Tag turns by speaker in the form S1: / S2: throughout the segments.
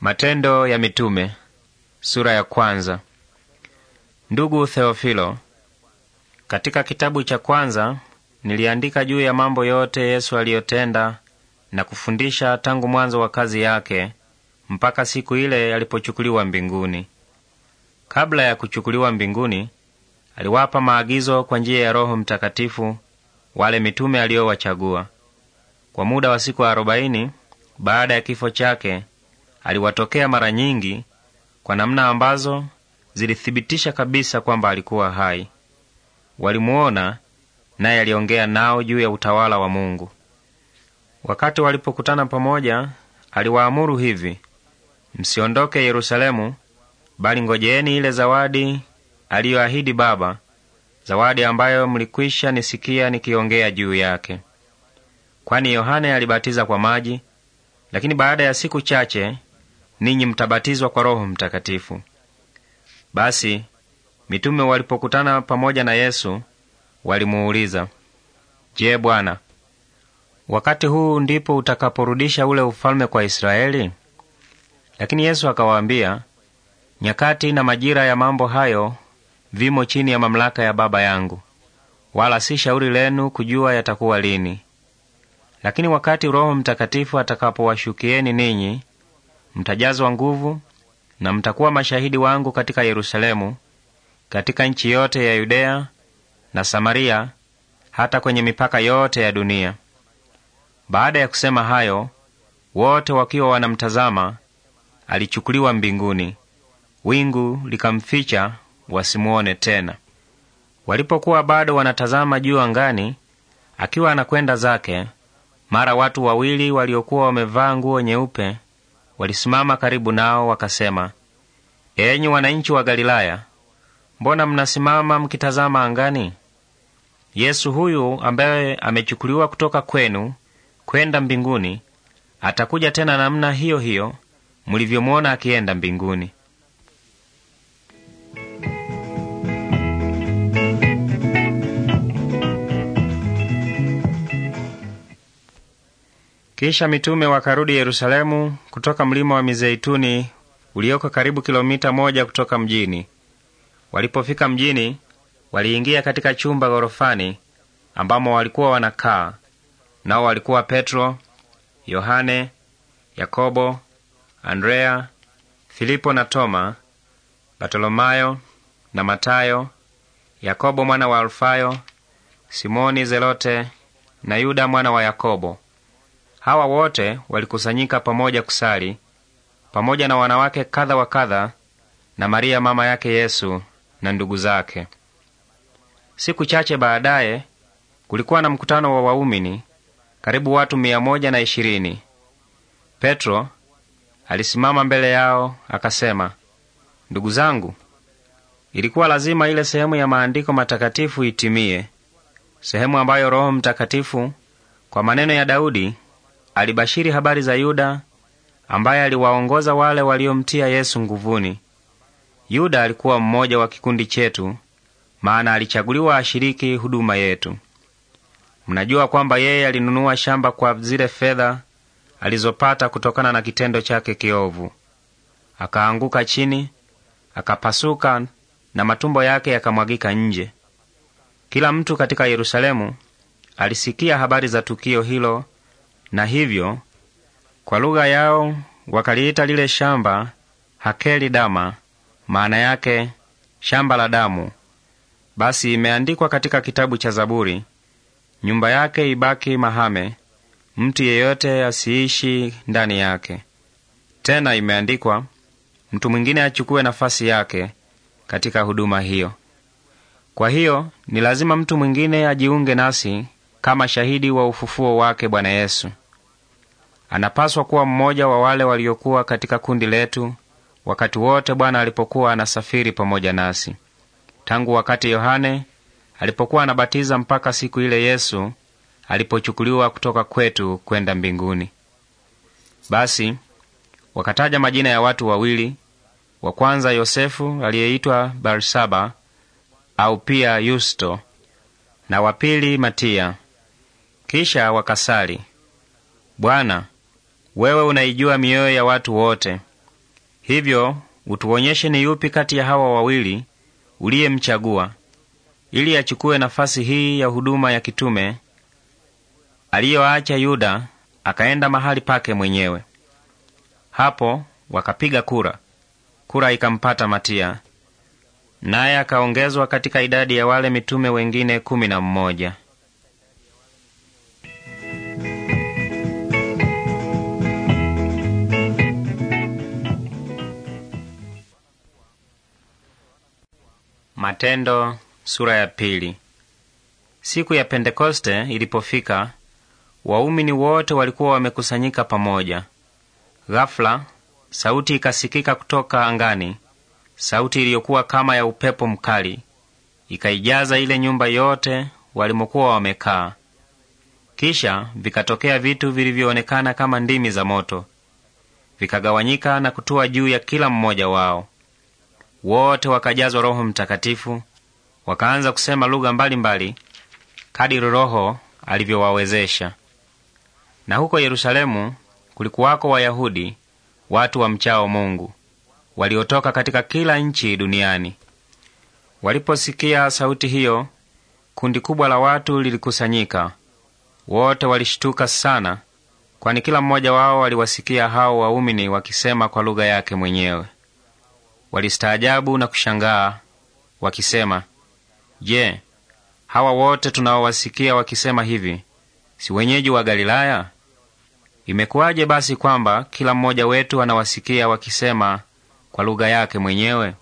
S1: Matendo ya Mitume sura ya kwanza. Ndugu Theofilo, katika kitabu cha kwanza niliandika juu ya mambo yote Yesu aliyotenda na kufundisha tangu mwanzo wa kazi yake mpaka siku ile alipochukuliwa mbinguni. Kabla ya kuchukuliwa mbinguni, aliwapa maagizo kwa njia ya Roho Mtakatifu wale mitume aliyowachagua kwa muda wa siku arobaini baada ya kifo chake aliwatokea mara nyingi kwa namna ambazo zilithibitisha kabisa kwamba alikuwa hai. Walimuona naye aliongea nao juu ya utawala wa Mungu. Wakati walipokutana pamoja, aliwaamuru hivi: msiondoke Yerusalemu, bali ngojeeni ile zawadi aliyoahidi Baba, zawadi ambayo mlikwisha nisikia nikiongea juu yake. Kwani Yohane alibatiza kwa maji, lakini baada ya siku chache ninyi mtabatizwa kwa Roho Mtakatifu. Basi mitume walipokutana pamoja na Yesu walimuuliza, Je, Bwana, wakati huu ndipo utakaporudisha ule ufalme kwa Israeli? Lakini Yesu akawaambia, nyakati na majira ya mambo hayo vimo chini ya mamlaka ya Baba yangu, wala si shauri lenu kujua yatakuwa lini. Lakini wakati Roho Mtakatifu atakapowashukieni ninyi, mtajazwa nguvu na mtakuwa mashahidi wangu katika Yerusalemu, katika nchi yote ya Yudea na Samaria, hata kwenye mipaka yote ya dunia. Baada ya kusema hayo, wote wakiwa wanamtazama, alichukuliwa mbinguni, wingu likamficha wasimuone tena. Walipokuwa bado wanatazama juu angani, akiwa anakwenda zake, mara watu wawili waliokuwa wamevaa nguo nyeupe walisimama karibu nao wakasema, enyi wananchi wa Galilaya, mbona mnasimama mkitazama angani? Yesu huyu ambaye amechukuliwa kutoka kwenu kwenda mbinguni atakuja tena namna hiyo hiyo mlivyomwona akienda mbinguni. Kisha mitume wakarudi Yerusalemu kutoka mlima wa Mizeituni ulioko karibu kilomita moja kutoka mjini. Walipofika mjini, waliingia katika chumba ghorofani ambamo walikuwa wanakaa, nao walikuwa Petro, Yohane, Yakobo, Andrea, Filipo na Toma, Bartolomayo na Matayo, Yakobo mwana wa Alfayo, Simoni Zelote na Yuda mwana wa Yakobo. Hawa wote walikusanyika pamoja kusali, pamoja na wanawake kadha wa kadha na Maria mama yake Yesu na ndugu zake. Siku chache baadaye kulikuwa na mkutano wa waumini, karibu watu mia moja na ishirini. Petro alisimama mbele yao akasema, ndugu zangu, ilikuwa lazima ile sehemu ya maandiko matakatifu itimie, sehemu ambayo Roho Mtakatifu kwa maneno ya Daudi alibashiri habari za Yuda ambaye aliwaongoza wale waliomtia Yesu nguvuni. Yuda alikuwa mmoja wa kikundi chetu, maana alichaguliwa ashiriki huduma yetu. Mnajua kwamba yeye alinunua shamba kwa zile fedha alizopata kutokana na kitendo chake kiovu. Akaanguka chini, akapasuka na matumbo yake yakamwagika nje. Kila mtu katika Yerusalemu alisikia habari za tukio hilo na hivyo kwa lugha yao wakaliita lile shamba Hakeli Dama, maana yake shamba la damu. Basi imeandikwa katika kitabu cha Zaburi, nyumba yake ibaki mahame, mtu yeyote asiishi ndani yake. Tena imeandikwa, mtu mwingine achukue nafasi yake katika huduma hiyo. Kwa hiyo ni lazima mtu mwingine ajiunge nasi kama shahidi wa ufufuo wake Bwana Yesu. Anapaswa kuwa mmoja wa wale waliokuwa katika kundi letu wakati wote Bwana alipokuwa anasafiri pamoja nasi, tangu wakati Yohane alipokuwa anabatiza mpaka siku ile Yesu alipochukuliwa kutoka kwetu kwenda mbinguni. Basi wakataja majina ya watu wawili, wa kwanza Yosefu aliyeitwa Barsaba au pia Yusto, na wa pili Matia kisha wakasali, Bwana, wewe unaijua mioyo ya watu wote, hivyo utuonyeshe ni yupi kati ya hawa wawili uliyemchagua ili achukue nafasi hii ya huduma ya kitume aliyoacha Yuda akaenda mahali pake mwenyewe. Hapo wakapiga kura, kura ikampata Matia, naye akaongezwa katika idadi ya wale mitume wengine kumi na mmoja. Matendo sura ya pili. Siku ya Pentekoste ilipofika, waumini wote walikuwa wamekusanyika pamoja. Ghafla sauti ikasikika kutoka angani, sauti iliyokuwa kama ya upepo mkali, ikaijaza ile nyumba yote walimokuwa wamekaa. Kisha vikatokea vitu vilivyoonekana kama ndimi za moto, vikagawanyika na kutua juu ya kila mmoja wao wote wakajazwa Roho Mtakatifu, wakaanza kusema lugha mbalimbali kadiri Roho alivyowawezesha. Na huko Yerusalemu kulikuwako Wayahudi, watu wa mchao Mungu, waliotoka katika kila nchi duniani. Waliposikia sauti hiyo, kundi kubwa la watu lilikusanyika. Wote walishtuka sana, kwani kila mmoja wao waliwasikia hao waumini wakisema kwa lugha yake mwenyewe. Walistaajabu na kushangaa wakisema, Je, hawa wote tunaowasikia wakisema hivi si wenyeji wa Galilaya? Imekuwaje basi kwamba kila mmoja wetu anawasikia wakisema kwa lugha yake mwenyewe?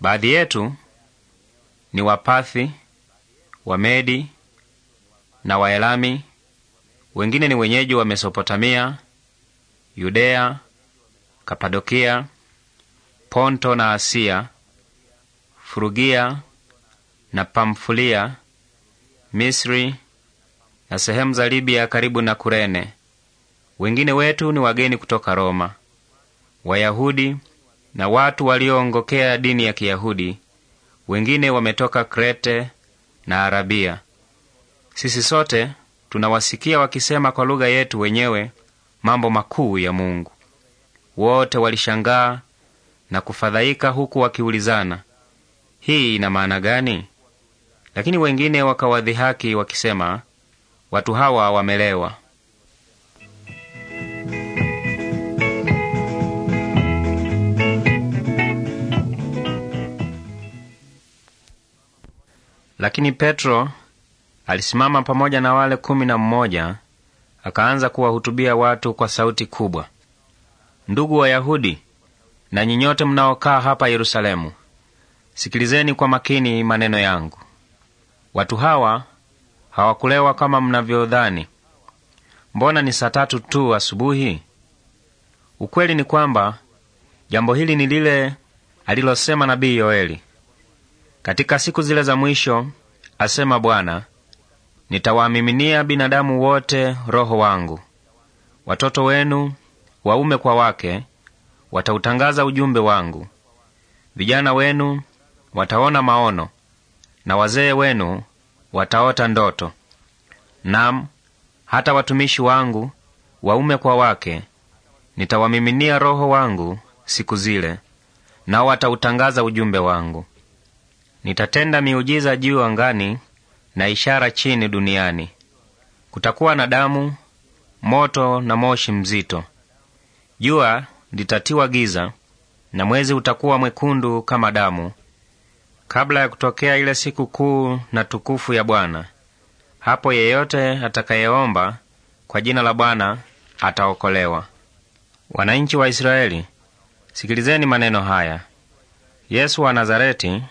S1: Baadhi yetu ni Wapathi, Wamedi na Waelami, wengine ni wenyeji wa Mesopotamia, Yudea, Kapadokia Ponto na Asia, Frugia na Pamfulia, Misri na sehemu za Libya karibu na Kurene. Wengine wetu ni wageni kutoka Roma, Wayahudi na watu walioongokea dini ya Kiyahudi. Wengine wametoka Krete na Arabia. Sisi sote tunawasikia wakisema kwa lugha yetu wenyewe mambo makuu ya Mungu. Wote walishangaa na kufadhaika, huku wakiulizana hii ina maana gani? Lakini wengine wakawadhihaki wakisema, watu hawa wamelewa. Lakini Petro alisimama pamoja na wale kumi na mmoja akaanza kuwahutubia watu kwa sauti kubwa, ndugu Wayahudi, na nyinyote mnaokaa hapa Yerusalemu, sikilizeni kwa makini maneno yangu. Watu hawa hawakulewa kama mnavyodhani. Mbona ni saa tatu tu asubuhi? Ukweli ni kwamba jambo hili ni lile alilosema nabii Yoeli: katika siku zile za mwisho, asema Bwana, nitawamiminia binadamu wote Roho wangu. Watoto wenu waume kwa wake watautangaza ujumbe wangu. Vijana wenu wataona maono na wazee wenu wataota ndoto. Nam, hata watumishi wangu waume kwa wake nitawamiminia Roho wangu siku zile, nao watautangaza ujumbe wangu. Nitatenda miujiza juu angani na ishara chini duniani. Kutakuwa na damu, moto na moshi mzito. Jua litatiwa giza na mwezi utakuwa mwekundu kama damu, kabla ya kutokea ile siku kuu na tukufu ya Bwana. Hapo yeyote atakayeomba kwa jina la Bwana ataokolewa. Wananchi wa Israeli, sikilizeni maneno haya. Yesu wa Nazareti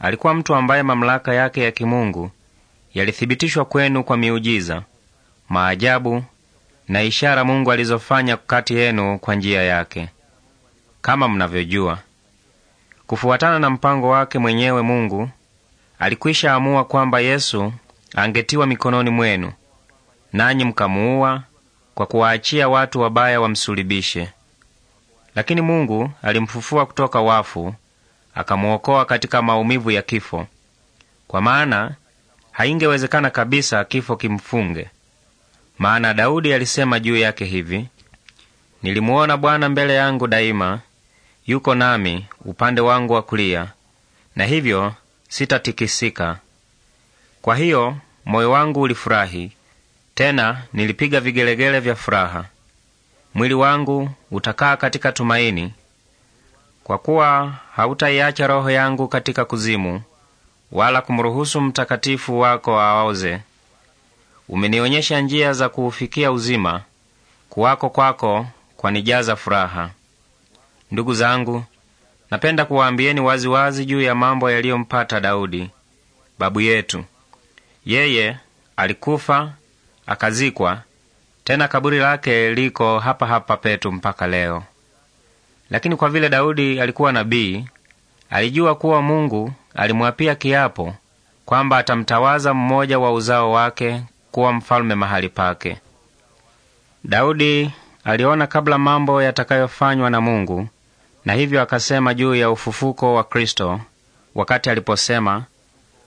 S1: alikuwa mtu ambaye mamlaka yake ya kimungu yalithibitishwa kwenu kwa miujiza, maajabu na ishara Mungu alizofanya kati yenu kwa njia yake, kama mnavyojua. Kufuatana na mpango wake mwenyewe, Mungu alikwisha amua kwamba Yesu angetiwa mikononi mwenu, nanyi mkamuua kwa kuwaachia watu wabaya wamsulibishe Lakini Mungu alimfufua kutoka wafu, akamwokoa katika maumivu ya kifo, kwa maana haingewezekana kabisa kifo kimfunge. Maana Daudi alisema juu yake hivi: nilimuona Bwana mbele yangu daima, yuko nami upande wangu wa kulia, na hivyo sitatikisika. Kwa hiyo moyo wangu ulifurahi, tena nilipiga vigelegele vya furaha. Mwili wangu utakaa katika tumaini, kwa kuwa hautaiacha roho yangu katika kuzimu, wala kumruhusu mtakatifu wako aoze. Umenionyesha njia za kuufikia uzima, kuwako kwako kwanijaza furaha. Ndugu zangu, napenda kuwaambieni waziwazi juu ya mambo yaliyompata Daudi babu yetu. Yeye alikufa akazikwa, tena kaburi lake liko hapa hapa petu mpaka leo. Lakini kwa vile Daudi alikuwa nabii, alijua kuwa Mungu alimwapia kiapo kwamba atamtawaza mmoja wa uzao wake kuwa mfalme mahali pake. Daudi aliona kabla mambo yatakayofanywa na Mungu, na hivyo akasema juu ya ufufuko wa Kristo wakati aliposema,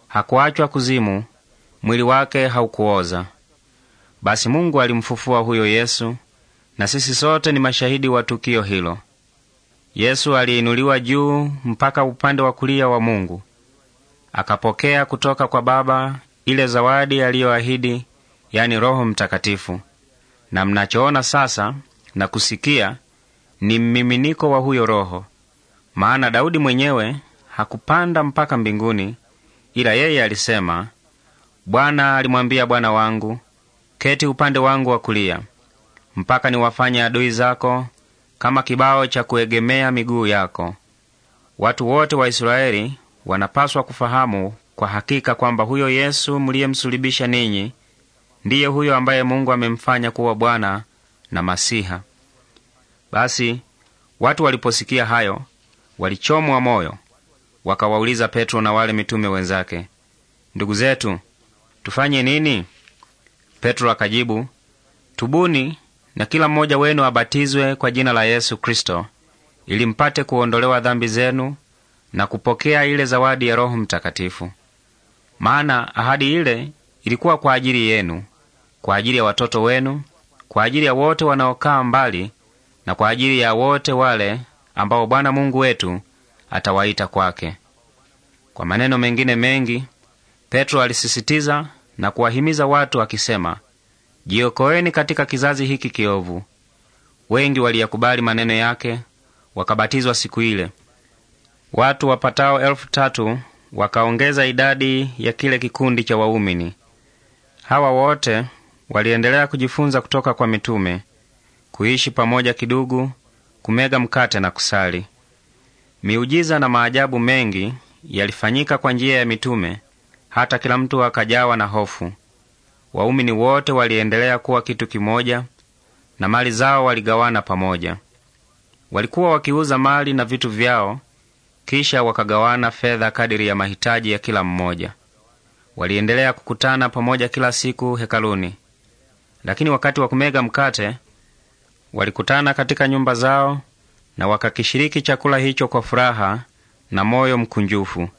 S1: hakuachwa kuzimu, mwili wake haukuoza. Basi Mungu alimfufua huyo Yesu, na sisi sote ni mashahidi wa tukio hilo. Yesu aliinuliwa juu mpaka upande wa kulia wa Mungu, akapokea kutoka kwa Baba ile zawadi aliyoahidi yani Roho Mtakatifu, na mnachoona sasa na kusikia ni mmiminiko wa huyo Roho. Maana Daudi mwenyewe hakupanda mpaka mbinguni, ila yeye alisema, Bwana alimwambia Bwana wangu, keti upande wangu wa kulia mpaka niwafanye adui zako kama kibao cha kuegemea miguu yako. Watu wote wa Israeli wanapaswa kufahamu kwa hakika kwamba huyo Yesu mliyemsulibisha ninyi ndiye huyo ambaye Mungu amemfanya kuwa Bwana na Masiha. Basi watu waliposikia hayo, walichomwa moyo, wakawauliza Petro na wale mitume wenzake, ndugu zetu, tufanye nini? Petro akajibu, tubuni na kila mmoja wenu abatizwe kwa jina la Yesu Kristo ili mpate kuondolewa dhambi zenu na kupokea ile zawadi ya Roho Mtakatifu. Maana ahadi ile ilikuwa kwa ajili yenu, kwa ajili ya watoto wenu, kwa ajili ya wote wanaokaa mbali, na kwa ajili ya wote wale ambao Bwana Mungu wetu atawaita kwake. Kwa maneno mengine mengi, Petro alisisitiza na kuwahimiza watu akisema, jiokoeni katika kizazi hiki kiovu. Wengi waliyakubali maneno yake wakabatizwa siku ile. Watu wapatao elfu tatu wakaongeza idadi ya kile kikundi cha waumini. Hawa wote Waliendelea kujifunza kutoka kwa mitume, kuishi pamoja kidugu, kumega mkate na kusali. Miujiza na maajabu mengi yalifanyika kwa njia ya mitume, hata kila mtu akajawa na hofu. Waumini wote waliendelea kuwa kitu kimoja, na mali zao waligawana pamoja. Walikuwa wakiuza mali na vitu vyao, kisha wakagawana fedha kadiri ya mahitaji ya kila mmoja. Waliendelea kukutana pamoja kila siku hekaluni, lakini wakati wa kumega mkate walikutana katika nyumba zao na wakakishiriki chakula hicho kwa furaha na moyo mkunjufu.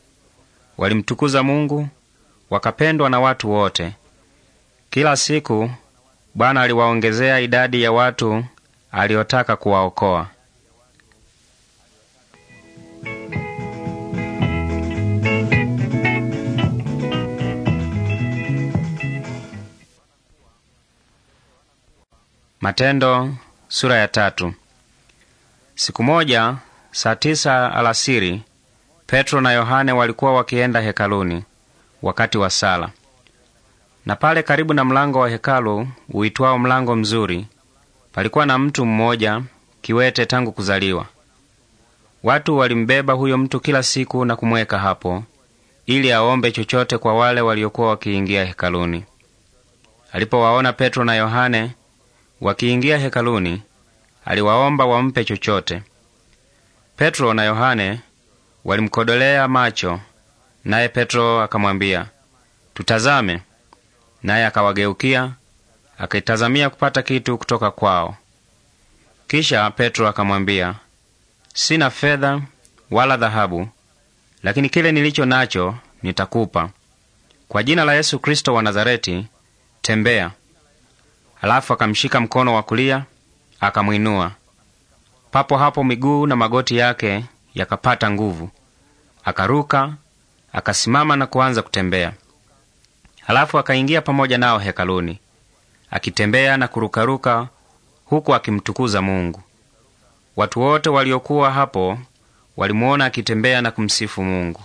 S1: Walimtukuza Mungu, wakapendwa na watu wote. Kila siku Bwana aliwaongezea idadi ya watu aliotaka kuwaokoa. Matendo sura ya tatu. Siku moja saa tisa alasiri Petro na Yohane walikuwa wakienda hekaluni wakati wa sala, na pale karibu na mlango wa hekalu uitwao mlango mzuri palikuwa na mtu mmoja kiwete tangu kuzaliwa. Watu walimbeba huyo mtu kila siku na kumweka hapo ili aombe chochote kwa wale waliokuwa wakiingia hekaluni. Alipowaona Petro na Yohane Wakiingia hekaluni, aliwaomba wampe chochote. Petro na Yohane walimkodolea macho, naye Petro akamwambia, tutazame. Naye akawageukia akitazamia kupata kitu kutoka kwao. Kisha Petro akamwambia, sina fedha wala dhahabu, lakini kile nilicho nacho nitakupa. Kwa jina la Yesu Kristo wa Nazareti, tembea. Alafu akamshika mkono wa kulia akamwinua. Papo hapo miguu na magoti yake yakapata nguvu, akaruka akasimama na kuanza kutembea. alafu akaingia pamoja nao hekaluni, akitembea na kurukaruka, huku akimtukuza Mungu. Watu wote waliokuwa hapo walimuona akitembea na kumsifu Mungu.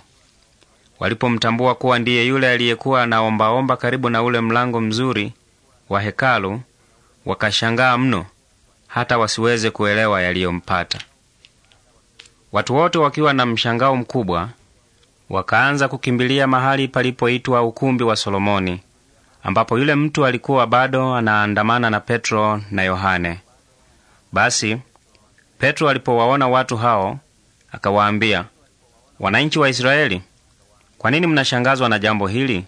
S1: Walipomtambua kuwa ndiye yule aliyekuwa anaombaomba karibu na ule mlango mzuri wa hekalu, wakashangaa mno hata wasiweze kuelewa yaliyompata. Watu wote wakiwa na mshangao mkubwa, wakaanza kukimbilia mahali palipoitwa ukumbi wa Solomoni, ambapo yule mtu alikuwa bado anaandamana na Petro na Yohane. Basi Petro alipowaona watu hao, akawaambia, wananchi wa Israeli, kwa nini mnashangazwa na jambo hili?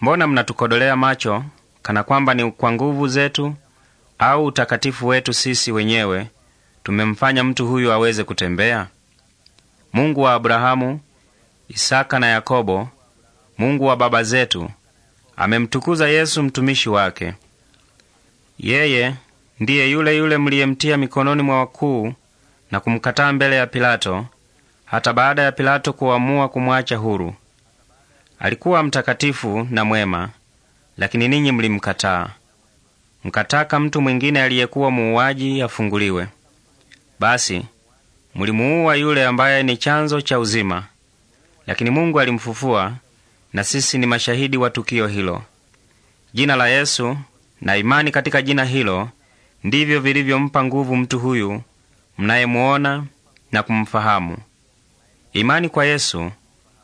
S1: Mbona mnatukodolea macho kana kwamba ni kwa nguvu zetu au utakatifu wetu sisi wenyewe tumemfanya mtu huyu aweze kutembea? Mungu wa Abrahamu, Isaka na Yakobo, Mungu wa baba zetu, amemtukuza Yesu mtumishi wake. Yeye ndiye yule yule mliyemtia mikononi mwa wakuu na kumkataa mbele ya Pilato, hata baada ya Pilato kuamua kumwacha huru. Alikuwa mtakatifu na mwema, lakini ninyi mlimkataa. Mkataka mtu mwingine aliyekuwa muuaji afunguliwe. Basi mlimuua yule ambaye ni chanzo cha uzima, lakini Mungu alimfufua, na sisi ni mashahidi wa tukio hilo. Jina la Yesu na imani katika jina hilo ndivyo vilivyompa nguvu mtu huyu mnayemuona na kumfahamu. Imani kwa Yesu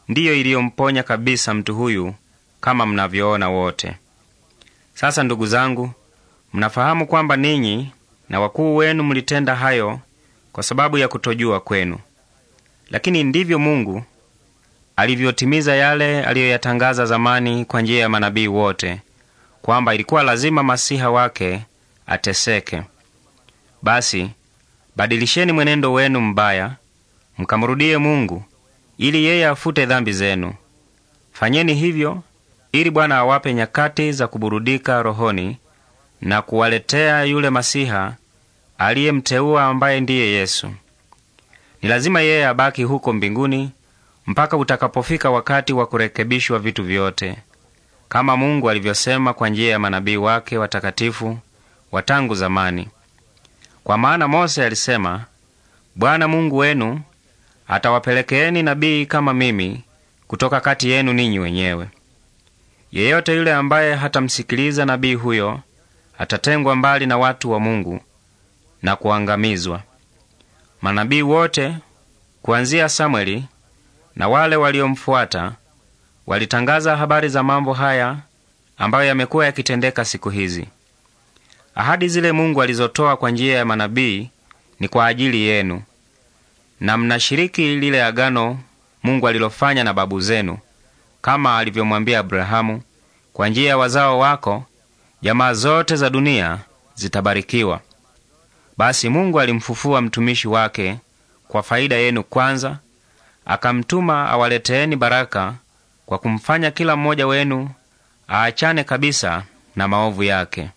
S1: ndiyo iliyomponya kabisa mtu huyu kama mnavyoona wote. Sasa ndugu zangu, mnafahamu kwamba ninyi na wakuu wenu mlitenda hayo kwa sababu ya kutojua kwenu, lakini ndivyo Mungu alivyotimiza yale aliyoyatangaza zamani kwa njia ya manabii wote, kwamba ilikuwa lazima masiha wake ateseke. Basi badilisheni mwenendo wenu mbaya, mkamrudie Mungu ili yeye afute dhambi zenu. Fanyeni hivyo ili Bwana awape nyakati za kuburudika rohoni na kuwaletea yule Masiha aliyemteua ambaye ndiye Yesu. Ni lazima yeye abaki huko mbinguni mpaka utakapofika wakati wa kurekebishwa vitu vyote, kama Mungu alivyosema kwa njia ya manabii wake watakatifu wa tangu zamani. Kwa maana Mose alisema, Bwana Mungu wenu atawapelekeeni nabii kama mimi kutoka kati yenu ninyi wenyewe. Yeyote yule ambaye hatamsikiliza nabii huyo atatengwa mbali na watu wa Mungu na kuangamizwa. Manabii wote kuanzia Samweli na wale waliomfuata walitangaza habari za mambo haya ambayo yamekuwa yakitendeka siku hizi. Ahadi zile Mungu alizotoa kwa njia ya manabii ni kwa ajili yenu, na mnashiriki lile agano Mungu alilofanya na babu zenu kama alivyomwambia Abrahamu, kwa njia ya wazao wako jamaa zote za dunia zitabarikiwa. Basi Mungu alimfufua mtumishi wake kwa faida yenu kwanza, akamtuma awaleteeni baraka kwa kumfanya kila mmoja wenu aachane kabisa na maovu yake.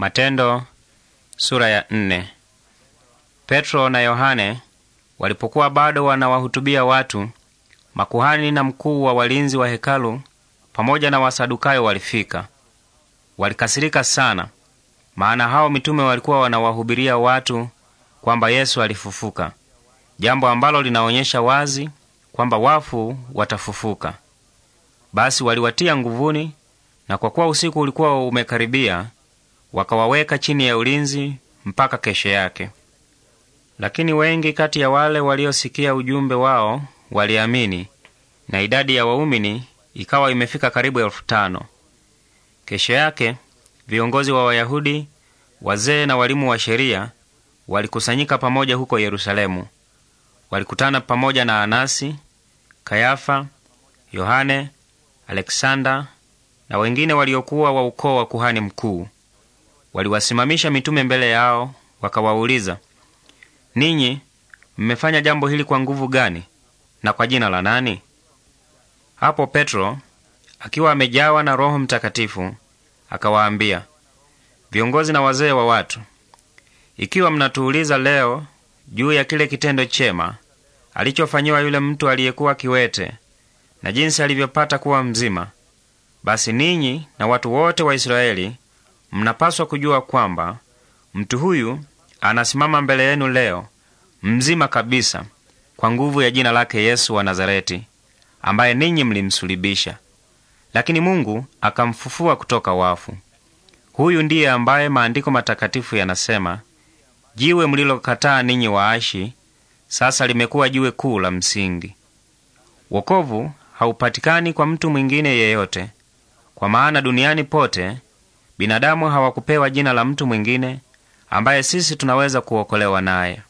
S1: Matendo sura ya nne. Petro na Yohane walipokuwa bado wanawahutubia watu, makuhani na mkuu wa walinzi wa hekalu pamoja na Wasadukayo walifika. Walikasirika sana, maana hao mitume walikuwa wanawahubiria watu kwamba Yesu alifufuka, jambo ambalo linaonyesha wazi kwamba wafu watafufuka. Basi waliwatia nguvuni, na kwa kuwa usiku ulikuwa umekaribia wakawaweka chini ya ulinzi mpaka kesho yake. Lakini wengi kati ya wale waliosikia ujumbe wao waliamini, na idadi ya waumini ikawa imefika karibu elfu tano. Kesho yake viongozi wa Wayahudi, wazee na walimu wa sheria walikusanyika pamoja huko Yerusalemu. Walikutana pamoja na Anasi, Kayafa, Yohane, Aleksanda na wengine waliokuwa wa ukoo wa kuhani mkuu waliwasimamisha mitume mbele yao, wakawauliza, ninyi mmefanya jambo hili kwa nguvu gani na kwa jina la nani? Hapo Petro akiwa amejawa na Roho Mtakatifu akawaambia, viongozi na wazee wa watu, ikiwa mnatuuliza leo juu ya kile kitendo chema alichofanyiwa yule mtu aliyekuwa kiwete na jinsi alivyopata kuwa mzima, basi ninyi na watu wote wa Israeli mnapaswa kujua kwamba mtu huyu anasimama mbele yenu leo mzima kabisa kwa nguvu ya jina lake Yesu wa Nazareti, ambaye ninyi mlimsulibisha, lakini Mungu akamfufua kutoka wafu. Huyu ndiye ambaye maandiko matakatifu yanasema, jiwe mlilokataa ninyi waashi sasa limekuwa jiwe kuu la msingi. Wokovu haupatikani kwa mtu mwingine yeyote, kwa maana duniani pote Binadamu hawakupewa jina la mtu mwingine ambaye sisi tunaweza kuokolewa naye.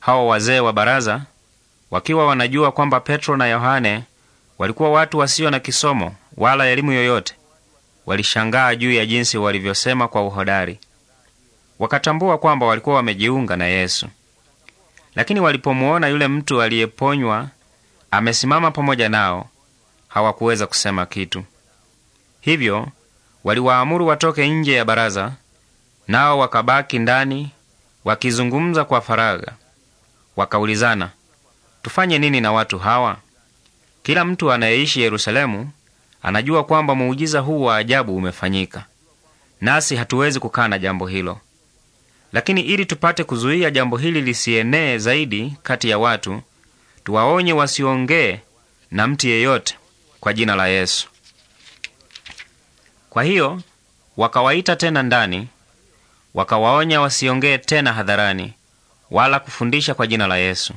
S1: Hawa wazee wa baraza wakiwa wanajua kwamba Petro na Yohane walikuwa watu wasio na kisomo wala elimu yoyote, walishangaa juu ya jinsi walivyosema kwa uhodari. Wakatambua kwamba walikuwa wamejiunga na Yesu. Lakini walipomuona yule mtu aliyeponywa amesimama pamoja nao, hawakuweza kusema kitu. Hivyo waliwaamuru watoke nje ya baraza, nao wakabaki ndani wakizungumza kwa faragha. Wakaulizana, tufanye nini na watu hawa? Kila mtu anayeishi Yerusalemu anajua kwamba muujiza huu wa ajabu umefanyika, nasi hatuwezi kukana jambo hilo. Lakini ili tupate kuzuia jambo hili lisienee zaidi kati ya watu, tuwaonye wasiongee na mtu yeyote kwa jina la Yesu. Kwa hiyo wakawaita tena ndani, wakawaonya wasiongee tena hadharani wala kufundisha kwa jina la Yesu.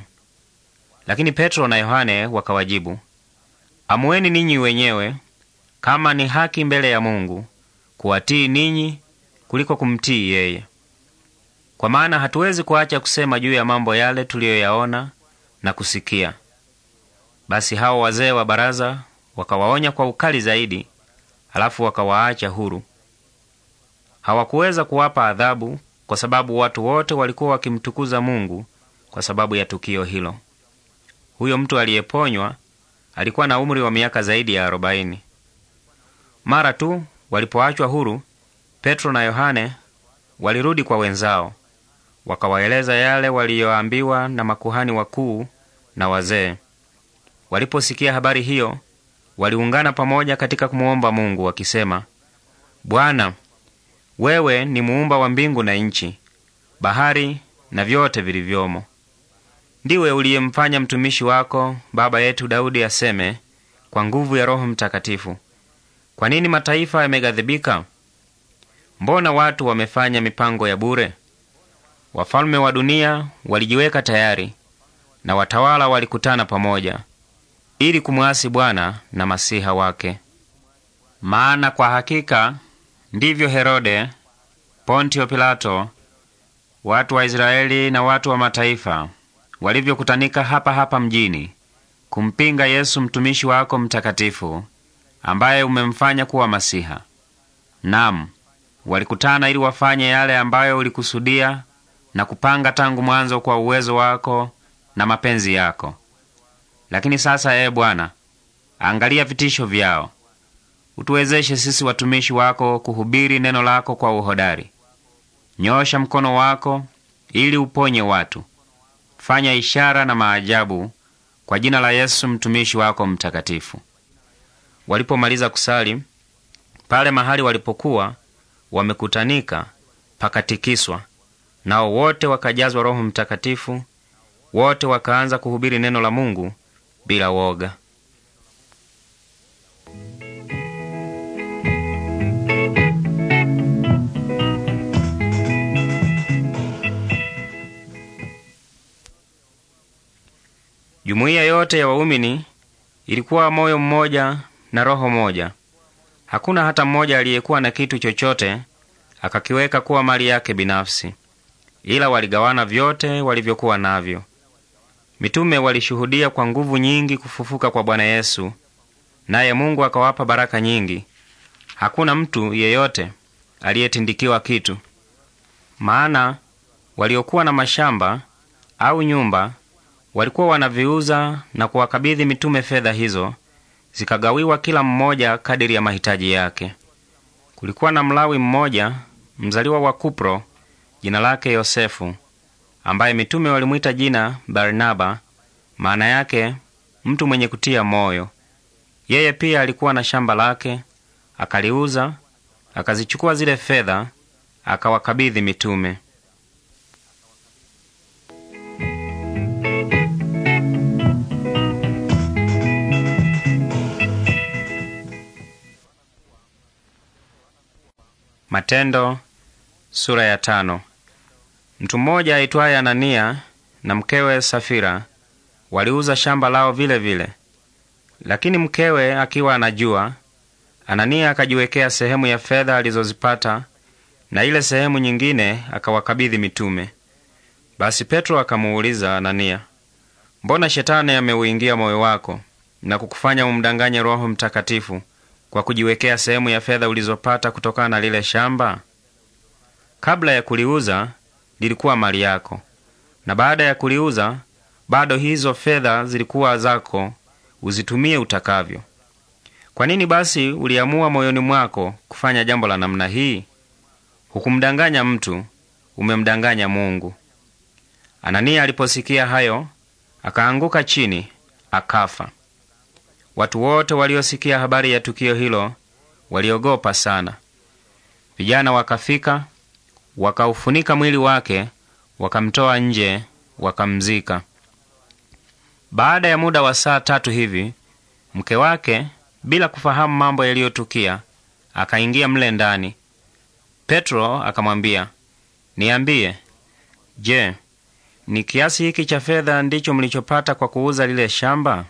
S1: Lakini Petro na Yohane wakawajibu, amueni ninyi wenyewe kama ni haki mbele ya Mungu kuwatii ninyi kuliko kumtii yeye, kwa maana hatuwezi kuacha kusema juu ya mambo yale tuliyoyaona na kusikia. Basi hao wazee wa baraza wakawaonya kwa ukali zaidi halafu wakawaacha huru. Hawakuweza kuwapa adhabu kwa sababu watu wote walikuwa wakimtukuza Mungu kwa sababu ya tukio hilo. Huyo mtu aliyeponywa alikuwa na umri wa miaka zaidi ya arobaini. Mara tu walipoachwa huru, Petro na Yohane walirudi kwa wenzao, wakawaeleza yale waliyoambiwa na makuhani wakuu na wazee. Waliposikia habari hiyo waliungana pamoja katika kumwomba Mungu wakisema, Bwana, wewe ni muumba wa mbingu na nchi, bahari na vyote vilivyomo. Ndiwe uliyemfanya mtumishi wako baba yetu Daudi aseme kwa nguvu ya Roho Mtakatifu, kwa nini mataifa yameghadhibika? Mbona watu wamefanya mipango ya bure? Wafalme wa dunia walijiweka tayari na watawala walikutana pamoja ili kumwasi Bwana na masiha wake. Maana kwa hakika ndivyo Herode, Pontio Pilato, watu wa Israeli na watu wa mataifa walivyokutanika hapa hapa mjini kumpinga Yesu mtumishi wako mtakatifu, ambaye umemfanya kuwa masiha. Naam, walikutana ili wafanye yale ambayo ulikusudia na kupanga tangu mwanzo kwa uwezo wako na mapenzi yako. Lakini sasa, ee Bwana, angalia vitisho vyao, utuwezeshe sisi watumishi wako kuhubiri neno lako kwa uhodari. nyosha mkono wako ili uponye watu, fanya ishara na maajabu kwa jina la Yesu mtumishi wako mtakatifu. Walipomaliza kusali, pale mahali walipokuwa wamekutanika pakatikiswa, nao wote wakajazwa Roho Mtakatifu, wote wakaanza kuhubiri neno la Mungu bila woga. Jumuiya yote ya waumini ilikuwa moyo mmoja na roho moja. Hakuna hata mmoja aliyekuwa na kitu chochote akakiweka kuwa mali yake binafsi, ila waligawana vyote walivyokuwa navyo. Mitume walishuhudia kwa nguvu nyingi kufufuka kwa Bwana Yesu, naye Mungu akawapa baraka nyingi. Hakuna mtu yeyote aliyetindikiwa kitu, maana waliokuwa na mashamba au nyumba walikuwa wanaviuza na kuwakabidhi mitume fedha hizo, zikagawiwa kila mmoja kadiri ya mahitaji yake. Kulikuwa na Mlawi mmoja mzaliwa wa Kupro, jina lake Yosefu, ambaye mitume walimwita jina Barnaba, maana yake mtu mwenye kutia moyo. Yeye pia alikuwa na shamba lake, akaliuza, akazichukua zile fedha, akawakabidhi mitume. Matendo sura ya tano. Mtu mmoja aitwaye Anania na mkewe Safira waliuza shamba lao vile vile, lakini mkewe akiwa anajua, Anania akajiwekea sehemu ya fedha alizozipata na ile sehemu nyingine akawakabidhi mitume. Basi Petro akamuuliza Anania, mbona shetani ameuingia moyo wako na kukufanya umdanganye Roho Mtakatifu kwa kujiwekea sehemu ya fedha ulizopata kutokana na lile shamba? Kabla ya kuliuza lilikuwa mali yako, na baada ya kuliuza bado hizo fedha zilikuwa zako, uzitumie utakavyo. Kwa nini basi uliamua moyoni mwako kufanya jambo la namna hii? Hukumdanganya mtu, umemdanganya Mungu. Anania aliposikia hayo, akaanguka chini akafa. Watu wote waliosikia habari ya tukio hilo waliogopa sana. Vijana wakafika Wakaufunika mwili wake, wakamtoa nje, wakamzika. Baada ya muda wa saa tatu hivi, mke wake, bila kufahamu mambo yaliyotukia, akaingia mle ndani. Petro akamwambia, niambie, je, ni kiasi hiki cha fedha ndicho mlichopata kwa kuuza lile shamba?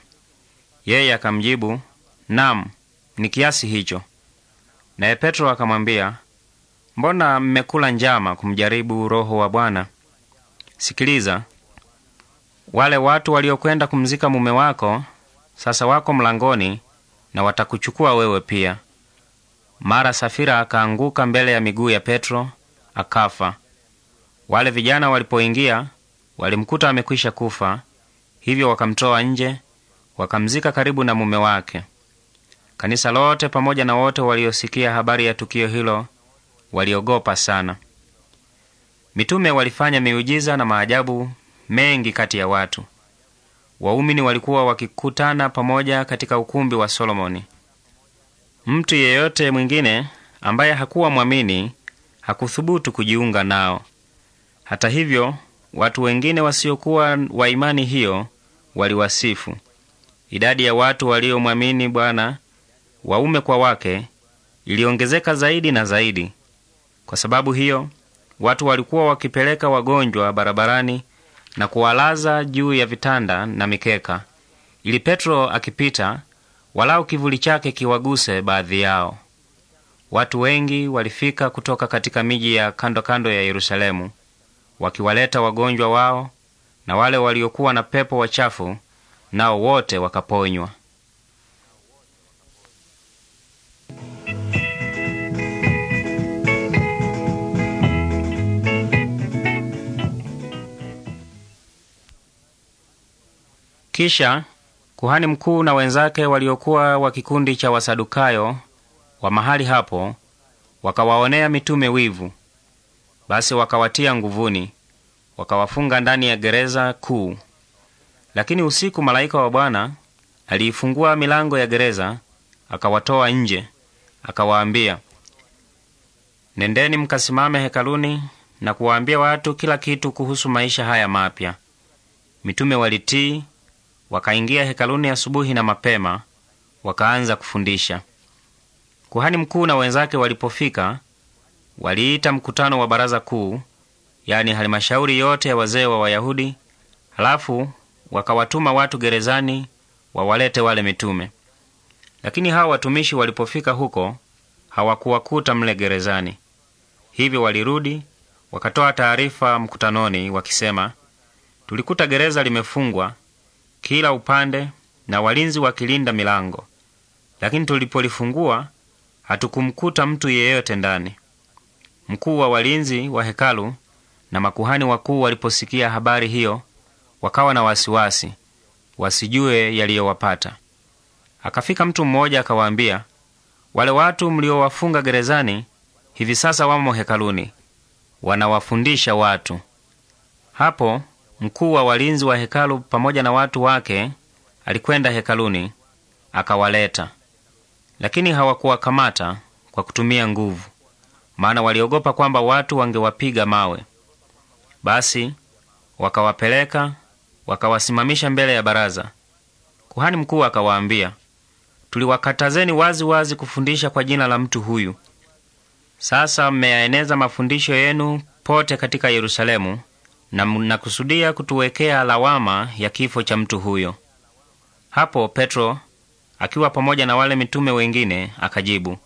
S1: Yeye akamjibu, nam, ni kiasi hicho. Naye Petro akamwambia, Mbona mmekula njama kumjaribu Roho wa Bwana? Sikiliza, wale watu waliokwenda kumzika mume wako sasa wako mlangoni na watakuchukua wewe pia. Mara Safira akaanguka mbele ya miguu ya Petro akafa. Wale vijana walipoingia walimkuta amekwisha kufa, hivyo wakamtoa nje wakamzika karibu na mume wake. Kanisa lote pamoja na wote waliosikia habari ya tukio hilo waliogopa sana. Mitume walifanya miujiza na maajabu mengi kati ya watu. Waumini walikuwa wakikutana pamoja katika ukumbi wa Solomoni. Mtu yeyote mwingine ambaye hakuwa mwamini hakuthubutu kujiunga nao. Hata hivyo, watu wengine wasiokuwa wa imani hiyo waliwasifu. Idadi ya watu waliomwamini Bwana, waume kwa wake, iliongezeka zaidi na zaidi. Kwa sababu hiyo, watu walikuwa wakipeleka wagonjwa barabarani na kuwalaza juu ya vitanda na mikeka, ili Petro akipita walau kivuli chake kiwaguse baadhi yao. Watu wengi walifika kutoka katika miji ya kando kando ya Yerusalemu wakiwaleta wagonjwa wao na wale waliokuwa na pepo wachafu, nao wote wakaponywa. Kisha kuhani mkuu na wenzake waliokuwa wa kikundi cha Wasadukayo wa mahali hapo wakawaonea mitume wivu. Basi wakawatia nguvuni, wakawafunga ndani ya gereza kuu. Lakini usiku malaika wa Bwana aliifungua milango ya gereza, akawatoa nje, akawaambia, nendeni mkasimame hekaluni na kuwaambia watu kila kitu kuhusu maisha haya mapya. Mitume walitii Wakaingia hekaluni asubuhi na mapema, wakaanza kufundisha. Kuhani mkuu na wenzake walipofika, waliita mkutano wa baraza kuu, yani halmashauri yote ya wazee wa Wayahudi, halafu wakawatuma watu gerezani wawalete wale mitume. Lakini hawa watumishi walipofika huko hawakuwakuta mle gerezani. Hivyo walirudi wakatoa taarifa mkutanoni wakisema, tulikuta gereza limefungwa kila upande na walinzi wakilinda milango, lakini tulipolifungua hatukumkuta mtu yeyote ndani. Mkuu wa walinzi wa hekalu na makuhani wakuu waliposikia habari hiyo, wakawa na wasiwasi wasijue yaliyowapata. Akafika mtu mmoja akawaambia, wale watu mliowafunga gerezani hivi sasa wamo hekaluni wanawafundisha watu. Hapo Mkuu wa walinzi wa hekalu pamoja na watu wake alikwenda hekaluni akawaleta, lakini hawakuwakamata kwa kutumia nguvu, maana waliogopa kwamba watu wangewapiga mawe. Basi wakawapeleka wakawasimamisha mbele ya baraza. Kuhani mkuu akawaambia, tuliwakatazeni wazi wazi kufundisha kwa jina la mtu huyu. Sasa mmeyaeneza mafundisho yenu pote katika Yerusalemu, na mnakusudia kutuwekea lawama ya kifo cha mtu huyo. Hapo Petro akiwa pamoja na wale mitume wengine akajibu,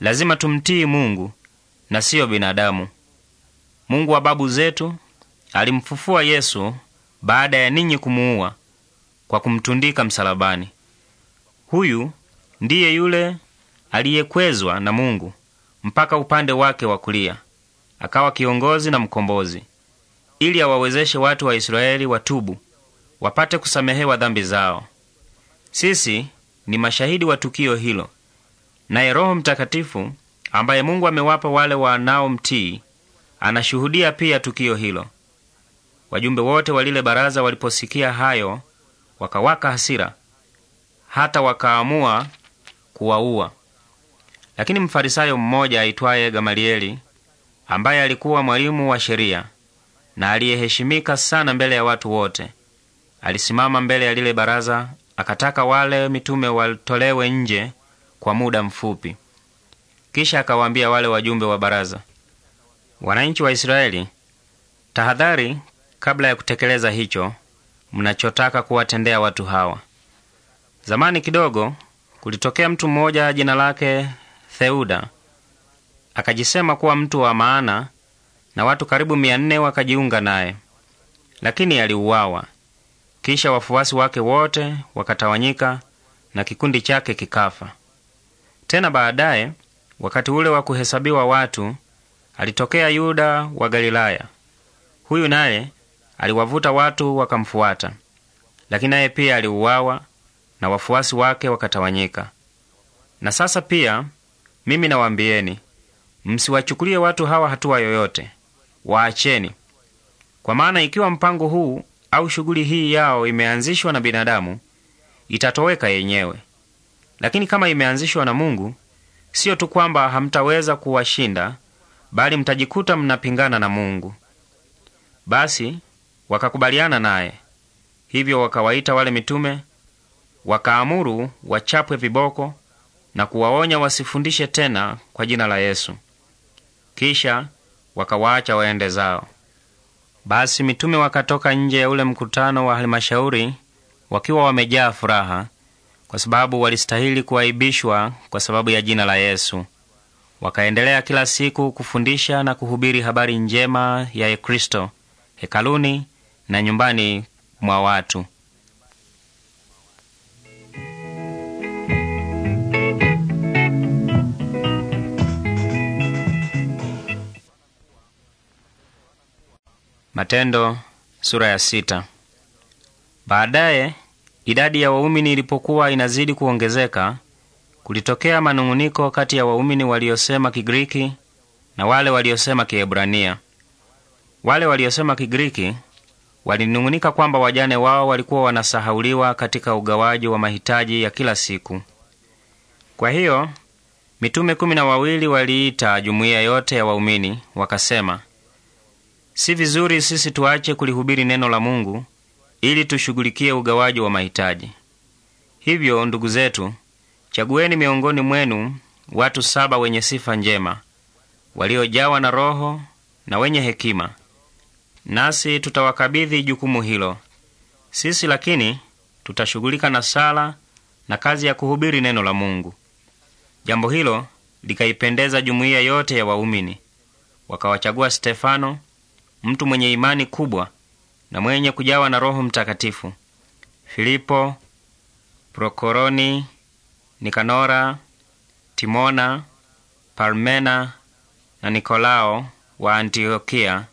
S1: lazima tumtii Mungu na siyo binadamu. Mungu wa babu zetu alimfufua Yesu baada ya ninyi kumuua kwa kumtundika msalabani. Huyu ndiye yule aliyekwezwa na Mungu mpaka upande wake wa kulia, akawa kiongozi na mkombozi ili awawezeshe watu wa Israeli watubu wapate kusamehewa dhambi zao. Sisi ni mashahidi wa tukio hilo, naye Roho Mtakatifu ambaye Mungu amewapa wale wanaomtii anashuhudia pia tukio hilo. Wajumbe wote wa lile baraza waliposikia hayo, wakawaka hasira, hata wakaamua kuwaua. Lakini mfarisayo mmoja aitwaye Gamalieli, ambaye alikuwa mwalimu wa sheria na aliyeheshimika sana mbele ya watu wote. Alisimama mbele ya lile baraza, akataka wale mitume watolewe nje kwa muda mfupi. Kisha akawaambia wale wajumbe wa baraza, wananchi wa Israeli, tahadhari kabla ya kutekeleza hicho mnachotaka kuwatendea watu hawa. Zamani kidogo kulitokea mtu mmoja jina lake Theuda, akajisema kuwa mtu wa maana na watu karibu mia nne wakajiunga naye, lakini aliuawa. Kisha wafuasi wake wote wakatawanyika na kikundi chake kikafa. Tena baadaye, wakati ule wa kuhesabiwa watu, alitokea Yuda wa Galilaya. Huyu naye aliwavuta watu wakamfuata, lakini naye pia aliuawa na wafuasi wake wakatawanyika. Na sasa pia mimi nawaambieni, msiwachukulie watu hawa hatua yoyote waacheni. Kwa maana ikiwa mpango huu au shughuli hii yao imeanzishwa na binadamu, itatoweka yenyewe. Lakini kama imeanzishwa na Mungu, siyo tu kwamba hamtaweza kuwashinda, bali mtajikuta mnapingana na Mungu. Basi wakakubaliana naye, hivyo wakawaita wale mitume, wakaamuru wachapwe viboko na kuwaonya wasifundishe tena kwa jina la Yesu. Kisha wakawaacha waende zao. Basi mitume wakatoka nje ya ule mkutano wa halmashauri wakiwa wamejaa furaha, kwa sababu walistahili kuaibishwa kwa sababu ya jina la Yesu. Wakaendelea kila siku kufundisha na kuhubiri habari njema ya Kristo hekaluni na nyumbani mwa watu. Matendo sura ya sita. Baadaye idadi ya waumini ilipokuwa inazidi kuongezeka, kulitokea manung'uniko kati ya waumini waliosema Kigiriki na wale waliosema Kiebrania. Wale waliosema Kigiriki walinung'unika kwamba wajane wao walikuwa wanasahauliwa katika ugawaji wa mahitaji ya kila siku. Kwa hiyo mitume kumi na wawili waliita jumuiya yote ya waumini wakasema, Si vizuri sisi tuache kulihubiri neno la Mungu ili tushughulikie ugawaji wa mahitaji. Hivyo ndugu zetu, chagueni miongoni mwenu watu saba wenye sifa njema, waliojawa na Roho na wenye hekima, nasi tutawakabidhi jukumu hilo. Sisi lakini tutashughulika na sala na kazi ya kuhubiri neno la Mungu. Jambo hilo likaipendeza jumuiya yote ya waumini, wakawachagua Stefano mtu mwenye imani kubwa na mwenye kujawa na Roho Mtakatifu. Filipo, Prokoroni, Nikanora, Timona, Parmena na Nikolao wa Antiokia,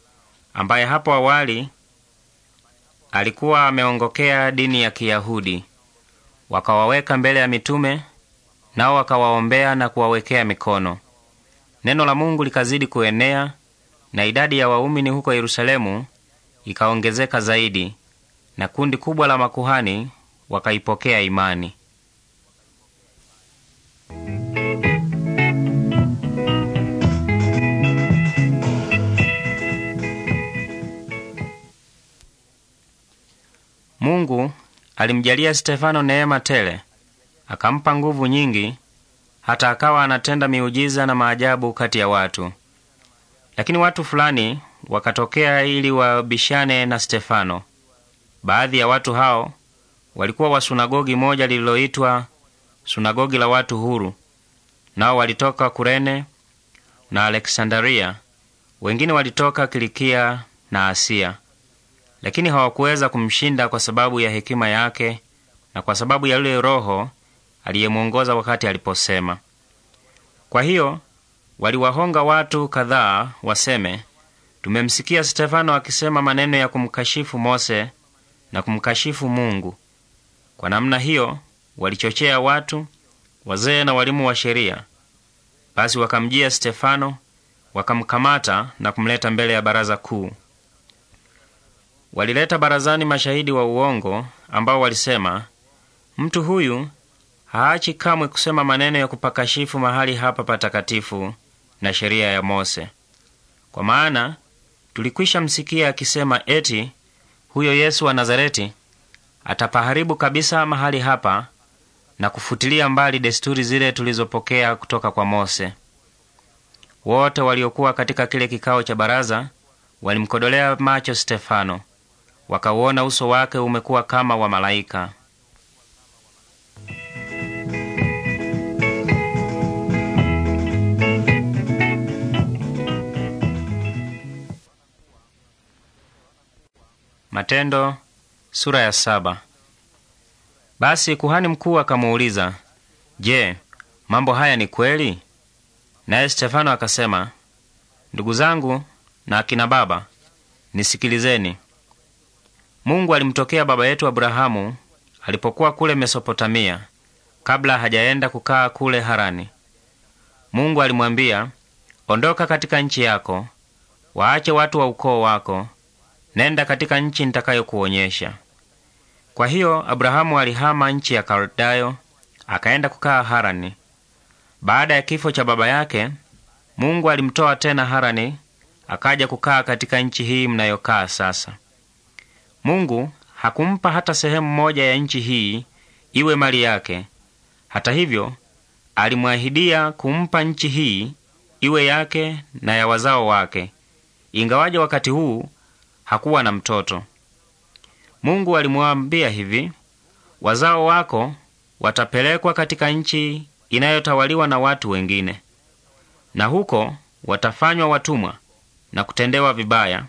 S1: ambaye hapo awali alikuwa ameongokea dini ya Kiyahudi, wakawaweka mbele ya mitume, nao wakawaombea na kuwawekea mikono. Neno la Mungu likazidi kuenea na idadi ya waumini huko Yerusalemu ikaongezeka zaidi, na kundi kubwa la makuhani wakaipokea imani. Mungu alimjalia Stefano neema tele, akampa nguvu nyingi, hata akawa anatenda miujiza na maajabu kati ya watu. Lakini watu fulani wakatokea ili wabishane na Stefano. Baadhi ya watu hao walikuwa wa sunagogi moja lililoitwa sunagogi la watu huru, nao walitoka Kurene na Aleksandaria, wengine walitoka Kilikia na Asia, lakini hawakuweza kumshinda kwa sababu ya hekima yake na kwa sababu ya yule Roho aliyemwongoza wakati aliposema. Kwa hiyo Waliwahonga watu kadhaa waseme, tumemsikia Stefano akisema maneno ya kumkashifu Mose na kumkashifu Mungu. Kwa namna hiyo walichochea watu, wazee na walimu wa sheria. Basi wakamjia Stefano, wakamkamata na kumleta mbele ya baraza kuu. Walileta barazani mashahidi wa uongo ambao walisema, mtu huyu haachi kamwe kusema maneno ya kupakashifu mahali hapa patakatifu na sheria ya Mose. Kwa maana tulikwisha msikia akisema eti huyo Yesu wa Nazareti atapaharibu kabisa mahali hapa na kufutilia mbali desturi zile tulizopokea kutoka kwa Mose. Wote waliokuwa katika kile kikao cha baraza walimkodolea macho Stefano, wakauona uso wake umekuwa kama wa malaika. Matendo sura ya saba. Basi kuhani mkuu akamuuliza, Je, mambo haya ni kweli? Naye Stefano akasema, ndugu zangu na akina baba, nisikilizeni. Mungu alimtokea baba yetu Abrahamu alipokuwa kule Mesopotamia, kabla hajaenda kukaa kule Harani. Mungu alimwambia, ondoka katika nchi yako, waache watu wa ukoo wako nenda katika nchi nitakayokuonyesha. Kwa hiyo Abrahamu alihama nchi ya Kaldayo akaenda kukaa Harani. Baada ya kifo cha baba yake, Mungu alimtoa tena Harani akaja kukaa katika nchi hii mnayokaa sasa. Mungu hakumpa hata sehemu moja ya nchi hii iwe mali yake. Hata hivyo, alimwahidia kumpa nchi hii iwe yake na ya wazao wake, ingawaje wakati huu hakuwa na mtoto. Mungu alimwambia hivi, wazao wako watapelekwa katika nchi inayotawaliwa na watu wengine, na huko watafanywa watumwa na kutendewa vibaya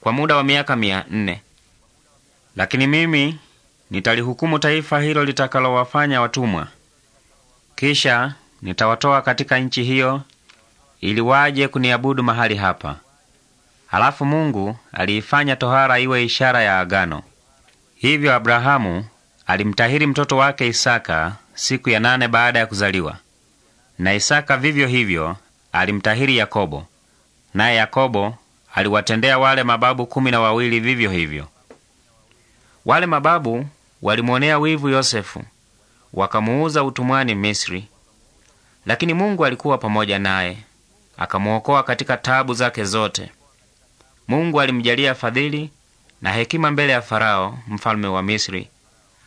S1: kwa muda wa miaka mia nne. Lakini mimi nitalihukumu taifa hilo litakalowafanya watumwa, kisha nitawatoa katika nchi hiyo ili waje kuniabudu mahali hapa. Halafu Mungu aliifanya tohara iwe ishara ya agano. Hivyo Abrahamu alimtahiri mtoto wake Isaka siku ya nane baada ya kuzaliwa, na Isaka vivyo hivyo alimtahiri Yakobo, naye Yakobo aliwatendea wale mababu kumi na wawili vivyo hivyo. Wale mababu walimwonea wivu Yosefu, wakamuuza utumwani Misri, lakini Mungu alikuwa pamoja naye akamwokoa katika tabu zake zote. Mungu alimjalia fadhili na hekima mbele ya Farao mfalme wa Misri,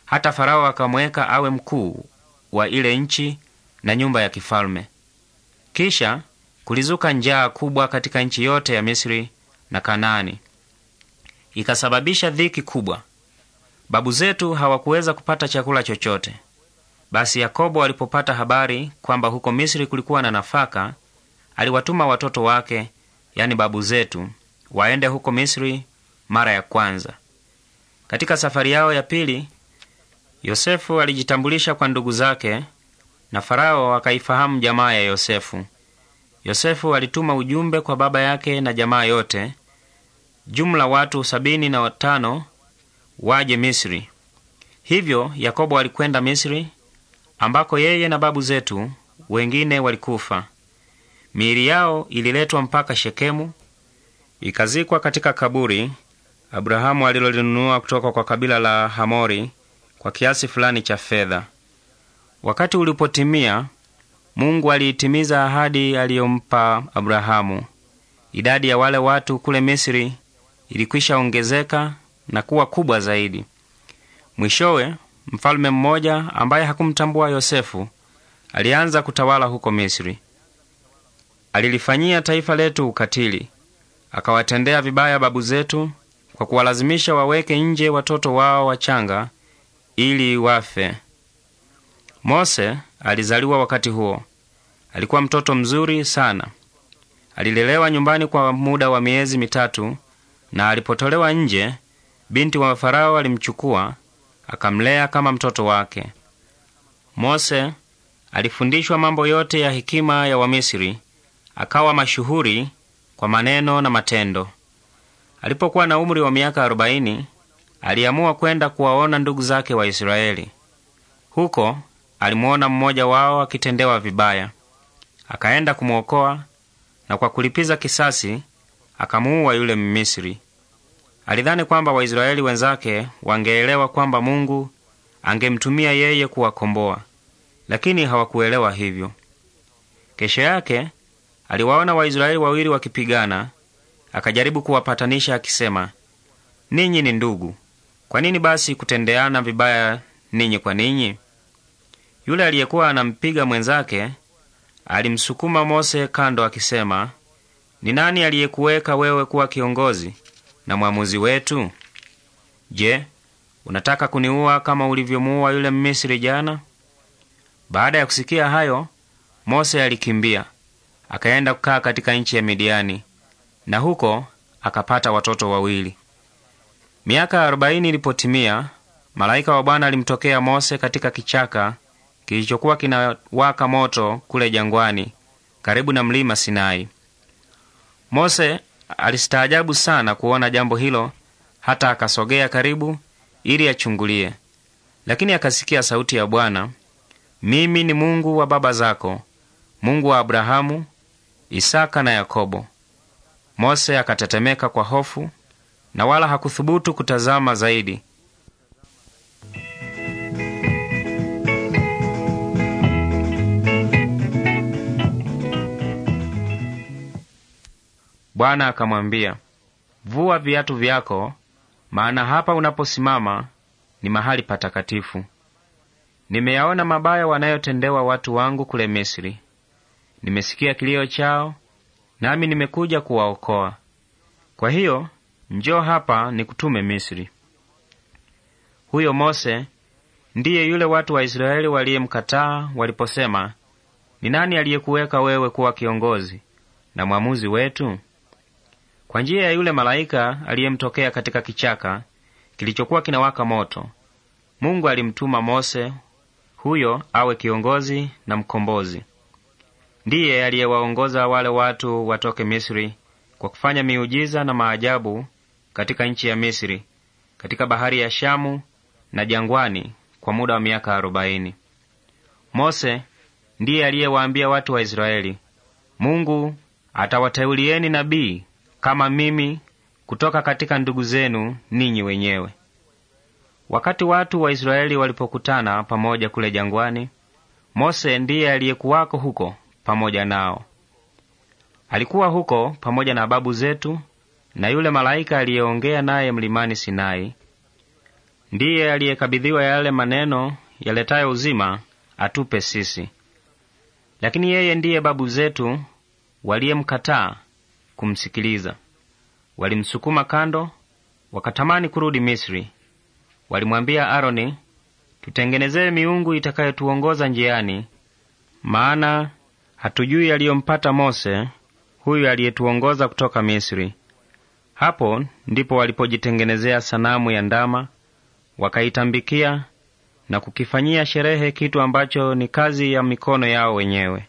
S1: hata Farao akamweka awe mkuu wa ile nchi na nyumba ya kifalme. Kisha kulizuka njaa kubwa katika nchi yote ya Misri na Kanaani, ikasababisha dhiki kubwa. Babu zetu hawakuweza kupata chakula chochote. Basi Yakobo alipopata habari kwamba huko Misri kulikuwa na nafaka, aliwatuma watoto wake, yani babu zetu, waende huko Misri mara ya kwanza. Katika safari yao ya pili, Yosefu alijitambulisha kwa ndugu zake na Farao akaifahamu jamaa ya Yosefu. Yosefu alituma ujumbe kwa baba yake na jamaa yote, jumla watu sabini na watano waje Misri. Hivyo Yakobo alikwenda Misri, ambako yeye na babu zetu wengine walikufa. Miili yao ililetwa mpaka Shekemu, Ikazikwa katika kaburi Abrahamu alilolinunua kutoka kwa kabila la Hamori kwa kiasi fulani cha fedha. Wakati ulipotimia, Mungu aliitimiza ahadi aliyompa Abrahamu. Idadi ya wale watu kule Misri ilikwisha ongezeka na kuwa kubwa zaidi. Mwishowe, mfalme mmoja ambaye hakumtambua Yosefu alianza kutawala huko Misri. Alilifanyia taifa letu ukatili. Akawatendea vibaya babu zetu kwa kuwalazimisha waweke nje watoto wao wachanga ili wafe. Mose alizaliwa wakati huo. Alikuwa mtoto mzuri sana. Alilelewa nyumbani kwa muda wa miezi mitatu, na alipotolewa nje, binti wa Farao alimchukua akamlea kama mtoto wake. Mose alifundishwa mambo yote ya hekima ya Wamisri, akawa mashuhuri kwa maneno na matendo. Alipokuwa na umri wa miaka arobaini, aliamua kwenda kuwaona ndugu zake wa Israeli. Huko alimuona mmoja wao akitendewa vibaya, akaenda kumwokoa na kwa kulipiza kisasi akamuua yule Mmisri. Alidhani kwamba Waisraeli wenzake wangeelewa kwamba Mungu angemtumia yeye kuwakomboa, lakini hawakuelewa hivyo. Kesho yake aliwaona Waisraeli wawili wakipigana, akajaribu kuwapatanisha akisema, ninyi ni ndugu, kwa nini basi kutendeana vibaya ninyi kwa ninyi? Yule aliyekuwa anampiga mwenzake alimsukuma Mose kando akisema, ni nani aliyekuweka wewe kuwa kiongozi na mwamuzi wetu? Je, unataka kuniua kama ulivyomuua yule Mmisri jana? Baada ya kusikia hayo, Mose alikimbia akaenda kukaa katika nchi ya Midiani, na huko akapata watoto wawili. Miaka arobaini ilipotimia, malaika wa Bwana alimtokea Mose katika kichaka kilichokuwa kinawaka moto kule jangwani, karibu na mlima Sinai. Mose alistaajabu sana kuona jambo hilo, hata akasogea karibu ili achungulie, lakini akasikia sauti ya Bwana, mimi ni Mungu wa baba zako, Mungu wa Abrahamu, Isaka na Yakobo. Mose akatetemeka kwa hofu na wala hakuthubutu kutazama zaidi. Bwana akamwambia, vua viatu vyako, maana hapa unaposimama ni mahali patakatifu. Nimeyaona mabaya wanayotendewa watu wangu kule Misri, nimesikia kilio chao, nami nimekuja kuwaokoa. Kwa hiyo njoo hapa nikutume Misri. Huyo Mose ndiye yule watu wa Israeli waliyemkataa waliposema, ni nani aliyekuweka wewe kuwa kiongozi na mwamuzi wetu? Kwa njia ya yule malaika aliyemtokea katika kichaka kilichokuwa kinawaka moto, Mungu alimtuma Mose huyo awe kiongozi na mkombozi ndiye aliyewaongoza wale watu watoke Misri kwa kufanya miujiza na maajabu katika nchi ya Misri, katika bahari ya Shamu na jangwani kwa muda wa miaka arobaini. Mose ndiye aliyewaambia watu wa Israeli, Mungu atawateulieni nabii kama mimi kutoka katika ndugu zenu ninyi wenyewe. Wakati watu wa Israeli walipokutana pamoja kule jangwani, Mose ndiye aliyekuwako huko pamoja nao. Alikuwa huko pamoja na babu zetu, na yule malaika aliyeongea naye mlimani Sinai ndiye aliyekabidhiwa yale maneno yaletayo uzima atupe sisi. Lakini yeye ndiye babu zetu waliyemkataa kumsikiliza. Walimsukuma kando, wakatamani kurudi Misri. Walimwambia Aroni, tutengenezee miungu itakayotuongoza njiani, maana Hatujui yaliyompata Mose huyu aliyetuongoza kutoka Misri. Hapo ndipo walipojitengenezea sanamu ya ndama, wakaitambikia na kukifanyia sherehe kitu ambacho ni kazi ya mikono yao wenyewe.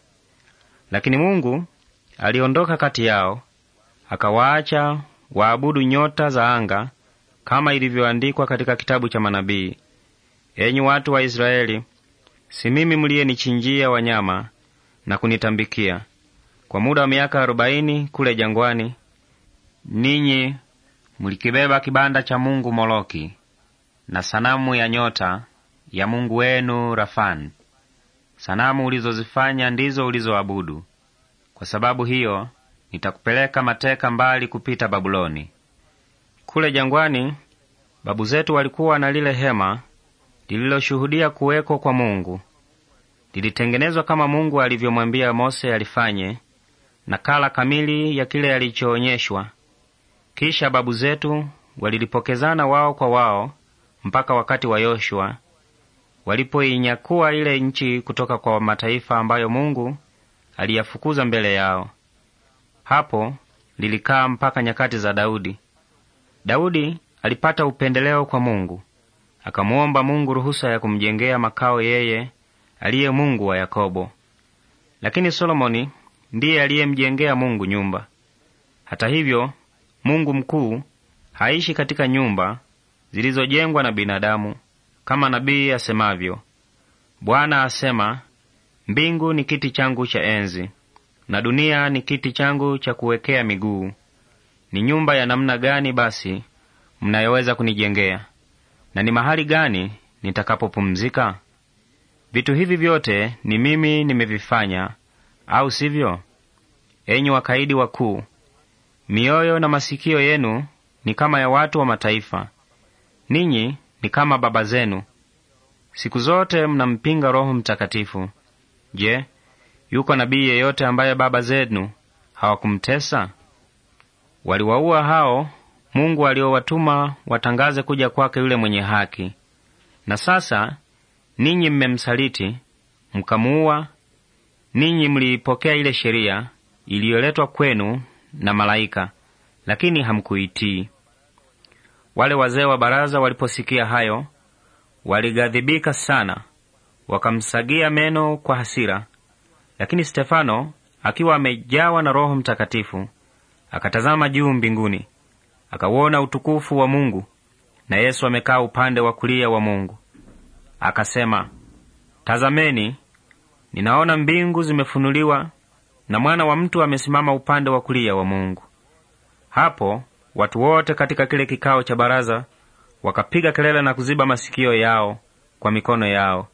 S1: Lakini Mungu aliondoka kati yao, akawaacha waabudu nyota za anga, kama ilivyoandikwa katika kitabu cha manabii: Enyi watu wa Israeli, si mimi mliyenichinjia wanyama na kunitambikia kwa muda wa miaka arobaini kule jangwani, ninyi mlikibeba kibanda cha mungu Moloki na sanamu ya nyota ya mungu wenu Rafani. Sanamu ulizozifanya ndizo ulizoabudu. Kwa sababu hiyo nitakupeleka mateka mbali kupita Babuloni. Kule jangwani babu zetu walikuwa na lile hema lililoshuhudia kuweko kwa Mungu lilitengenezwa kama Mungu alivyomwambia Mose alifanye, nakala kamili ya kile yalichoonyeshwa Kisha babu zetu walilipokezana wao kwa wao mpaka wakati wa Yoshua walipoinyakuwa ile nchi kutoka kwa mataifa ambayo Mungu aliyafukuza mbele yao. Hapo lilikaa mpaka nyakati za Daudi. Daudi alipata upendeleo kwa Mungu, akamuomba Mungu ruhusa ya kumjengea makao yeye aliye Mungu wa Yakobo. Lakini Solomoni ndiye aliyemjengea Mungu nyumba. Hata hivyo, Mungu mkuu haishi katika nyumba zilizojengwa na binadamu, kama nabii asemavyo, Bwana asema, mbingu ni kiti changu cha enzi na dunia ni kiti changu cha kuwekea miguu. Ni nyumba ya namna gani basi mnayoweza kunijengea? Na ni mahali gani nitakapopumzika? Vitu hivi vyote ni mimi nimevifanya, au sivyo, enyi wakaidi wakuu? Mioyo na masikio yenu ni kama ya watu wa mataifa, ninyi ni kama baba zenu. Siku zote mnampinga Roho Mtakatifu. Je, yuko nabii yeyote ambaye baba zenu hawakumtesa? Waliwaua hao Mungu aliowatuma watangaze kuja kwake yule mwenye haki. Na sasa ninyi mmemsaliti mkamuua. Ninyi mliipokea ile sheria iliyoletwa kwenu na malaika, lakini hamkuitii. Wale wazee wa baraza waliposikia hayo, waligadhibika sana, wakamsagia meno kwa hasira. Lakini Stefano, akiwa amejawa na Roho Mtakatifu, akatazama juu mbinguni, akauona utukufu wa Mungu na Yesu amekaa upande wa kulia wa Mungu akasema, Tazameni, ninaona mbingu zimefunuliwa na mwana wa mtu amesimama upande wa kulia wa Mungu. Hapo watu wote katika kile kikao cha baraza wakapiga kelele na kuziba masikio yao kwa mikono yao,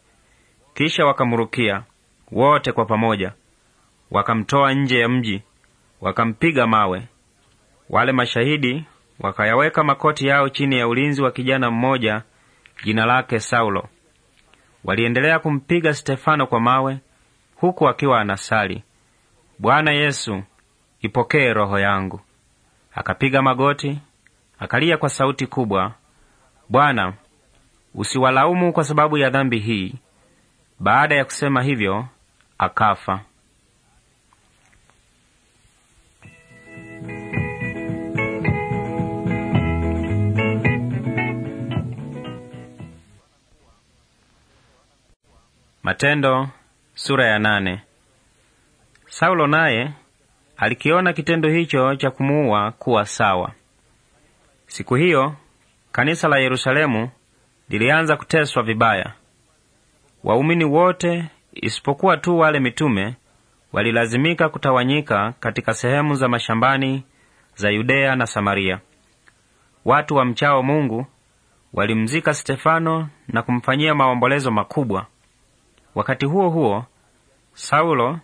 S1: kisha wakamrukia wote kwa pamoja, wakamtoa nje ya mji, wakampiga mawe. Wale mashahidi wakayaweka makoti yao chini ya ulinzi wa kijana mmoja jina lake Saulo. Waliendelea kumpiga Stefano kwa mawe huku akiwa anasali, Bwana Yesu, ipokee roho yangu. Akapiga magoti akalia kwa sauti kubwa, Bwana, usiwalaumu kwa sababu ya dhambi hii. Baada ya kusema hivyo, akafa. Matendo sura ya nane. Saulo naye alikiona kitendo hicho cha kumuua kuwa sawa. Siku hiyo kanisa la Yerusalemu lilianza kuteswa vibaya. Waumini wote isipokuwa tu wale mitume walilazimika kutawanyika katika sehemu za mashambani za Yudeya na Samaria. Watu wa mchao Mungu walimzika Stefano na kumfanyia maombolezo makubwa. Wakati huo huo, Saulo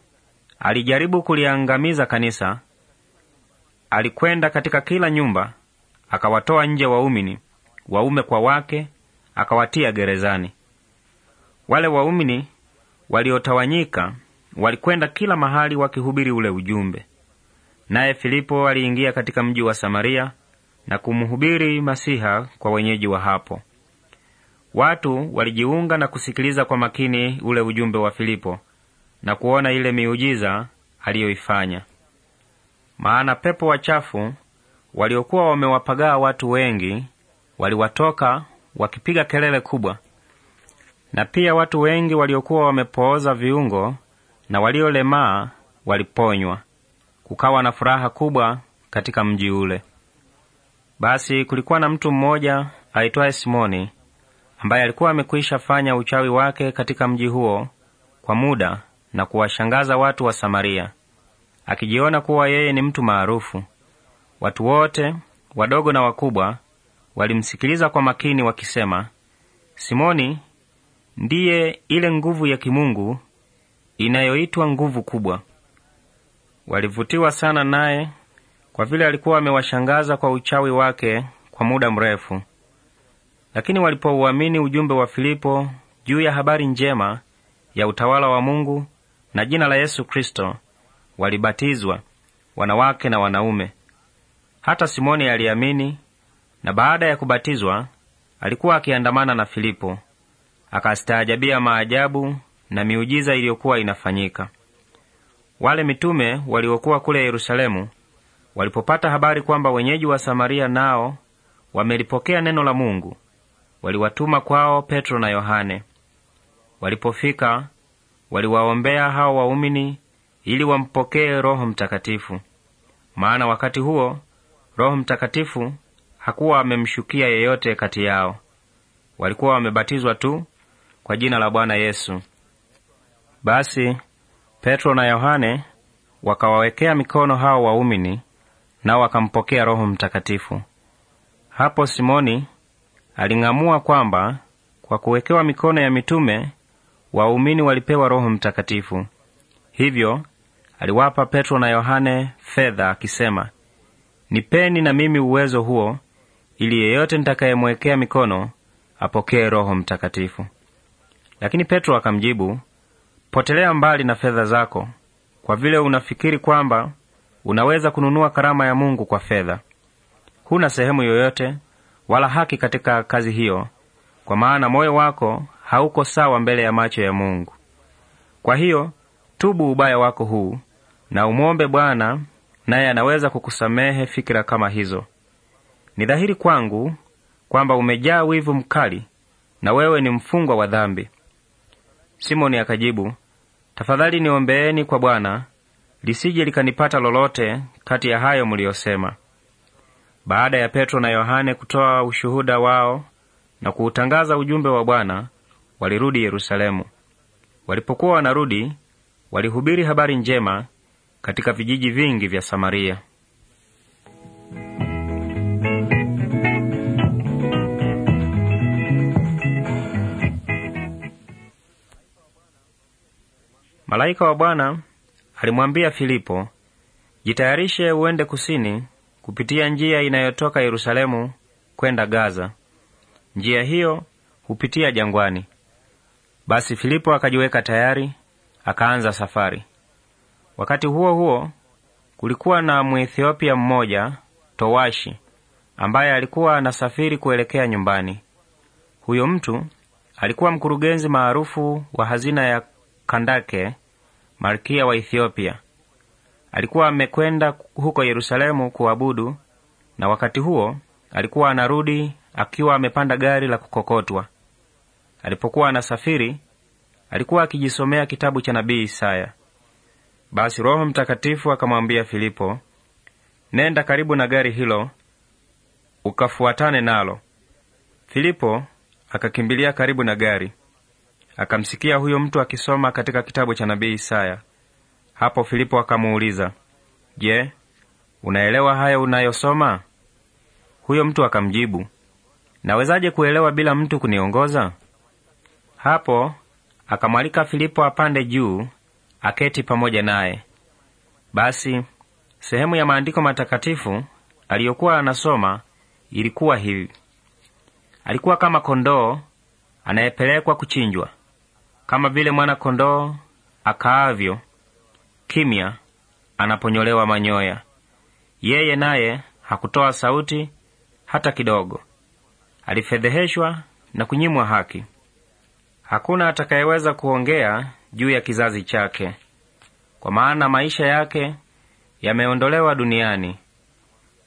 S1: alijaribu kuliangamiza kanisa. Alikwenda katika kila nyumba, akawatoa nje waumini, waume kwa wake, akawatia gerezani. Wale waumini waliotawanyika walikwenda kila mahali wakihubiri ule ujumbe. Naye Filipo aliingia katika mji wa Samaria na kumhubiri Masiha kwa wenyeji wa hapo. Watu walijiunga na kusikiliza kwa makini ule ujumbe wa Filipo na kuona ile miujiza aliyoifanya. Maana pepo wachafu waliokuwa wamewapagaa watu wengi waliwatoka wakipiga kelele kubwa, na pia watu wengi waliokuwa wamepooza viungo na waliolemaa waliponywa. Kukawa na furaha kubwa katika mji ule. Basi kulikuwa na mtu mmoja aitwaye Simoni ambaye alikuwa amekwisha fanya uchawi wake katika mji huo kwa muda na kuwashangaza watu wa Samaria, akijiona kuwa yeye ni mtu maarufu. Watu wote wadogo na wakubwa walimsikiliza kwa makini, wakisema, Simoni ndiye ile nguvu ya kimungu inayoitwa nguvu kubwa. Walivutiwa sana naye kwa vile alikuwa amewashangaza kwa uchawi wake kwa muda mrefu. Lakini walipouamini ujumbe wa Filipo juu ya habari njema ya utawala wa Mungu na jina la Yesu Kristo, walibatizwa wanawake na wanaume. Hata Simoni aliamini, na baada ya kubatizwa alikuwa akiandamana na Filipo, akastaajabia maajabu na miujiza iliyokuwa inafanyika. Wale mitume waliokuwa kule Yerusalemu walipopata habari kwamba wenyeji wa Samaria nao wamelipokea neno la Mungu, waliwatuma kwao Petro na Yohane. Walipofika waliwaombea hao waumini ili wampokee Roho Mtakatifu, maana wakati huo Roho Mtakatifu hakuwa amemshukia yeyote kati yao. Walikuwa wamebatizwa tu kwa jina la Bwana Yesu. Basi Petro na Yohane wakawawekea mikono hao waumini, nao wakampokea Roho Mtakatifu. Hapo Simoni aling'amua kwamba kwa kuwekewa mikono ya mitume waumini walipewa Roho Mtakatifu. Hivyo aliwapa Petro na Yohane fedha akisema, nipeni na mimi uwezo huo, ili yeyote nitakayemwekea mikono apokee Roho Mtakatifu. Lakini Petro akamjibu, potelea mbali na fedha zako, kwa vile unafikiri kwamba unaweza kununua karama ya Mungu kwa fedha. Huna sehemu yoyote wala haki katika kazi hiyo, kwa maana moyo wako hauko sawa mbele ya macho ya Mungu. Kwa hiyo tubu ubaya wako huu na umwombe Bwana, naye anaweza kukusamehe fikira kama hizo. Ni dhahiri kwangu kwamba umejaa wivu mkali na wewe ni mfungwa wa dhambi. Simoni akajibu, tafadhali niombeeni kwa Bwana lisije likanipata lolote kati ya hayo mliyosema. Baada ya Petro na Yohane kutoa ushuhuda wao na kuutangaza ujumbe wa Bwana, walirudi Yerusalemu. Walipokuwa wanarudi, walihubiri habari njema katika vijiji vingi vya Samaria. Malaika wa Bwana alimwambia Filipo, jitayarishe uende kusini kupitia njia inayotoka Yerusalemu kwenda Gaza. Njia hiyo hupitia jangwani. Basi Filipo akajiweka tayari, akaanza safari. Wakati huo huo, kulikuwa na Mwethiopia mmoja towashi, ambaye alikuwa anasafiri kuelekea nyumbani. Huyo mtu alikuwa mkurugenzi maarufu wa hazina ya Kandake, malkia wa Ethiopia alikuwa amekwenda huko Yerusalemu kuabudu, na wakati huo alikuwa anarudi akiwa amepanda gari la kukokotwa. Alipokuwa anasafiri, alikuwa akijisomea kitabu cha nabii Isaya. Basi Roho Mtakatifu akamwambia Filipo, nenda karibu na gari hilo ukafuatane nalo. Filipo akakimbilia karibu na gari, akamsikia huyo mtu akisoma katika kitabu cha nabii Isaya. Hapo Filipo akamuuliza, Je, unaelewa hayo unayosoma? Huyo mtu akamjibu, nawezaje kuelewa bila mtu kuniongoza? Hapo akamwalika Filipo apande juu aketi pamoja naye. Basi sehemu ya maandiko matakatifu aliyokuwa anasoma ilikuwa hivi: alikuwa kama kondoo anayepelekwa kuchinjwa, kama vile mwana kondoo akaavyo kimya anaponyolewa manyoya. Yeye naye hakutoa sauti hata kidogo. Alifedheheshwa na kunyimwa haki. Hakuna atakayeweza kuongea juu ya kizazi chake, kwa maana maisha yake yameondolewa duniani.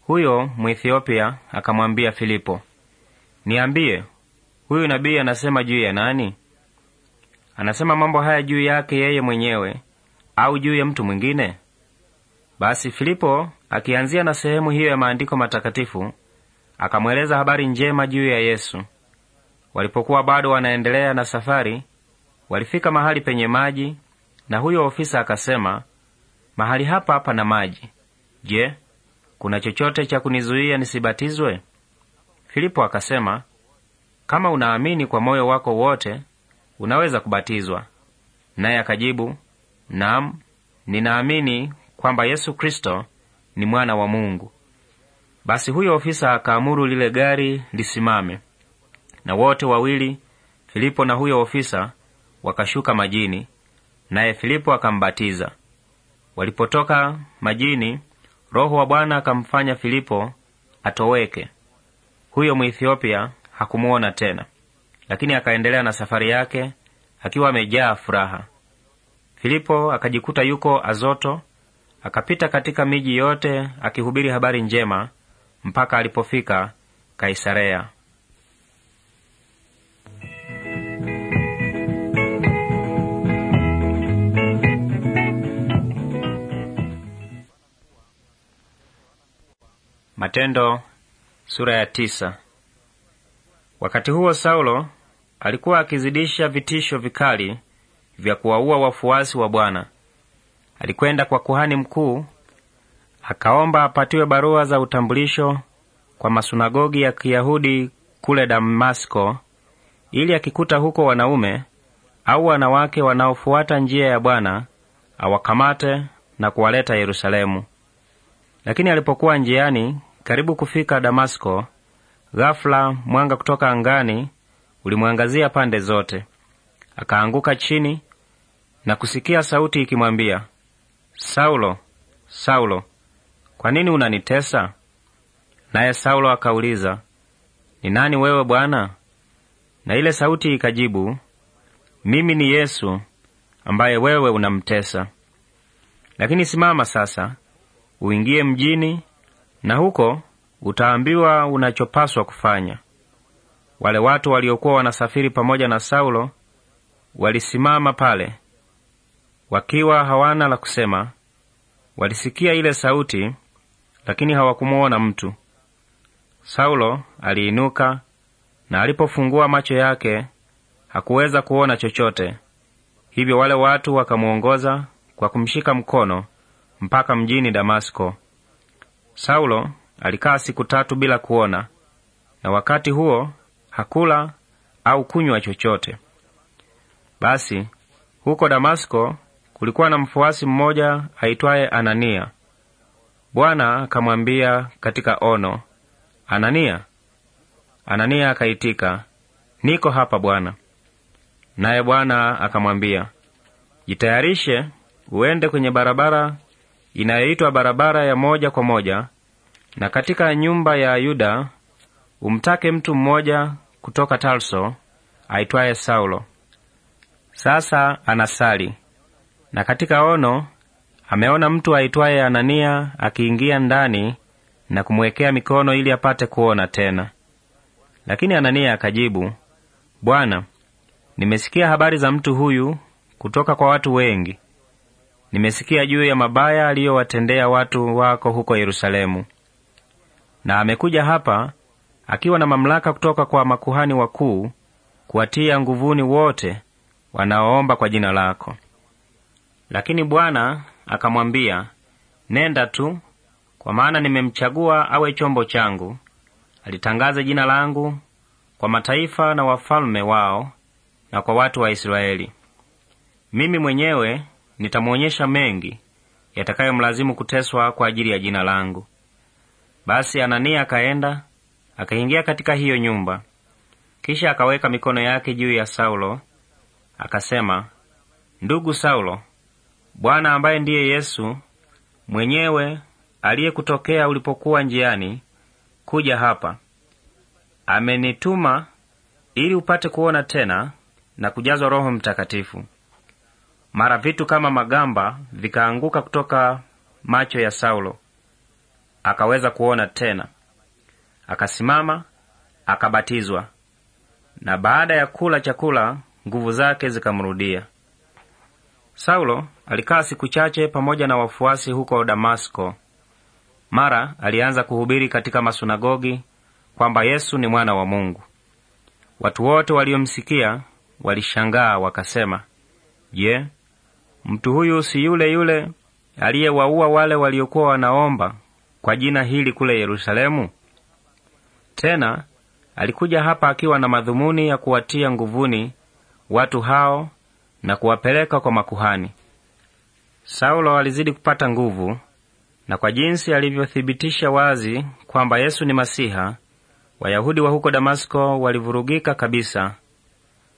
S1: Huyo Mwethiopia akamwambia Filipo, niambie, huyu nabii anasema juu ya nani? Anasema mambo haya juu yake yeye mwenyewe au juu ya mtu mwingine? Basi Filipo akianzia na sehemu hiyo ya maandiko matakatifu akamweleza habari njema juu ya Yesu. Walipokuwa bado wanaendelea na safari, walifika mahali penye maji, na huyo ofisa akasema, mahali hapa pana maji. Je, kuna chochote cha kunizuia nisibatizwe? Filipo akasema, kama unaamini kwa moyo wako wote, unaweza kubatizwa. Naye akajibu, Naam, ninaamini kwamba Yesu Kristo ni mwana wa Mungu. Basi huyo ofisa akaamuru lile gari lisimame, na wote wawili, Filipo na huyo ofisa, wakashuka majini, naye Filipo akambatiza. Walipotoka majini, Roho wa Bwana akamfanya Filipo atoweke. Huyo Mwethiopia hakumuona tena, lakini akaendelea na safari yake akiwa amejaa furaha. Filipo akajikuta yuko Azoto, akapita katika miji yote akihubiri habari njema mpaka alipofika Kaisareya. Matendo sura ya tisa. Wakati huo Saulo alikuwa akizidisha vitisho vikali vya kuwaua wafuasi wa Bwana. Alikwenda kwa kuhani mkuu akaomba apatiwe barua za utambulisho kwa masunagogi ya Kiyahudi kule Damasko, ili akikuta huko wanaume au wanawake wanaofuata njia ya Bwana awakamate na kuwaleta Yerusalemu. Lakini alipokuwa njiani karibu kufika Damasko, ghafula mwanga kutoka angani ulimwangazia pande zote, akaanguka chini na kusikia sauti ikimwambia, Saulo, Saulo, kwa nini unanitesa? Naye Saulo akauliza, ni nani wewe Bwana? Na ile sauti ikajibu, mimi ni Yesu ambaye wewe unamtesa. Lakini simama sasa, uingie mjini, na huko utaambiwa unachopaswa kufanya. Wale watu waliokuwa wanasafiri pamoja na Saulo walisimama pale Wakiwa hawana la kusema, walisikia ile sauti, lakini hawakumwona mtu. Saulo aliinuka na alipofungua macho yake hakuweza kuona chochote. Hivyo wale watu wakamwongoza kwa kumshika mkono mpaka mjini Damasko. Saulo alikaa siku tatu bila kuona, na wakati huo hakula au kunywa chochote. Basi huko Damasko kulikuwa na mfuasi mmoja aitwaye Anania. Bwana akamwambia katika ono, Anania. Anania akaitika, niko hapa Bwana. Naye Bwana akamwambia, jitayarishe uende kwenye barabara inayoitwa barabara ya moja kwa moja, na katika nyumba ya Yuda umtake mtu mmoja kutoka Tarso aitwaye Saulo. Sasa anasali. Na katika ono ameona mtu aitwaye Anania akiingia ndani na kumwekea mikono ili apate kuona tena. Lakini Anania akajibu, Bwana, nimesikia habari za mtu huyu kutoka kwa watu wengi. Nimesikia juu ya mabaya aliyowatendea watu wako huko Yerusalemu, na amekuja hapa akiwa na mamlaka kutoka kwa makuhani wakuu kuwatia nguvuni wote wanaoomba kwa jina lako. Lakini Bwana akamwambia, nenda tu, kwa maana nimemchagua awe chombo changu, alitangaze jina langu kwa mataifa na wafalme wao na kwa watu wa Israeli. Mimi mwenyewe nitamwonyesha mengi yatakayomlazimu kuteswa kwa ajili ya jina langu. Basi Anania akaenda akaingia katika hiyo nyumba, kisha akaweka mikono yake juu ya Saulo akasema, ndugu Saulo, Bwana ambaye ndiye Yesu mwenyewe aliyekutokea ulipokuwa njiani kuja hapa, amenituma ili upate kuona tena na kujazwa Roho Mtakatifu. Mara vitu kama magamba vikaanguka kutoka macho ya Saulo, akaweza kuona tena. Akasimama akabatizwa, na baada ya kula chakula nguvu zake zikamrudia. Saulo alikaa siku chache pamoja na wafuasi huko Damasko. Mara alianza kuhubiri katika masunagogi kwamba Yesu ni mwana wa Mungu. Watu wote waliomsikia walishangaa wakasema, Je, mtu huyu si yule yule aliyewaua wale waliokuwa wanaomba kwa jina hili kule Yerusalemu? Tena alikuja hapa akiwa na madhumuni ya kuwatia nguvuni watu hao na kuwapeleka kwa makuhani. Saulo alizidi kupata nguvu, na kwa jinsi alivyothibitisha wazi kwamba Yesu ni Masiha, Wayahudi wa huko Damasko walivurugika kabisa.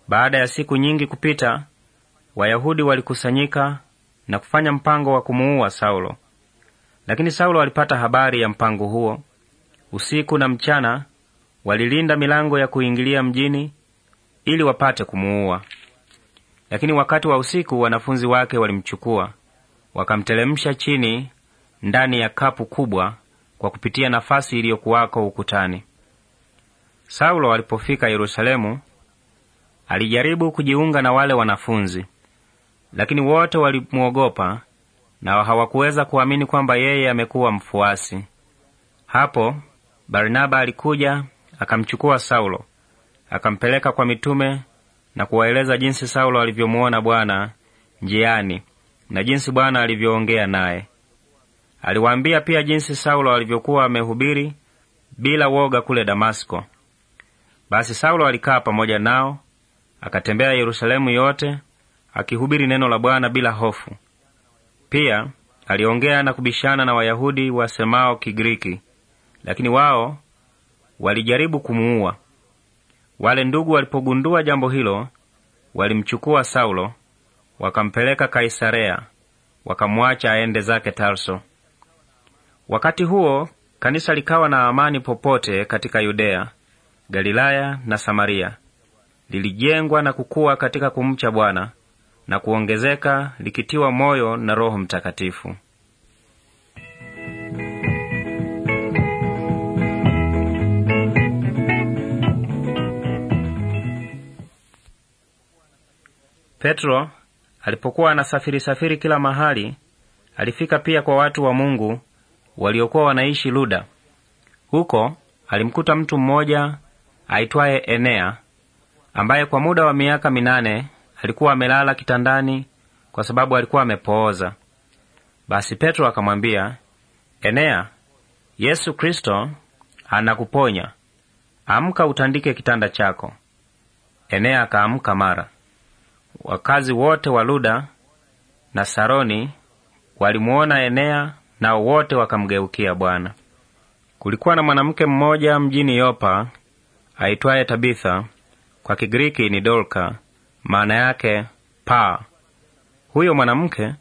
S1: Baada ya siku nyingi kupita, Wayahudi walikusanyika na kufanya mpango wa kumuua Saulo. Lakini Saulo alipata habari ya mpango huo. Usiku na mchana walilinda milango ya kuingilia mjini ili wapate kumuua. Lakini wakati wa usiku wanafunzi wake walimchukua wakamteremsha chini ndani ya kapu kubwa kwa kupitia nafasi iliyokuwako ukutani. Saulo alipofika Yerusalemu alijaribu kujiunga na wale wanafunzi, lakini wote walimwogopa na hawakuweza kuamini kwamba yeye amekuwa mfuasi. Hapo Barnaba alikuja akamchukua Saulo akampeleka kwa mitume na kuwaeleza jinsi Saulo alivyomuona Bwana njiani na jinsi Bwana alivyoongea naye. Aliwaambia pia jinsi Saulo alivyokuwa amehubiri bila woga kule Damasko. Basi Saulo alikaa pamoja nao, akatembea Yerusalemu yote akihubiri neno la Bwana bila hofu. Pia aliongea na kubishana na Wayahudi wasemao Kigiriki, lakini wao walijaribu kumuua. Wale ndugu walipogundua jambo hilo, walimchukua Saulo wakampeleka Kaisarea, wakamwacha aende zake Tarso. Wakati huo kanisa likawa na amani popote katika Yudea, Galilaya na Samaria. Lilijengwa na kukua katika kumcha Bwana na kuongezeka, likitiwa moyo na Roho Mtakatifu. Petro alipokuwa anasafirisafiri kila mahali, alifika pia kwa watu wa Mungu waliokuwa wanaishi Luda. Huko alimkuta mtu mmoja aitwaye Enea ambaye kwa muda wa miaka minane alikuwa amelala kitandani kwa sababu alikuwa amepooza. Basi Petro akamwambia, Enea, Yesu Kristo anakuponya. Amka utandike kitanda chako. Enea akaamka mara. Wakazi wote wa Luda na Saroni walimuona Enea, na wote wakamgeukia Bwana. Kulikuwa na mwanamke mmoja mjini Yopa aitwaye Tabitha, kwa Kigiriki ni Dorka, maana yake paa. Huyo mwanamke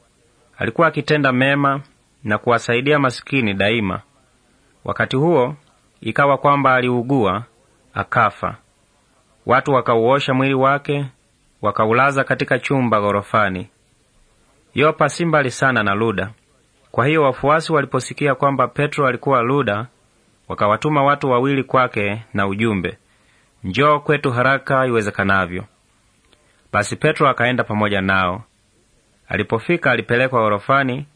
S1: alikuwa akitenda mema na kuwasaidia masikini daima. Wakati huo ikawa kwamba aliugua akafa. Watu wakauosha mwili wake wakaulaza katika chumba ghorofani. Yopa si mbali sana na Luda. Kwa hiyo wafuasi waliposikia kwamba Petro alikuwa Luda, wakawatuma watu wawili kwake na ujumbe, njoo kwetu haraka iwezekanavyo. Basi Petro akaenda pamoja nao. Alipofika alipelekwa ghorofani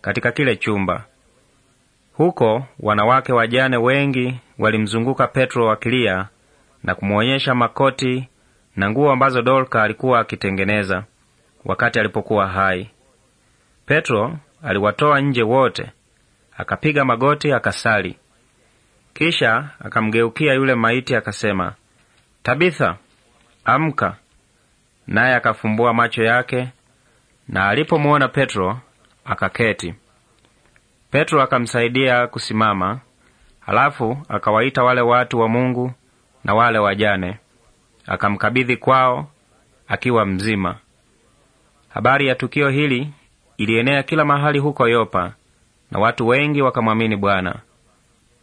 S1: katika kile chumba. Huko wanawake wajane wengi walimzunguka Petro wakilia na kumwonyesha makoti na nguo ambazo Dorka alikuwa akitengeneza wakati alipokuwa hai. Petro aliwatoa nje wote, akapiga magoti akasali. Kisha akamgeukia yule maiti akasema, Tabitha, amka. Naye akafumbua macho yake, na alipomwona Petro akaketi. Petro akamsaidia kusimama, halafu akawaita wale watu wa Mungu na wale wajane akamkabidhi kwao akiwa mzima. Habari ya tukio hili ilienea kila mahali huko Yopa, na watu wengi wakamwamini Bwana.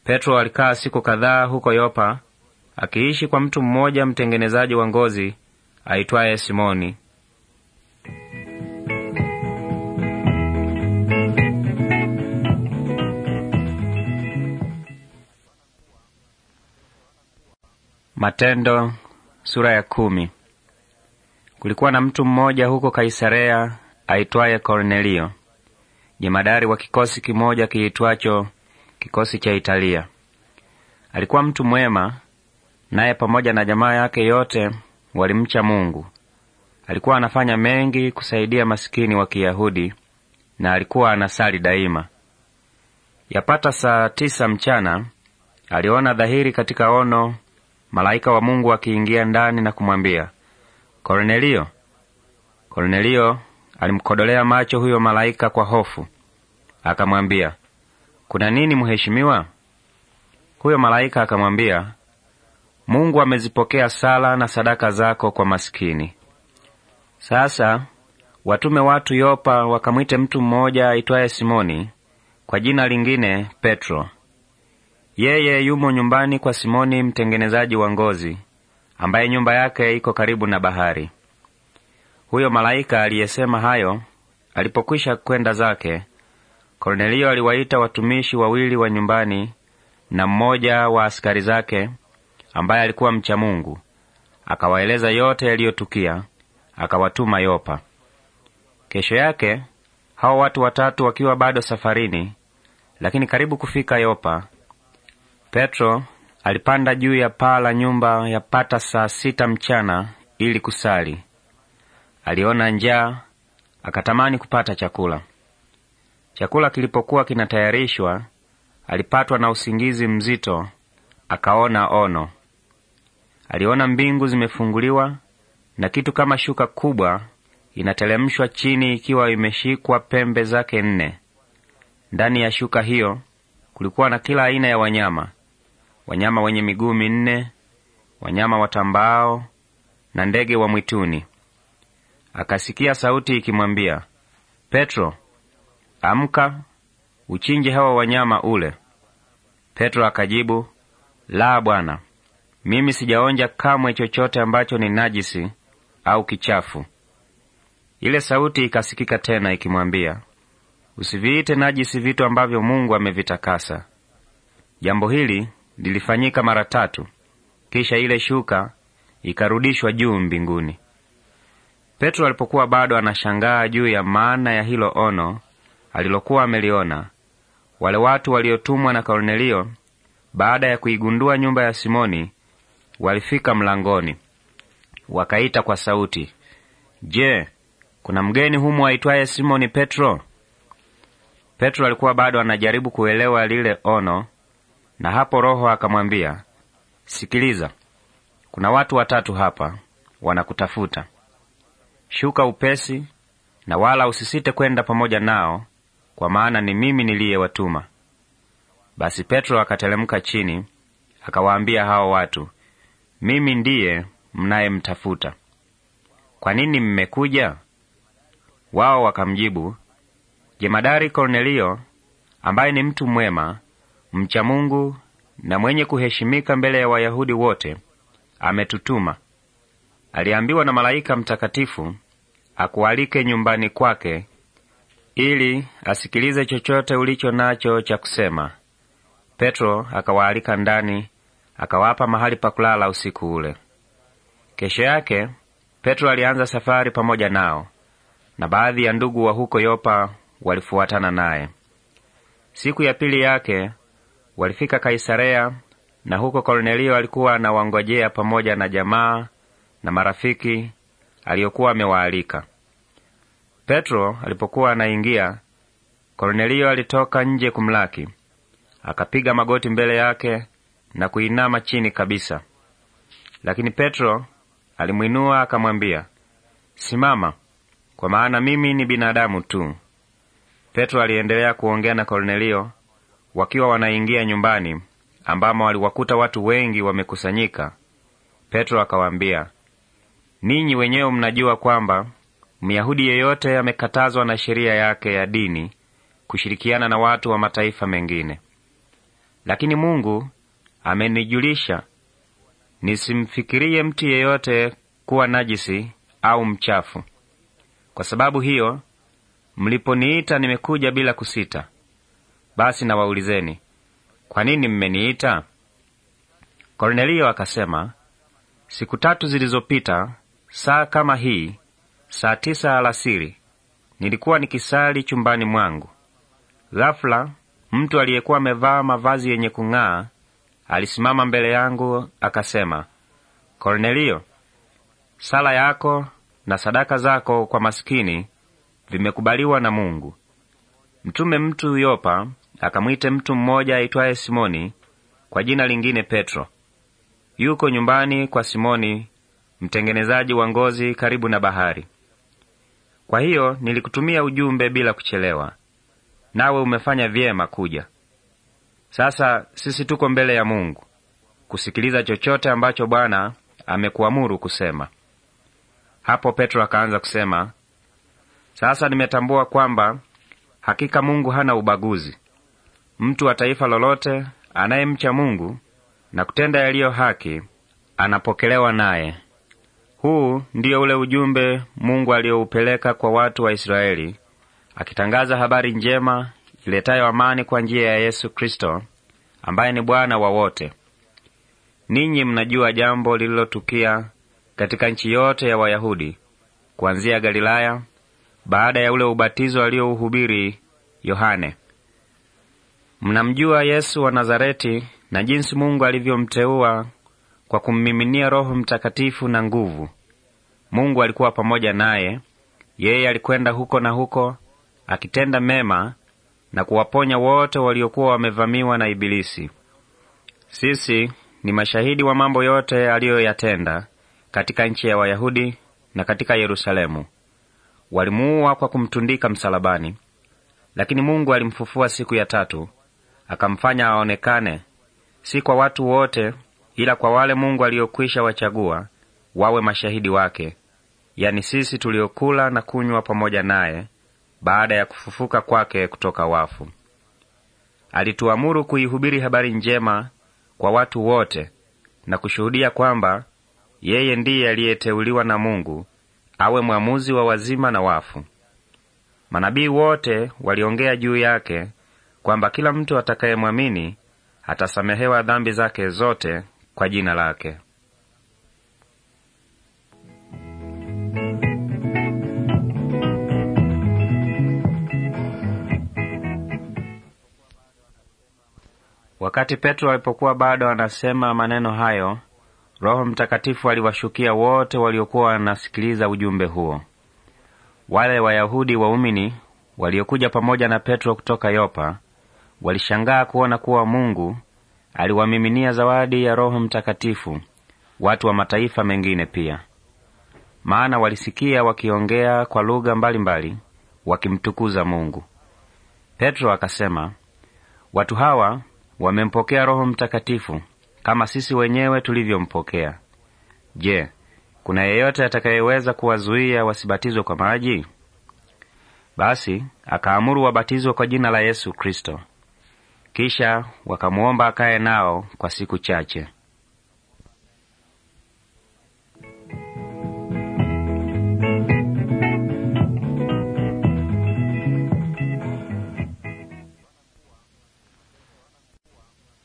S1: Petro alikaa siku kadhaa huko Yopa akiishi kwa mtu mmoja mtengenezaji wa ngozi aitwaye Simoni. Matendo Sura ya kumi. Kulikuwa na mtu mmoja huko Kaisarea aitwaye Kornelio, jemadari wa kikosi kimoja kiitwacho kikosi cha Italia. Alikuwa mtu mwema, naye pamoja na jamaa yake yote walimcha Mungu. Alikuwa anafanya mengi kusaidia masikini wa Kiyahudi, na alikuwa anasali daima. Yapata saa tisa mchana aliona dhahiri katika ono malaika wa Mungu akiingia ndani na kumwambia, Kornelio. Kornelio alimkodolea macho huyo malaika kwa hofu, akamwambia, kuna nini mheshimiwa? Huyo malaika akamwambia, Mungu amezipokea sala na sadaka zako kwa maskini. Sasa watume watu Yopa wakamwite mtu mmoja aitwaye Simoni, kwa jina lingine Petro. Yeye yumo nyumbani kwa Simoni mtengenezaji wa ngozi, ambaye nyumba yake iko karibu na bahari. Huyo malaika aliyesema hayo alipokwisha kwenda zake, Kornelio aliwaita watumishi wawili wa nyumbani na mmoja wa askari zake ambaye alikuwa mcha Mungu, akawaeleza yote yaliyotukia, akawatuma Yopa. Kesho yake hao watu watatu wakiwa bado safarini, lakini karibu kufika Yopa, Petro alipanda juu ya paa la nyumba ya pata saa sita mchana ili kusali. Aliona njaa, akatamani kupata chakula. Chakula kilipokuwa kinatayarishwa, alipatwa na usingizi mzito, akaona ono. Aliona mbingu zimefunguliwa na kitu kama shuka kubwa inatelemshwa chini ikiwa imeshikwa pembe zake nne. Ndani ya shuka hiyo kulikuwa na kila aina ya wanyama wanyama wenye miguu minne, wanyama watambao na ndege wa mwituni. Akasikia sauti ikimwambia, Petro, amka, uchinje hawa wanyama ule. Petro akajibu, la, Bwana, mimi sijaonja kamwe chochote ambacho ni najisi au kichafu. Ile sauti ikasikika tena ikimwambia, usiviite najisi vitu ambavyo Mungu amevitakasa. Jambo hili lilifanyika mara tatu, kisha ile shuka ikarudishwa juu mbinguni. Petro alipokuwa bado anashangaa juu ya maana ya hilo ono alilokuwa ameliona, wale watu waliotumwa na Kornelio, baada ya kuigundua nyumba ya Simoni, walifika mlangoni, wakaita kwa sauti, Je, kuna mgeni humu aitwaye Simoni Petro? Petro alikuwa bado anajaribu kuelewa lile ono na hapo Roho akamwambia, sikiliza, kuna watu watatu hapa wanakutafuta. Shuka upesi, na wala usisite kwenda pamoja nao, kwa maana ni mimi niliyewatuma. Basi Petro akatelemka chini, akawaambia hao watu, mimi ndiye mnayemtafuta. Kwa nini mmekuja? Wao wakamjibu, jemadari Kornelio, ambaye ni mtu mwema mcha Mungu na mwenye kuheshimika mbele ya Wayahudi wote, ametutuma. Aliambiwa na malaika mtakatifu akualike nyumbani kwake ili asikilize chochote ulicho nacho cha kusema. Petro akawaalika ndani, akawapa mahali pa kulala usiku ule. Kesho yake Petro alianza safari pamoja nao, na baadhi ya ndugu wa huko Yopa walifuatana naye. Siku ya pili yake Walifika Kaisarea, na huko Kornelio alikuwa anawangojea pamoja na jamaa na marafiki aliyokuwa amewaalika. Petro alipokuwa anaingia, Kornelio alitoka nje kumlaki, akapiga magoti mbele yake na kuinama chini kabisa. Lakini Petro alimwinua akamwambia, simama, kwa maana mimi ni binadamu tu. Petro aliendelea kuongea na Kornelio Wakiwa wanaingia nyumbani ambamo waliwakuta watu wengi wamekusanyika, Petro akawaambia, ninyi wenyewe mnajua kwamba Myahudi yeyote amekatazwa na sheria yake ya dini kushirikiana na watu wa mataifa mengine, lakini Mungu amenijulisha nisimfikirie mtu yeyote kuwa najisi au mchafu. Kwa sababu hiyo, mliponiita nimekuja bila kusita. Basi nawaulizeni, kwa nini mmeniita? Kornelio akasema, siku tatu zilizopita saa kama hii, saa tisa alasiri, nilikuwa nikisali chumbani mwangu. Ghafula mtu aliyekuwa amevaa mavazi yenye kung'aa alisimama mbele yangu akasema, Kornelio, sala yako na sadaka zako kwa masikini vimekubaliwa na Mungu. Mtume mtu Yopa akamwite mtu mmoja aitwaye Simoni kwa jina lingine Petro. Yuko nyumbani kwa Simoni mtengenezaji wa ngozi karibu na bahari. Kwa hiyo nilikutumia ujumbe bila kuchelewa, nawe umefanya vyema kuja. Sasa sisi tuko mbele ya Mungu kusikiliza chochote ambacho Bwana amekuamuru kusema. Hapo Petro akaanza kusema, sasa nimetambua kwamba hakika Mungu hana ubaguzi, Mtu wa taifa lolote anayemcha Mungu na kutenda yaliyo haki anapokelewa naye. Huu ndiyo ule ujumbe Mungu aliyoupeleka kwa watu wa Israeli, akitangaza habari njema iletayo amani kwa njia ya Yesu Kristo, ambaye ni Bwana wa wote. Ninyi mnajua jambo lililotukia katika nchi yote ya Wayahudi kuanzia Galilaya, baada ya ule ubatizo aliyouhubiri Yohane. Mnamjua Yesu wa Nazareti na jinsi Mungu alivyomteua kwa kummiminia Roho Mtakatifu na nguvu. Mungu alikuwa pamoja naye, yeye alikwenda huko na huko akitenda mema na kuwaponya wote waliokuwa wamevamiwa na Ibilisi. Sisi ni mashahidi wa mambo yote aliyoyatenda katika nchi ya Wayahudi na katika Yerusalemu. Walimuua kwa kumtundika msalabani, lakini Mungu alimfufua siku ya tatu akamfanya aonekane si kwa watu wote, ila kwa wale Mungu aliyokwisha wachagua wawe mashahidi wake, yani sisi tuliokula na kunywa pamoja naye baada ya kufufuka kwake kutoka wafu. Alituamuru kuihubiri habari njema kwa watu wote na kushuhudia kwamba yeye ndiye aliyeteuliwa na Mungu awe mwamuzi wa wazima na wafu. Manabii wote waliongea juu yake kwamba kila mtu atakayemwamini atasamehewa dhambi zake zote kwa jina lake. Wakati Petro alipokuwa bado anasema maneno hayo, Roho Mtakatifu aliwashukia wote waliokuwa wanasikiliza ujumbe huo. Wale Wayahudi waumini waliokuja pamoja na Petro kutoka Yopa Walishangaa kuona kuwa Mungu aliwamiminia zawadi ya Roho Mtakatifu watu wa mataifa mengine pia, maana walisikia wakiongea kwa lugha mbalimbali wakimtukuza Mungu. Petro akasema, watu hawa wamempokea Roho Mtakatifu kama sisi wenyewe tulivyompokea. Je, kuna yeyote atakayeweza kuwazuia wasibatizwe kwa maji? Basi akaamuru wabatizwe kwa jina la Yesu Kristo. Kisha wakamwomba akaye nao kwa siku chache.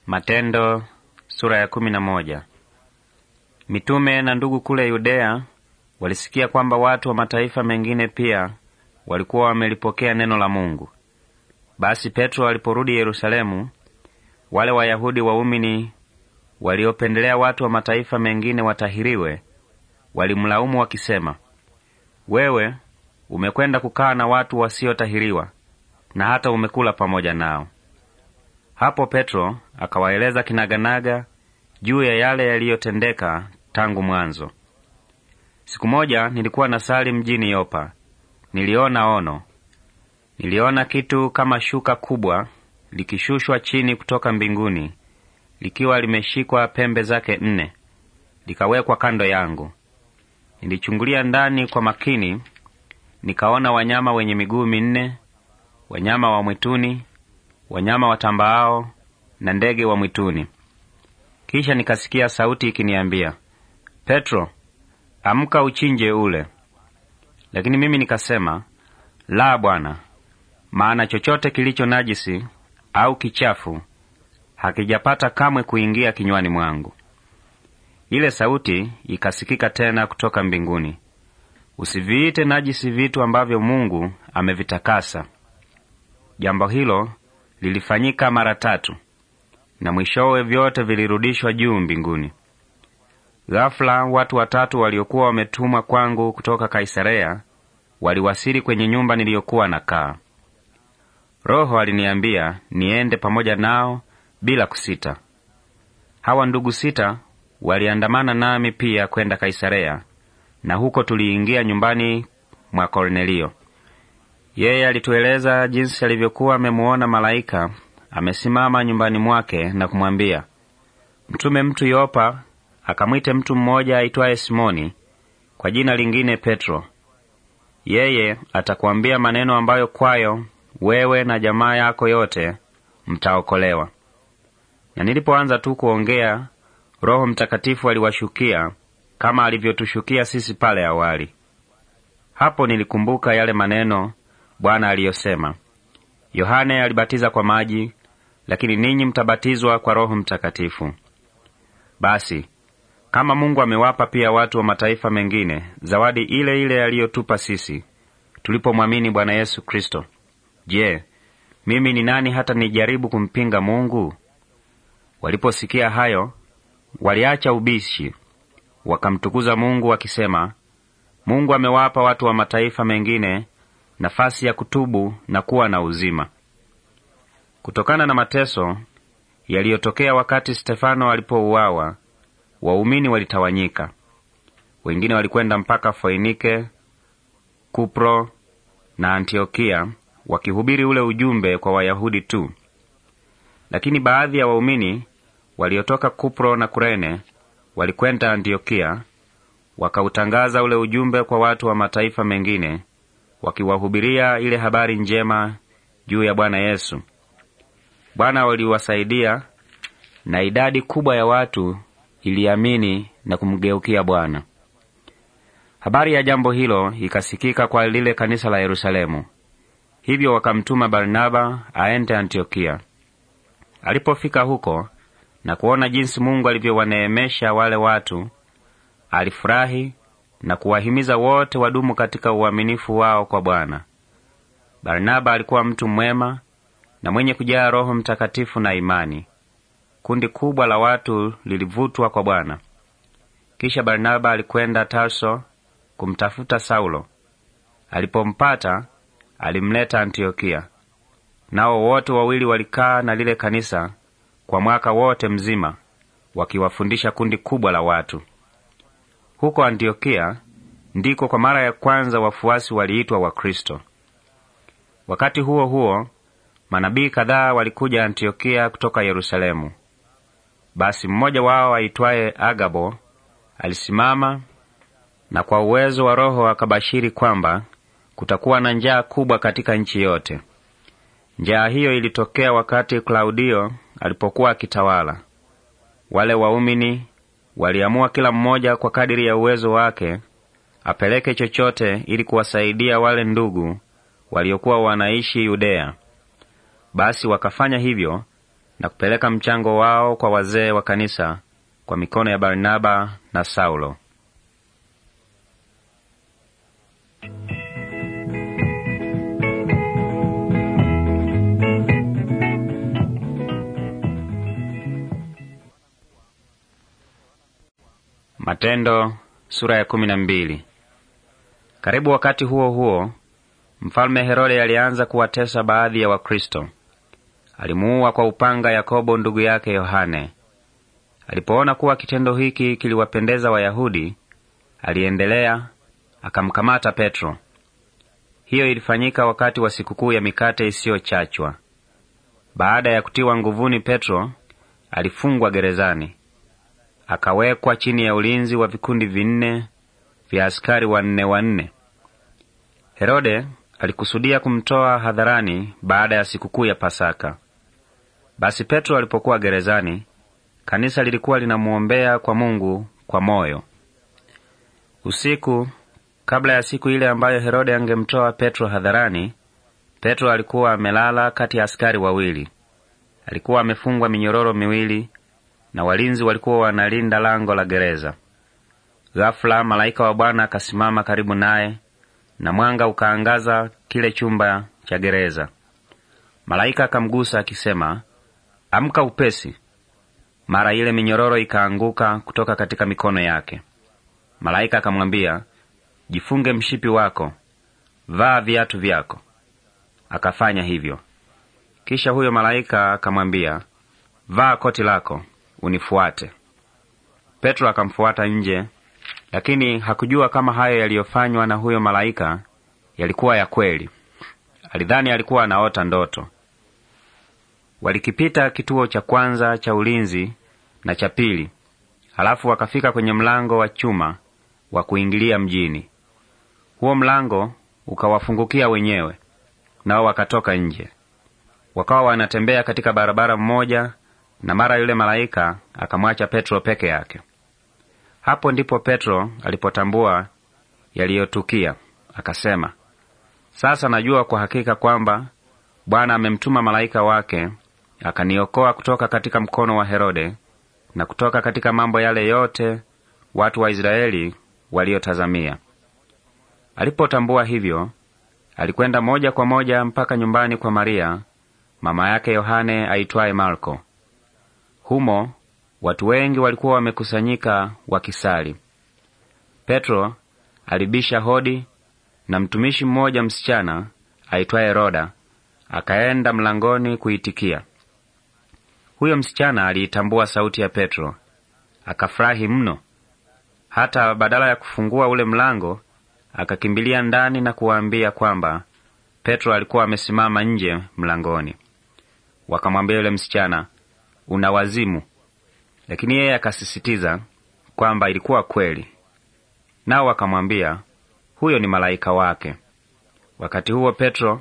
S1: Matendo sura ya kumi na moja. Mitume na ndugu kule Yudea walisikia kwamba watu wa mataifa mengine pia walikuwa wamelipokea neno la Mungu. Basi Petro aliporudi Yerusalemu, wale Wayahudi waumini waliopendelea watu wa mataifa mengine watahiriwe walimlaumu wakisema, wewe umekwenda kukaa na watu wasiotahiriwa na hata umekula pamoja nao. Hapo Petro akawaeleza kinaganaga juu ya yale yaliyotendeka tangu mwanzo. Siku moja nilikuwa na sali mjini Yopa, niliona ono Niliona kitu kama shuka kubwa likishushwa chini kutoka mbinguni, likiwa limeshikwa pembe zake nne, likawekwa kando yangu. Nilichungulia ndani kwa makini, nikaona wanyama wenye miguu minne, wanyama wa mwituni, wanyama watambaao na ndege wa mwituni. Kisha nikasikia sauti ikiniambia, Petro, amka, uchinje ule. Lakini mimi nikasema, la, Bwana, maana chochote kilicho najisi au kichafu hakijapata kamwe kuingia kinywani mwangu. Ile sauti ikasikika tena kutoka mbinguni, usiviite najisi vitu ambavyo Mungu amevitakasa. Jambo hilo lilifanyika mara tatu, na mwishowe vyote vilirudishwa juu mbinguni. Ghafula watu watatu waliokuwa wametumwa kwangu kutoka kaisareya waliwasili kwenye nyumba niliyokuwa nakaa. Roho aliniambia niende pamoja nao bila kusita. Hawa ndugu sita waliandamana nami pia kwenda kaisareya na huko tuliingia nyumbani mwa Kornelio. Yeye alitueleza jinsi alivyokuwa amemuona malaika amesimama nyumbani mwake na kumwambia, mtume mtu Yopa akamwite mtu mmoja aitwaye Simoni kwa jina lingine Petro. Yeye atakuambia maneno ambayo kwayo wewe na jamaa yako yote mtaokolewa. Na nilipoanza tu kuongea, Roho Mtakatifu aliwashukia kama alivyotushukia sisi pale awali. Hapo nilikumbuka yale maneno Bwana aliyosema, Yohane alibatiza kwa maji, lakini ninyi mtabatizwa kwa Roho Mtakatifu. Basi kama Mungu amewapa pia watu wa mataifa mengine zawadi ile ile aliyotupa sisi tulipomwamini Bwana Yesu Kristo, Je, mimi ni nani hata nijaribu kumpinga Mungu? Waliposikia hayo, waliacha ubishi, wakamtukuza Mungu wakisema, Mungu amewapa watu wa mataifa mengine nafasi ya kutubu na kuwa na uzima. Kutokana na mateso yaliyotokea wakati Stefano alipouawa, waumini walitawanyika. Wengine walikwenda mpaka Foinike, Kupro na Antiokia wakihubiri ule ujumbe kwa Wayahudi tu. Lakini baadhi ya waumini waliotoka Kupro na Kurene walikwenda Antiokia wakautangaza ule ujumbe kwa watu wa mataifa mengine, wakiwahubiria ile habari njema juu ya Bwana Yesu. Bwana waliwasaidia na idadi kubwa ya watu iliamini na kumgeukia Bwana. Habari ya jambo hilo ikasikika kwa lile kanisa la Yerusalemu. Hivyo wakamtuma Barnaba aende Antiokia. Alipofika huko na kuona jinsi Mungu alivyowaneemesha wale watu, alifurahi na kuwahimiza wote wadumu katika uaminifu wao kwa Bwana. Barnaba alikuwa mtu mwema na mwenye kujaa Roho Mtakatifu na imani. Kundi kubwa la watu lilivutwa kwa Bwana. Kisha Barnaba alikwenda Tarso kumtafuta Saulo. Alipompata alimleta Antiokia. Nao wote wawili walikaa na lile kanisa kwa mwaka wote mzima, wakiwafundisha kundi kubwa la watu. Huko Antiokia ndiko kwa mara ya kwanza wafuasi waliitwa Wakristo. Wakati huo huo, manabii kadhaa walikuja Antiokia kutoka Yerusalemu. Basi mmoja wao aitwaye Agabo alisimama na kwa uwezo wa Roho akabashiri kwamba kutakuwa na njaa kubwa katika nchi yote. Njaa hiyo ilitokea wakati Klaudio alipokuwa akitawala. Wale waumini waliamua kila mmoja kwa kadiri ya uwezo wake apeleke chochote ili kuwasaidia wale ndugu waliokuwa wanaishi Yudea. Basi wakafanya hivyo na kupeleka mchango wao kwa wazee wa kanisa kwa mikono ya Barnaba na Saulo. Matendo sura ya kumi na mbili. Karibu wakati huo huo mfalme Herode alianza kuwatesa baadhi ya Wakristo. Alimuua kwa upanga Yakobo ndugu yake Yohane. Alipoona kuwa kitendo hiki kiliwapendeza Wayahudi, aliendelea akamkamata Petro. Hiyo ilifanyika wakati wa sikukuu ya mikate isiyochachwa. Baada ya kutiwa nguvuni, Petro alifungwa gerezani akawekwa chini ya ulinzi wa vikundi vinne vya askari wanne wanne. Herode alikusudia kumtoa hadharani baada ya sikukuu ya Pasaka. Basi Petro alipokuwa gerezani, kanisa lilikuwa linamwombea kwa Mungu kwa moyo. Usiku kabla ya siku ile ambayo Herode angemtoa Petro hadharani, Petro alikuwa amelala kati ya askari wawili. Alikuwa amefungwa minyororo miwili na walinzi walikuwa wanalinda lango la gereza. Ghafula malaika wa Bwana akasimama karibu naye na mwanga ukaangaza kile chumba cha gereza. Malaika akamgusa akisema, amka upesi. Mara ile minyororo ikaanguka kutoka katika mikono yake. Malaika akamwambia, jifunge mshipi wako, vaa viatu vyako. Akafanya hivyo. Kisha huyo malaika akamwambia, vaa koti lako, unifuate. Petro akamfuata nje, lakini hakujua kama hayo yaliyofanywa na huyo malaika yalikuwa ya kweli. Alidhani alikuwa anaota ndoto. Walikipita kituo cha kwanza cha ulinzi na cha pili, halafu wakafika kwenye mlango wa chuma wa kuingilia mjini. Huo mlango ukawafungukia wenyewe, nao wakatoka nje. Wakawa wanatembea katika barabara mmoja na mara yule malaika akamwacha Petro peke yake. Hapo ndipo Petro alipotambua yaliyotukia, akasema, sasa najua kwa hakika kwamba Bwana amemtuma malaika wake akaniokoa kutoka katika mkono wa Herode na kutoka katika mambo yale yote watu wa Israeli waliotazamia. Alipotambua hivyo, alikwenda moja kwa moja mpaka nyumbani kwa Maria mama yake Yohane aitwaye Marko. Humo watu wengi walikuwa wamekusanyika wakisali. Petro alibisha hodi, na mtumishi mmoja msichana aitwaye Roda akaenda mlangoni kuitikia. Huyo msichana aliitambua sauti ya Petro akafurahi mno. Hata badala ya kufungua ule mlango, akakimbilia ndani na kuwaambia kwamba Petro alikuwa amesimama nje mlangoni. Wakamwambia yule msichana, unawazimu, lakini yeye akasisitiza kwamba ilikuwa kweli. Nao wakamwambia huyo ni malaika wake. Wakati huo Petro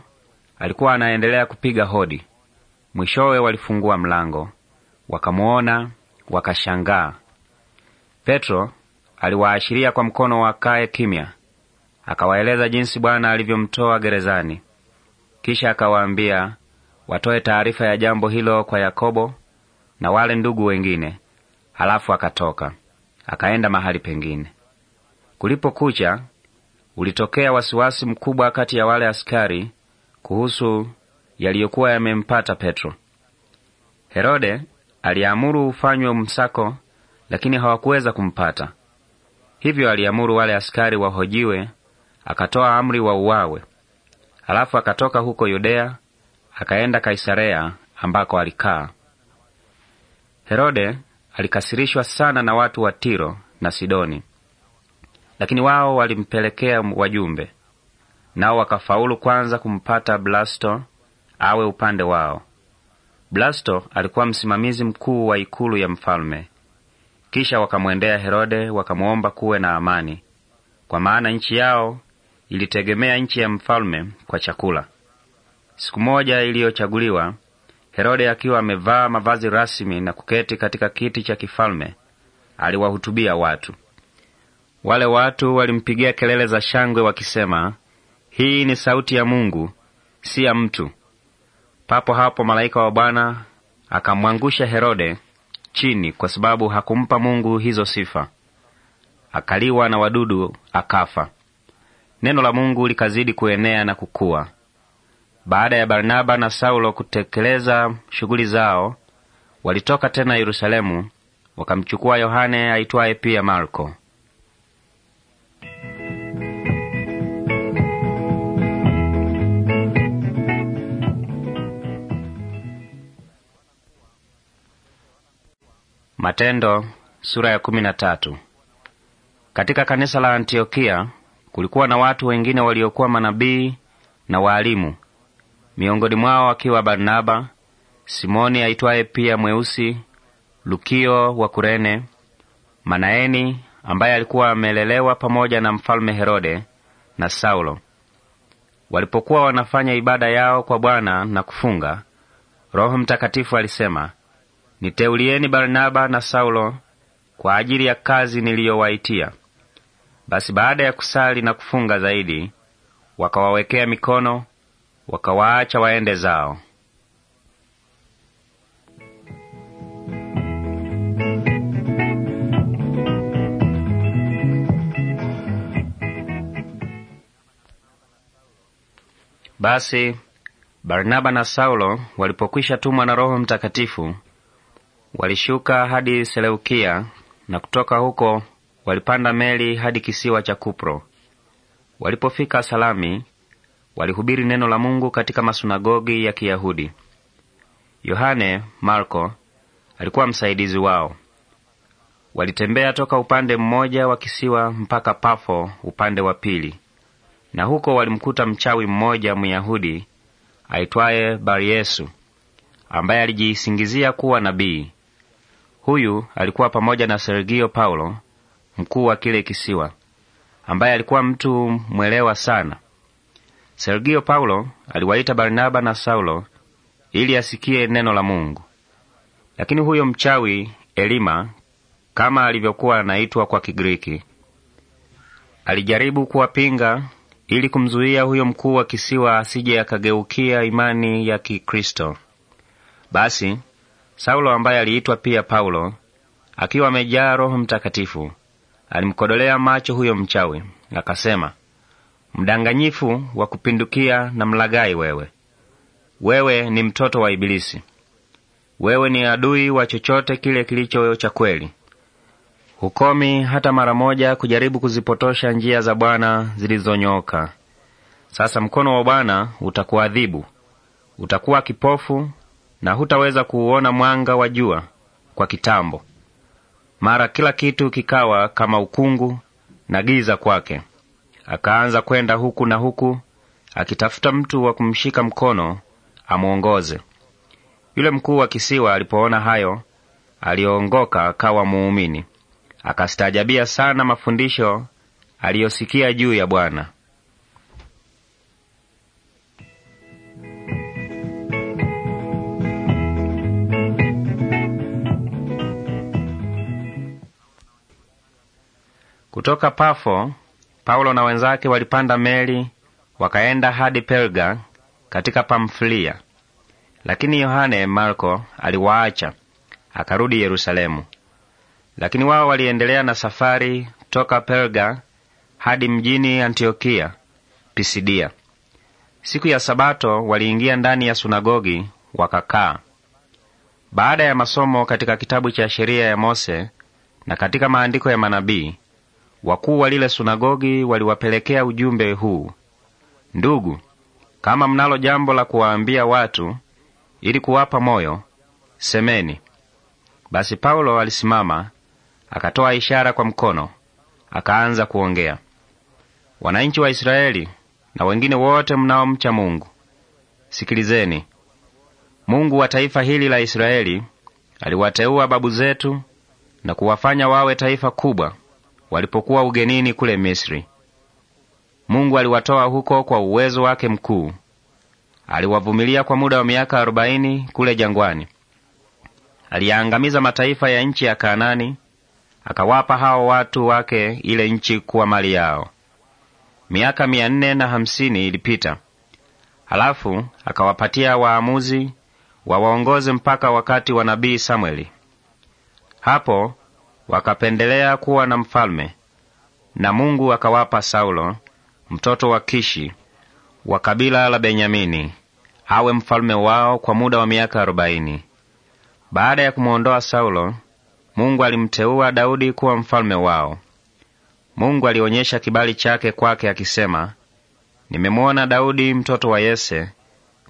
S1: alikuwa anaendelea kupiga hodi. Mwishowe walifungua mlango, wakamuona, wakashangaa. Petro aliwaashiria kwa mkono wakae kimya, akawaeleza jinsi Bwana alivyomtoa gerezani. Kisha akawaambia watoe taarifa ya jambo hilo kwa Yakobo na wale ndugu wengine, halafu akatoka akaenda mahali pengine. kulipo kucha ulitokea wasiwasi mkubwa kati ya wale askari kuhusu yaliyokuwa yamempata Petro. Herode aliamuru ufanywe msako, lakini hawakuweza kumpata. Hivyo aliamuru wale askari wahojiwe, akatoa amri uwawe Halafu akatoka huko Yudea akaenda Kaisarea ambako alikaa. Herode alikasirishwa sana na watu wa Tiro na Sidoni, lakini wao walimpelekea wajumbe, nao wakafaulu kwanza kumpata Blasto awe upande wao. Blasto alikuwa msimamizi mkuu wa ikulu ya mfalme. Kisha wakamwendea Herode wakamwomba kuwe na amani, kwa maana nchi yao ilitegemea nchi ya mfalme kwa chakula. Siku moja iliyochaguliwa Herode akiwa amevaa mavazi rasmi na kuketi katika kiti cha kifalme aliwahutubia watu. Wale watu walimpigia kelele za shangwe wakisema, hii ni sauti ya Mungu, si ya mtu. Papo hapo malaika wa Bwana akamwangusha Herode chini, kwa sababu hakumpa Mungu hizo sifa. Akaliwa na wadudu akafa. Neno la Mungu likazidi kuenea na kukua. Baada ya Barnaba na Saulo kutekeleza shughuli zao, walitoka tena Yerusalemu wakamchukua Yohane aitwaye pia Marko. Matendo sura ya kumi na tatu. Katika kanisa la Antiokia kulikuwa na watu wengine waliokuwa manabii na waalimu miongoni mwao akiwa Barnaba, Simoni aitwaye pia Mweusi, Lukio wa Kurene, Manaeni ambaye alikuwa amelelewa pamoja na mfalme Herode na Saulo. Walipokuwa wanafanya ibada yao kwa Bwana na kufunga, Roho Mtakatifu alisema, niteulieni Barnaba na Saulo kwa ajili ya kazi niliyowaitia. Basi baada ya kusali na kufunga zaidi, wakawawekea mikono wakawaacha waende zao. Basi Barnaba na Saulo walipokwisha tumwa na Roho Mtakatifu, walishuka hadi Seleukia, na kutoka huko walipanda meli hadi kisiwa cha Kupro. Walipofika Salami, walihubiri neno la Mungu katika masunagogi ya Kiyahudi. Yohane Marko alikuwa msaidizi wao. Walitembea toka upande mmoja wa kisiwa mpaka Pafo upande wa pili, na huko walimkuta mchawi mmoja Myahudi aitwaye baryesu ambaye alijisingizia kuwa nabii. Huyu alikuwa pamoja na Sergio Paulo, mkuu wa kile kisiwa, ambaye alikuwa mtu mwelewa sana. Sergio Paulo aliwaita Barnaba na Saulo ili asikie neno la Mungu. Lakini huyo mchawi Elima, kama alivyokuwa anaitwa kwa Kigiriki, alijaribu kuwapinga ili kumzuia huyo mkuu wa kisiwa asije akageukia imani ya Kikristo. Basi Saulo ambaye aliitwa pia Paulo, akiwa amejaa Roho Mtakatifu, alimkodolea macho huyo mchawi akasema, mdanganyifu wa kupindukia na mlagai wewe. Wewe ni mtoto wa Ibilisi, wewe ni adui wa chochote kile kilicho cha kweli. Hukomi hata mara moja kujaribu kuzipotosha njia za Bwana zilizonyoka Sasa mkono wa Bwana utakuadhibu, utakuwa kipofu na hutaweza kuuona mwanga wa jua kwa kitambo. Mara kila kitu kikawa kama ukungu na giza kwake akaanza kwenda huku na huku akitafuta mtu wa kumshika mkono amwongoze. Yule mkuu wa kisiwa alipoona hayo, aliongoka akawa muumini, akastaajabia sana mafundisho aliyosikia juu ya Bwana. Kutoka Pafo Paulo na wenzake walipanda meli wakaenda hadi Perga katika Pamfilia, lakini Yohane Marko aliwaacha akarudi Yerusalemu. Lakini wao waliendelea na safari toka Perga hadi mjini Antiokia Pisidia. Siku ya Sabato waliingia ndani ya sunagogi wakakaa. Baada ya masomo katika kitabu cha sheria ya Mose na katika maandiko ya manabii, wakuu wa lile sunagogi waliwapelekea ujumbe huu: Ndugu, kama mnalo jambo la kuwaambia watu ili kuwapa moyo, semeni. Basi Paulo alisimama akatoa ishara kwa mkono, akaanza kuongea. Wananchi wa Israeli na wengine wote mnaomcha Mungu, sikilizeni. Mungu wa taifa hili la Israeli aliwateua babu zetu na kuwafanya wawe taifa kubwa walipokuwa ugenini kule Misri. Mungu aliwatoa huko kwa uwezo wake mkuu. Aliwavumilia kwa muda wa miaka arobaini kule jangwani. Aliyaangamiza mataifa ya nchi ya kanani akawapa hao watu wake ile nchi kuwa mali yao. Miaka mia nne na hamsini ilipita, halafu akawapatia waamuzi wawaongoze mpaka wakati wa nabii Samweli. Hapo wakapendelea kuwa na mfalme. Na Mungu akawapa Saulo mtoto wa Kishi wa kabila la Benyamini awe mfalme wao kwa muda wa miaka arobaini. Baada ya kumwondoa Saulo, Mungu alimteua Daudi kuwa mfalme wao. Mungu alionyesha kibali chake kwake akisema, nimemwona Daudi mtoto wa Yese,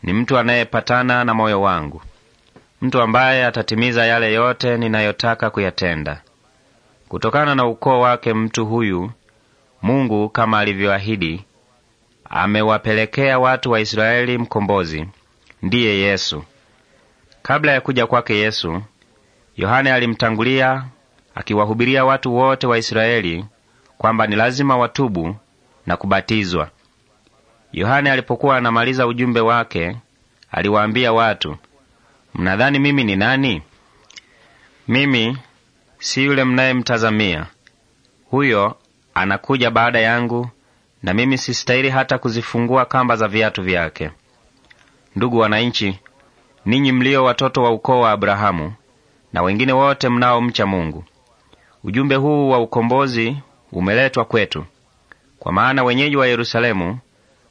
S1: ni mtu anayepatana na moyo wangu, mtu ambaye atatimiza yale yote ninayotaka kuyatenda. Kutokana na ukoo wake mtu huyu, Mungu kama alivyoahidi, amewapelekea watu wa Israeli mkombozi, ndiye Yesu. Kabla ya kuja kwake Yesu, Yohane alimtangulia akiwahubiria watu wote wa Israeli kwamba ni lazima watubu na kubatizwa. Yohane alipokuwa anamaliza ujumbe wake, aliwaambia watu, mnadhani mimi ni nani? Mimi si yule mnayemtazamia. Huyo anakuja baada yangu, na mimi sistahili hata kuzifungua kamba za viatu vyake. Ndugu wananchi, ninyi mlio watoto wa ukoo wa Abrahamu na wengine wote mnaomcha Mungu, ujumbe huu wa ukombozi umeletwa kwetu, kwa maana wenyeji wa Yerusalemu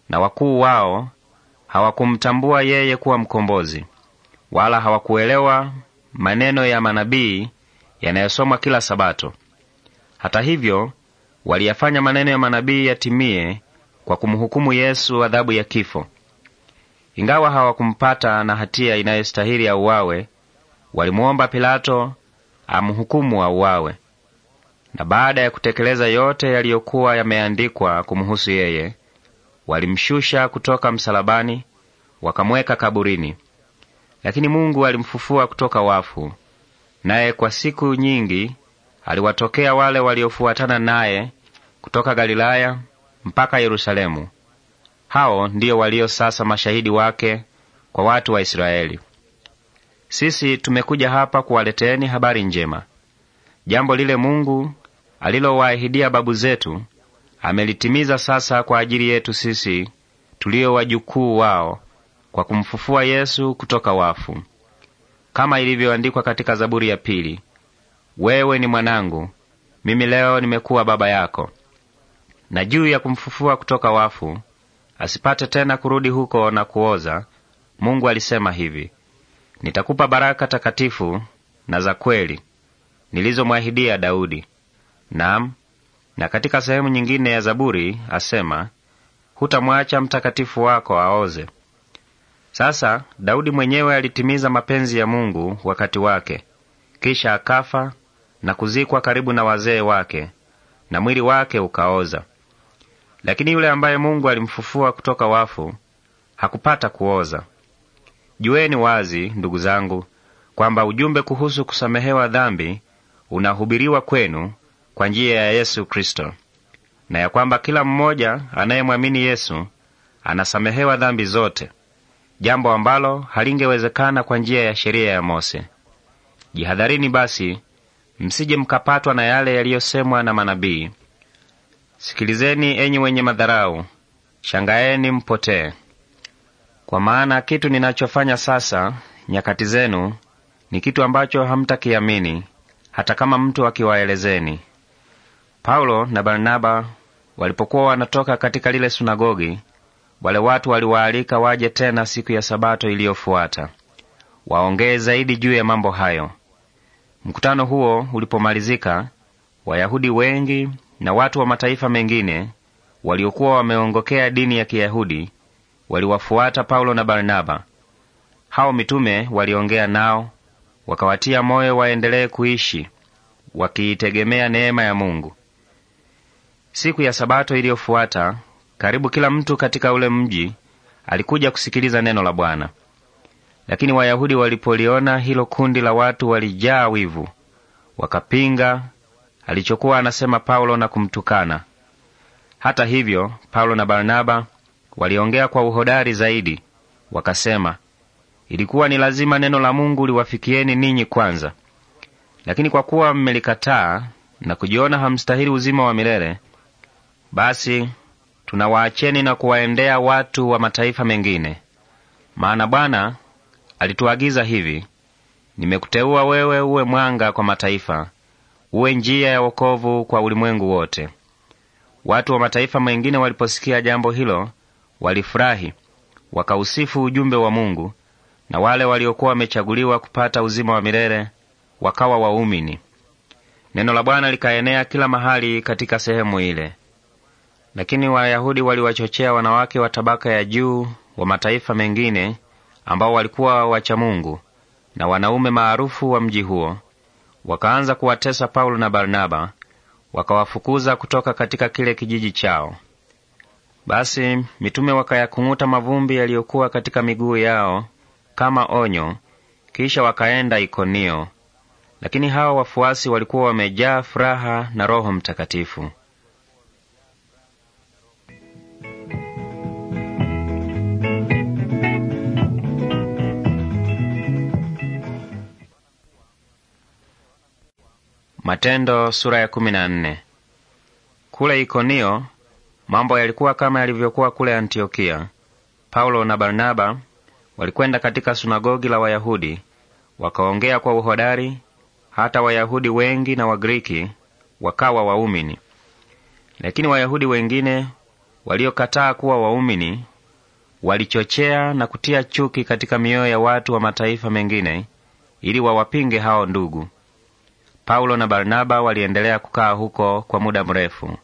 S1: na wakuu wao hawakumtambua yeye kuwa mkombozi, wala hawakuelewa maneno ya manabii yanayosomwa kila Sabato. Hata hivyo, waliyafanya maneno ya manabii yatimie kwa kumhukumu Yesu adhabu ya kifo. Ingawa hawakumpata na hatia inayostahili auawe, walimuomba Pilato amhukumu auawe. Na baada ya kutekeleza yote yaliyokuwa yameandikwa kumhusu yeye, walimshusha kutoka msalabani, wakamweka kaburini. Lakini Mungu alimfufua kutoka wafu, Naye kwa siku nyingi aliwatokea wale waliofuatana naye kutoka Galilaya mpaka Yerusalemu. Hao ndiyo walio sasa mashahidi wake kwa watu wa Israeli. Sisi tumekuja hapa kuwaleteeni habari njema. Jambo lile Mungu alilowaahidia babu zetu amelitimiza sasa kwa ajili yetu sisi tulio wajukuu wao, kwa kumfufua Yesu kutoka wafu kama ilivyoandikwa katika Zaburi ya pili: wewe ni mwanangu, mimi leo nimekuwa baba yako. Na juu ya kumfufua kutoka wafu, asipate tena kurudi huko na kuoza, Mungu alisema hivi: nitakupa baraka takatifu na za kweli nilizomwahidia Daudi. Naam, na katika sehemu nyingine ya Zaburi asema, hutamwacha mtakatifu wako aoze. Sasa Daudi mwenyewe alitimiza mapenzi ya Mungu wakati wake, kisha akafa na kuzikwa karibu na wazee wake, na mwili wake ukaoza. Lakini yule ambaye Mungu alimfufua kutoka wafu hakupata kuoza. Jueni wazi, ndugu zangu, kwamba ujumbe kuhusu kusamehewa dhambi unahubiriwa kwenu kwa njia ya Yesu Kristo, na ya kwamba kila mmoja anayemwamini Yesu anasamehewa dhambi zote jambo ambalo halingewezekana kwa njia ya sheria ya Mose. Jihadharini basi msije mkapatwa na yale yaliyosemwa na manabii. Sikilizeni enyi wenye madharau, shangaeni mpotee, kwa maana kitu ninachofanya sasa nyakati zenu ni kitu ambacho hamtakiamini, hata kama mtu akiwaelezeni. Paulo na Barnaba walipokuwa wanatoka katika lile sunagogi wale watu waliwaalika waje tena siku ya Sabato iliyofuata waongee zaidi juu ya mambo hayo. Mkutano huo ulipomalizika, Wayahudi wengi na watu wa mataifa mengine waliokuwa wameongokea dini ya Kiyahudi waliwafuata Paulo na Barnaba. Hao mitume waliongea nao wakawatia moyo waendelee kuishi wakiitegemea neema ya Mungu. Siku ya Sabato iliyofuata karibu kila mtu katika ule mji alikuja kusikiliza neno la Bwana. Lakini Wayahudi walipoliona hilo kundi la watu walijaa wivu, wakapinga alichokuwa anasema Paulo na kumtukana. Hata hivyo, Paulo na Barnaba waliongea kwa uhodari zaidi, wakasema, ilikuwa ni lazima neno la Mungu liwafikieni ninyi kwanza, lakini kwa kuwa mmelikataa na kujiona hamstahili uzima wa milele, basi tunawaacheni na kuwaendea watu wa mataifa mengine. Maana Bwana alituagiza hivi, nimekuteua wewe uwe mwanga kwa mataifa, uwe njia ya wokovu kwa ulimwengu wote. Watu wa mataifa mengine waliposikia jambo hilo walifurahi, wakausifu ujumbe wa Mungu, na wale waliokuwa wamechaguliwa kupata uzima wa milele wakawa waumini. Neno la Bwana likaenea kila mahali katika sehemu ile. Lakini Wayahudi waliwachochea wanawake wa tabaka ya juu wa mataifa mengine ambao walikuwa wacha Mungu na wanaume maarufu wa mji huo, wakaanza kuwatesa Paulo na Barnaba, wakawafukuza kutoka katika kile kijiji chao. Basi mitume wakayakung'uta mavumbi yaliyokuwa katika miguu yao kama onyo, kisha wakaenda Ikonio. Lakini hawa wafuasi walikuwa wamejaa furaha na Roho Mtakatifu. Matendo sura ya kumi na nne. Kule Ikonio mambo yalikuwa kama yalivyokuwa kule Antiokia. Paulo na Barnaba walikwenda katika sunagogi la Wayahudi wakaongea kwa uhodari, hata Wayahudi wengi na Wagiriki wakawa waumini. Lakini Wayahudi wengine waliokataa kuwa waumini walichochea na kutia chuki katika mioyo ya watu wa mataifa mengine ili wawapinge hao ndugu. Paulo na Barnaba waliendelea kukaa huko kwa muda mrefu.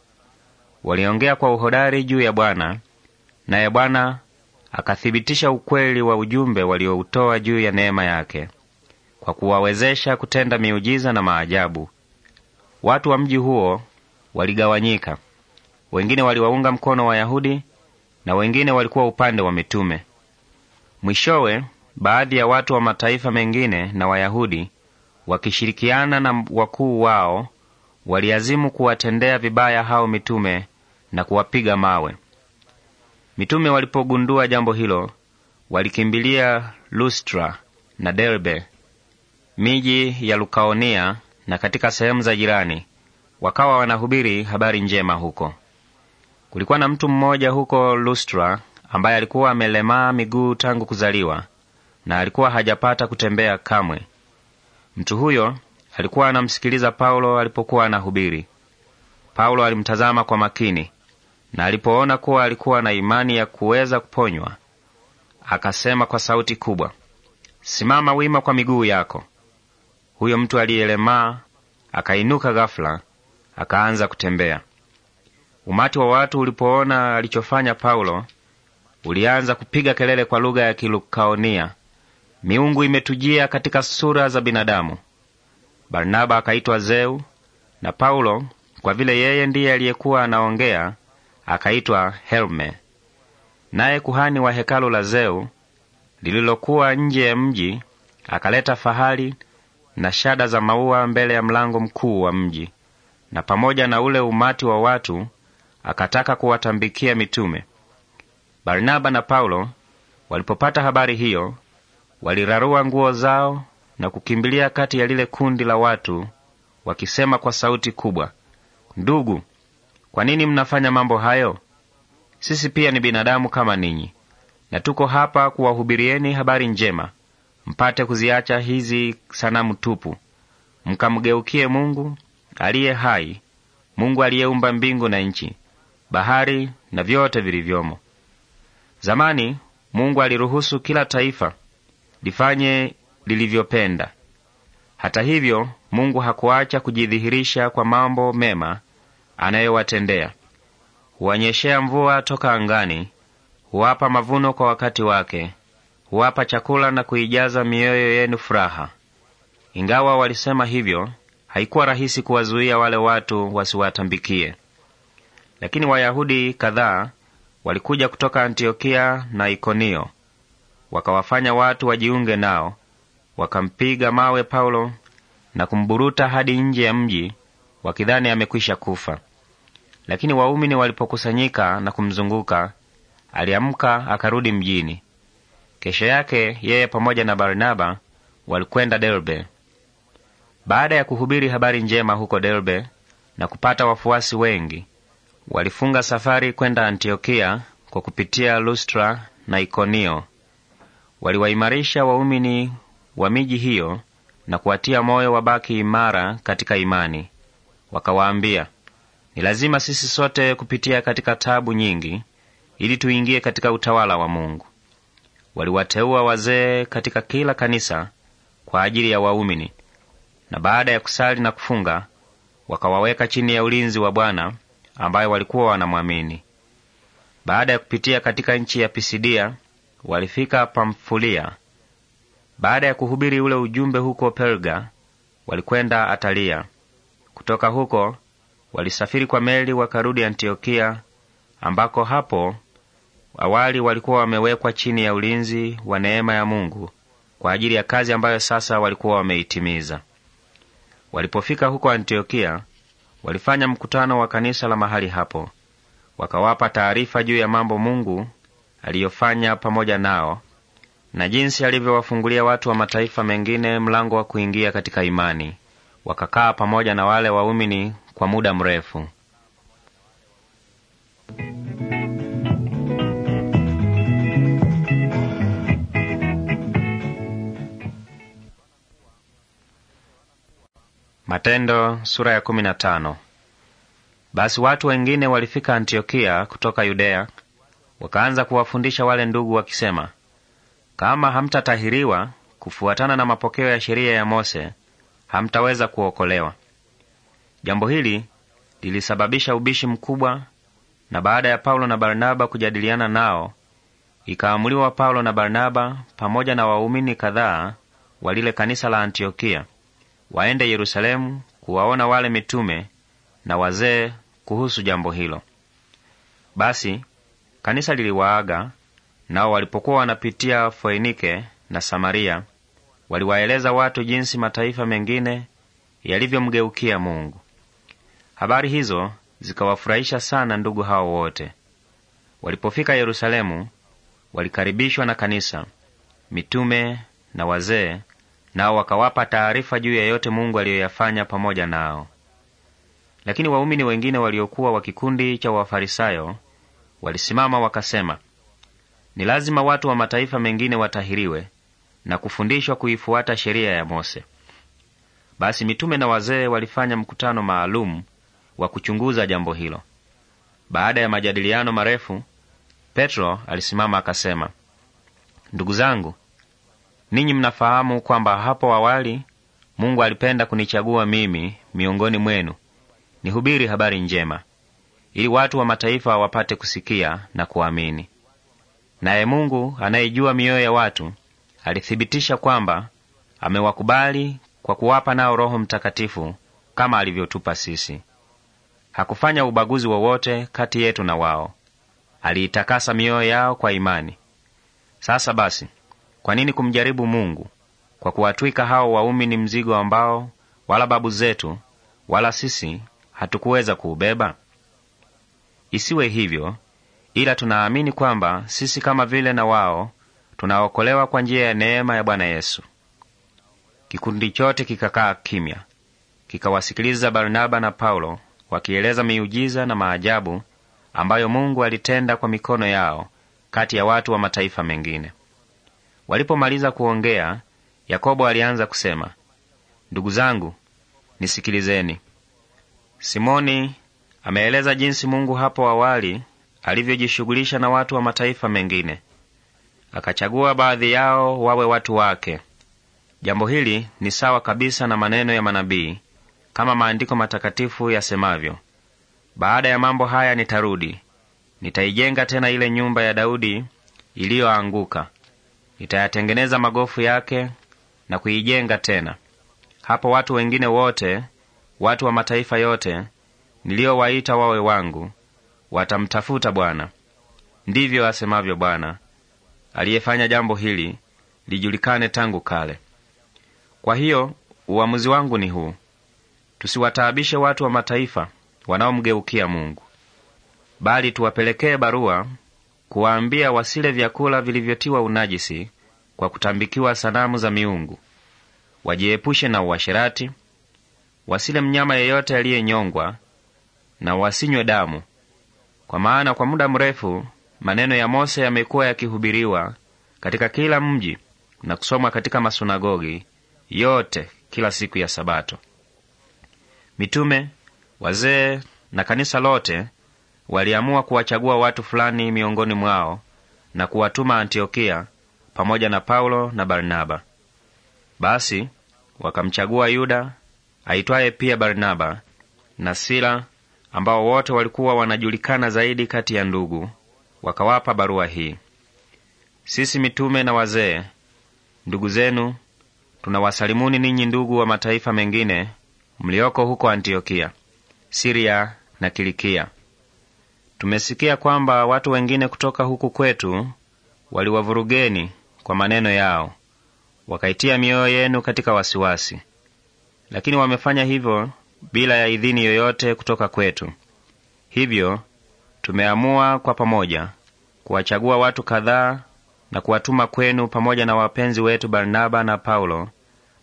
S1: Waliongea kwa uhodari juu ya Bwana, naye Bwana akathibitisha ukweli wa ujumbe walioutoa juu ya neema yake kwa kuwawezesha kutenda miujiza na maajabu. Watu wa mji huo waligawanyika, wengine waliwaunga mkono Wayahudi na wengine walikuwa upande wa mitume. Mwishowe, baadhi ya watu wa mataifa mengine na Wayahudi wakishirikiana na wakuu wao waliazimu kuwatendea vibaya hao mitume na kuwapiga mawe. Mitume walipogundua jambo hilo, walikimbilia Lustra na Derbe, miji ya Lukaonia na katika sehemu za jirani, wakawa wanahubiri habari njema huko. Kulikuwa na mtu mmoja huko Lustra ambaye alikuwa amelemaa miguu tangu kuzaliwa na alikuwa hajapata kutembea kamwe. Mtu huyo alikuwa anamsikiliza Paulo alipokuwa anahubiri. Paulo alimtazama kwa makini, na alipoona kuwa alikuwa na imani ya kuweza kuponywa, akasema kwa sauti kubwa, simama wima kwa miguu yako. Huyo mtu aliyelemaa akainuka ghafula, akaanza kutembea. Umati wa watu ulipoona alichofanya Paulo ulianza kupiga kelele kwa lugha ya Kilukaonia miungu imetujia katika sura za binadamu. Barnaba akaitwa Zeu na Paulo, kwa vile yeye ndiye aliyekuwa anaongea, akaitwa Herme. Naye kuhani wa hekalu la Zeu lililokuwa nje ya mji akaleta fahali na shada za maua mbele ya mlango mkuu wa mji, na pamoja na ule umati wa watu akataka kuwatambikia mitume. Barnaba na Paulo walipopata habari hiyo Walirarua nguo zao na kukimbilia kati ya lile kundi la watu wakisema kwa sauti kubwa, Ndugu, kwa nini mnafanya mambo hayo? Sisi pia ni binadamu kama ninyi, na tuko hapa kuwahubirieni habari njema, mpate kuziacha hizi sanamu tupu, mkamgeukie Mungu aliye hai, Mungu aliyeumba mbingu na nchi, bahari na vyote vilivyomo. Zamani Mungu aliruhusu kila taifa lifanye lilivyopenda. Hata hivyo, Mungu hakuacha kujidhihirisha kwa mambo mema anayowatendea. Huwanyeshea mvua toka angani, huwapa mavuno kwa wakati wake, huwapa chakula na kuijaza mioyo yenu furaha. Ingawa walisema hivyo, haikuwa rahisi kuwazuia wale watu wasiwatambikie. Lakini Wayahudi kadhaa walikuja kutoka Antiokia na Ikonio wakawafanya watu wajiunge nao, wakampiga mawe Paulo na kumburuta hadi nje ya mji, wakidhani amekwisha kufa. Lakini waumini walipokusanyika na kumzunguka, aliamka akarudi mjini. Kesho yake yeye pamoja na Barnaba walikwenda Derbe. Baada ya kuhubiri habari njema huko Derbe na kupata wafuasi wengi, walifunga safari kwenda Antiokia kwa kupitia Lustra na Ikonio. Waliwaimarisha waumini wa miji hiyo na kuwatia moyo wabaki imara katika imani. Wakawaambia, ni lazima sisi sote kupitia katika tabu nyingi ili tuingie katika utawala wa Mungu. Waliwateua wazee katika kila kanisa kwa ajili ya waumini, na baada ya kusali na kufunga wakawaweka chini ya ulinzi wa Bwana ambayo walikuwa wanamwamini. Baada ya kupitia katika nchi ya Pisidia, walifika Pamfulia. Baada ya kuhubiri ule ujumbe huko Perga, walikwenda Atalia. Kutoka huko walisafiri kwa meli wakarudi Antiokia, ambako hapo awali walikuwa wamewekwa chini ya ulinzi wa neema ya Mungu kwa ajili ya kazi ambayo sasa walikuwa wameitimiza. Walipofika huko Antiokia, walifanya mkutano wa kanisa la mahali hapo, wakawapa taarifa juu ya mambo Mungu aliyofanya pamoja nao na jinsi alivyowafungulia watu wa mataifa mengine mlango wa kuingia katika imani, wakakaa pamoja na wale waumini kwa muda mrefu. Matendo sura ya kumi na tano. Basi watu wengine walifika Antiokia kutoka Yudea Wakaanza kuwafundisha wale ndugu wakisema, kama hamtatahiriwa kufuatana na mapokeo ya sheria ya Mose, hamtaweza kuokolewa. Jambo hili lilisababisha ubishi mkubwa, na baada ya Paulo na Barnaba kujadiliana nao, ikaamuliwa Paulo na Barnaba pamoja na waumini kadhaa wa lile kanisa la Antiokia waende Yerusalemu kuwaona wale mitume na wazee kuhusu jambo hilo. Basi Kanisa liliwaaga, nao walipokuwa wanapitia Foinike na Samaria, waliwaeleza watu jinsi mataifa mengine yalivyomgeukia Mungu. Habari hizo zikawafurahisha sana ndugu hao wote. Walipofika Yerusalemu, walikaribishwa na kanisa, mitume na wazee, nao wakawapa taarifa juu ya yote Mungu aliyoyafanya pamoja nao. Lakini waumini wengine waliokuwa wa kikundi cha Wafarisayo walisimama wakasema, ni lazima watu wa mataifa mengine watahiriwe na kufundishwa kuifuata sheria ya Mose. Basi mitume na wazee walifanya mkutano maalum wa kuchunguza jambo hilo. Baada ya majadiliano marefu, Petro alisimama akasema, ndugu zangu, ninyi mnafahamu kwamba hapo awali Mungu alipenda kunichagua mimi miongoni mwenu nihubiri habari njema, ili watu wa mataifa wapate kusikia na kuamini. Naye Mungu anayejua mioyo ya watu alithibitisha kwamba amewakubali kwa kuwapa nao Roho Mtakatifu kama alivyotupa sisi. Hakufanya ubaguzi wowote kati yetu na wao, aliitakasa mioyo yao kwa imani. Sasa basi, kwa nini kumjaribu Mungu kwa kuwatwika hao waumini mzigo ambao wala babu zetu wala sisi hatukuweza kuubeba? Isiwe hivyo, ila tunaamini kwamba sisi kama vile na wao tunaokolewa kwa njia ya neema ya Bwana Yesu. Kikundi chote kikakaa kimya, kikawasikiliza Barnaba na Paulo wakieleza miujiza na maajabu ambayo Mungu alitenda kwa mikono yao kati ya watu wa mataifa mengine. Walipomaliza kuongea, Yakobo alianza kusema, ndugu zangu, nisikilizeni. Simoni Ameeleza jinsi Mungu hapo awali alivyojishughulisha na watu wa mataifa mengine, akachagua baadhi yao wawe watu wake. Jambo hili ni sawa kabisa na maneno ya manabii, kama maandiko matakatifu yasemavyo: baada ya mambo haya nitarudi, nitaijenga tena ile nyumba ya Daudi iliyoanguka, nitayatengeneza magofu yake na kuijenga tena. Hapo watu wengine wote, watu wa mataifa yote niliyowaita wawe wangu watamtafuta Bwana. Ndivyo asemavyo Bwana aliyefanya jambo hili lijulikane tangu kale. Kwa hiyo uamuzi wangu ni huu: tusiwataabishe watu wa mataifa wanaomgeukia Mungu, bali tuwapelekee barua kuwaambia wasile vyakula vilivyotiwa unajisi kwa kutambikiwa sanamu za miungu, wajiepushe na uasherati, wasile mnyama yeyote aliyenyongwa na wasinywe damu, kwa maana kwa muda mrefu maneno ya Mose yamekuwa yakihubiriwa katika kila mji na kusomwa katika masunagogi yote kila siku ya Sabato. Mitume, wazee na kanisa lote waliamua kuwachagua watu fulani miongoni mwao na kuwatuma Antiokia pamoja na Paulo na Barnaba. Basi wakamchagua Yuda aitwaye pia Barnaba na Sila ambao wote walikuwa wanajulikana zaidi kati ya ndugu, wakawapa barua hii: sisi mitume na wazee, ndugu zenu, tunawasalimuni ninyi ndugu wa mataifa mengine mlioko huko Antiokia, Siria na Kilikia. Tumesikia kwamba watu wengine kutoka huku kwetu waliwavurugeni kwa maneno yao, wakaitia mioyo yenu katika wasiwasi, lakini wamefanya hivyo bila ya idhini yoyote kutoka kwetu. Hivyo tumeamua kwa pamoja kuwachagua watu kadhaa na kuwatuma kwenu pamoja na wapenzi wetu Barnaba na Paulo,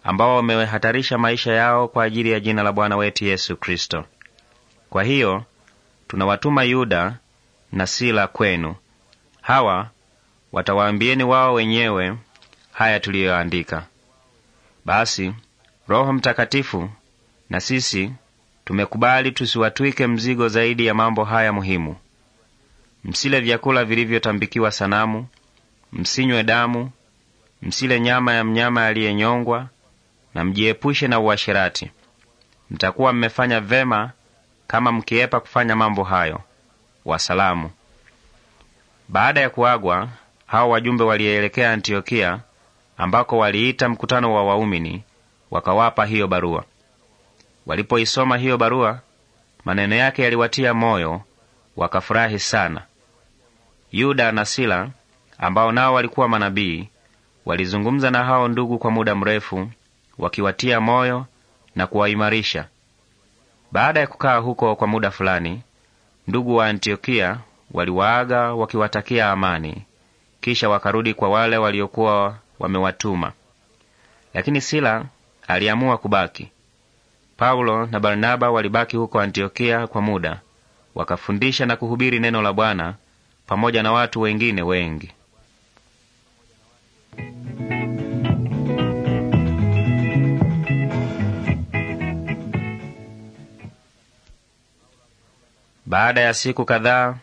S1: ambao wamehatarisha maisha yao kwa ajili ya jina la Bwana wetu Yesu Kristo. Kwa hiyo tunawatuma Yuda na Sila kwenu. Hawa watawaambieni wao wenyewe haya tuliyoandika. Basi Roho Mtakatifu na sisi tumekubali tusiwatwike mzigo zaidi ya mambo haya muhimu: msile vyakula vilivyotambikiwa sanamu, msinywe damu, msile nyama ya mnyama aliyenyongwa, na mjiepushe na uasherati. Mtakuwa mmefanya vema kama mkiepa kufanya mambo hayo. Wasalamu. Baada ya kuagwa, hao wajumbe walielekea Antiokia, ambako waliita mkutano wa waumini, wakawapa hiyo barua. Walipoisoma hiyo barua, maneno yake yaliwatia moyo, wakafurahi sana. Yuda na Sila ambao nao walikuwa manabii walizungumza na hao ndugu kwa muda mrefu, wakiwatia moyo na kuwaimarisha. Baada ya kukaa huko kwa muda fulani, ndugu wa Antiokia waliwaaga wakiwatakia amani, kisha wakarudi kwa wale waliokuwa wamewatuma. Lakini Sila aliamua kubaki. Paulo na Barnaba walibaki huko Antiokia kwa muda, wakafundisha na kuhubiri neno la Bwana pamoja na watu wengine wengi. Baada ya siku kadhaa,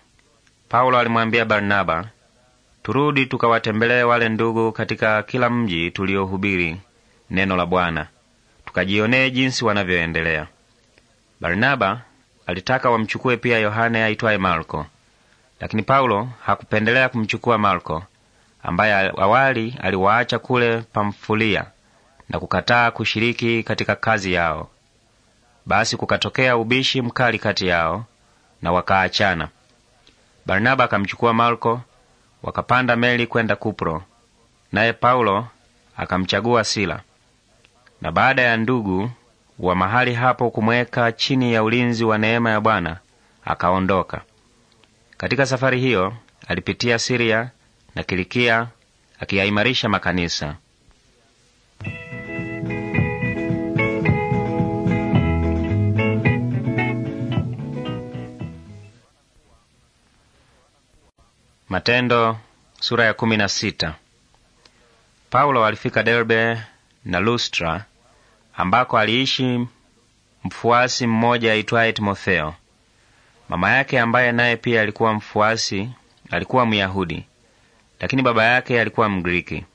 S1: Paulo alimwambia Barnaba, turudi tukawatembelee wale ndugu katika kila mji tuliohubiri neno la Bwana tukajionee jinsi wanavyoendelea. Barnaba alitaka wamchukue pia Yohane aitwaye Marko, lakini Paulo hakupendelea kumchukua Marko ambaye awali aliwaacha kule Pamfulia na kukataa kushiriki katika kazi yao. Basi kukatokea ubishi mkali kati yao na wakaachana. Barnaba akamchukua Marko, wakapanda meli kwenda Kupro, naye Paulo akamchagua Sila. Na baada ya ndugu wa mahali hapo kumweka chini ya ulinzi wa neema ya Bwana, akaondoka. Katika safari hiyo alipitia Siria na Kilikia akiyaimarisha makanisa. Matendo sura ya kumi na sita. Paulo alifika Derbe na Lustra ambako aliishi mfuasi mmoja aitwaye Timotheo. Mama yake ambaye naye pia alikuwa mfuasi alikuwa Myahudi, lakini baba yake alikuwa Mgiriki.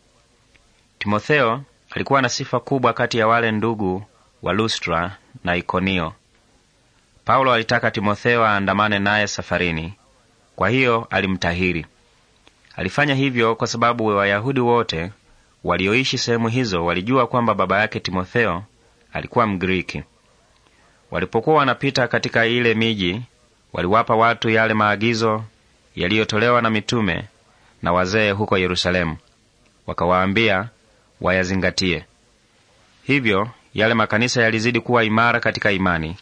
S1: Timotheo alikuwa na sifa kubwa kati ya wale ndugu wa Lustra na Ikonio. Paulo alitaka Timotheo aandamane naye safarini, kwa hiyo alimtahiri. Alifanya hivyo kwa sababu Wayahudi wote walioishi sehemu hizo walijua kwamba baba yake Timotheo alikuwa Mgiriki. Walipokuwa wanapita katika ile miji, waliwapa watu yale maagizo yaliyotolewa na mitume na wazee huko Yerusalemu, wakawaambia wayazingatie. Hivyo yale makanisa yalizidi kuwa imara katika imani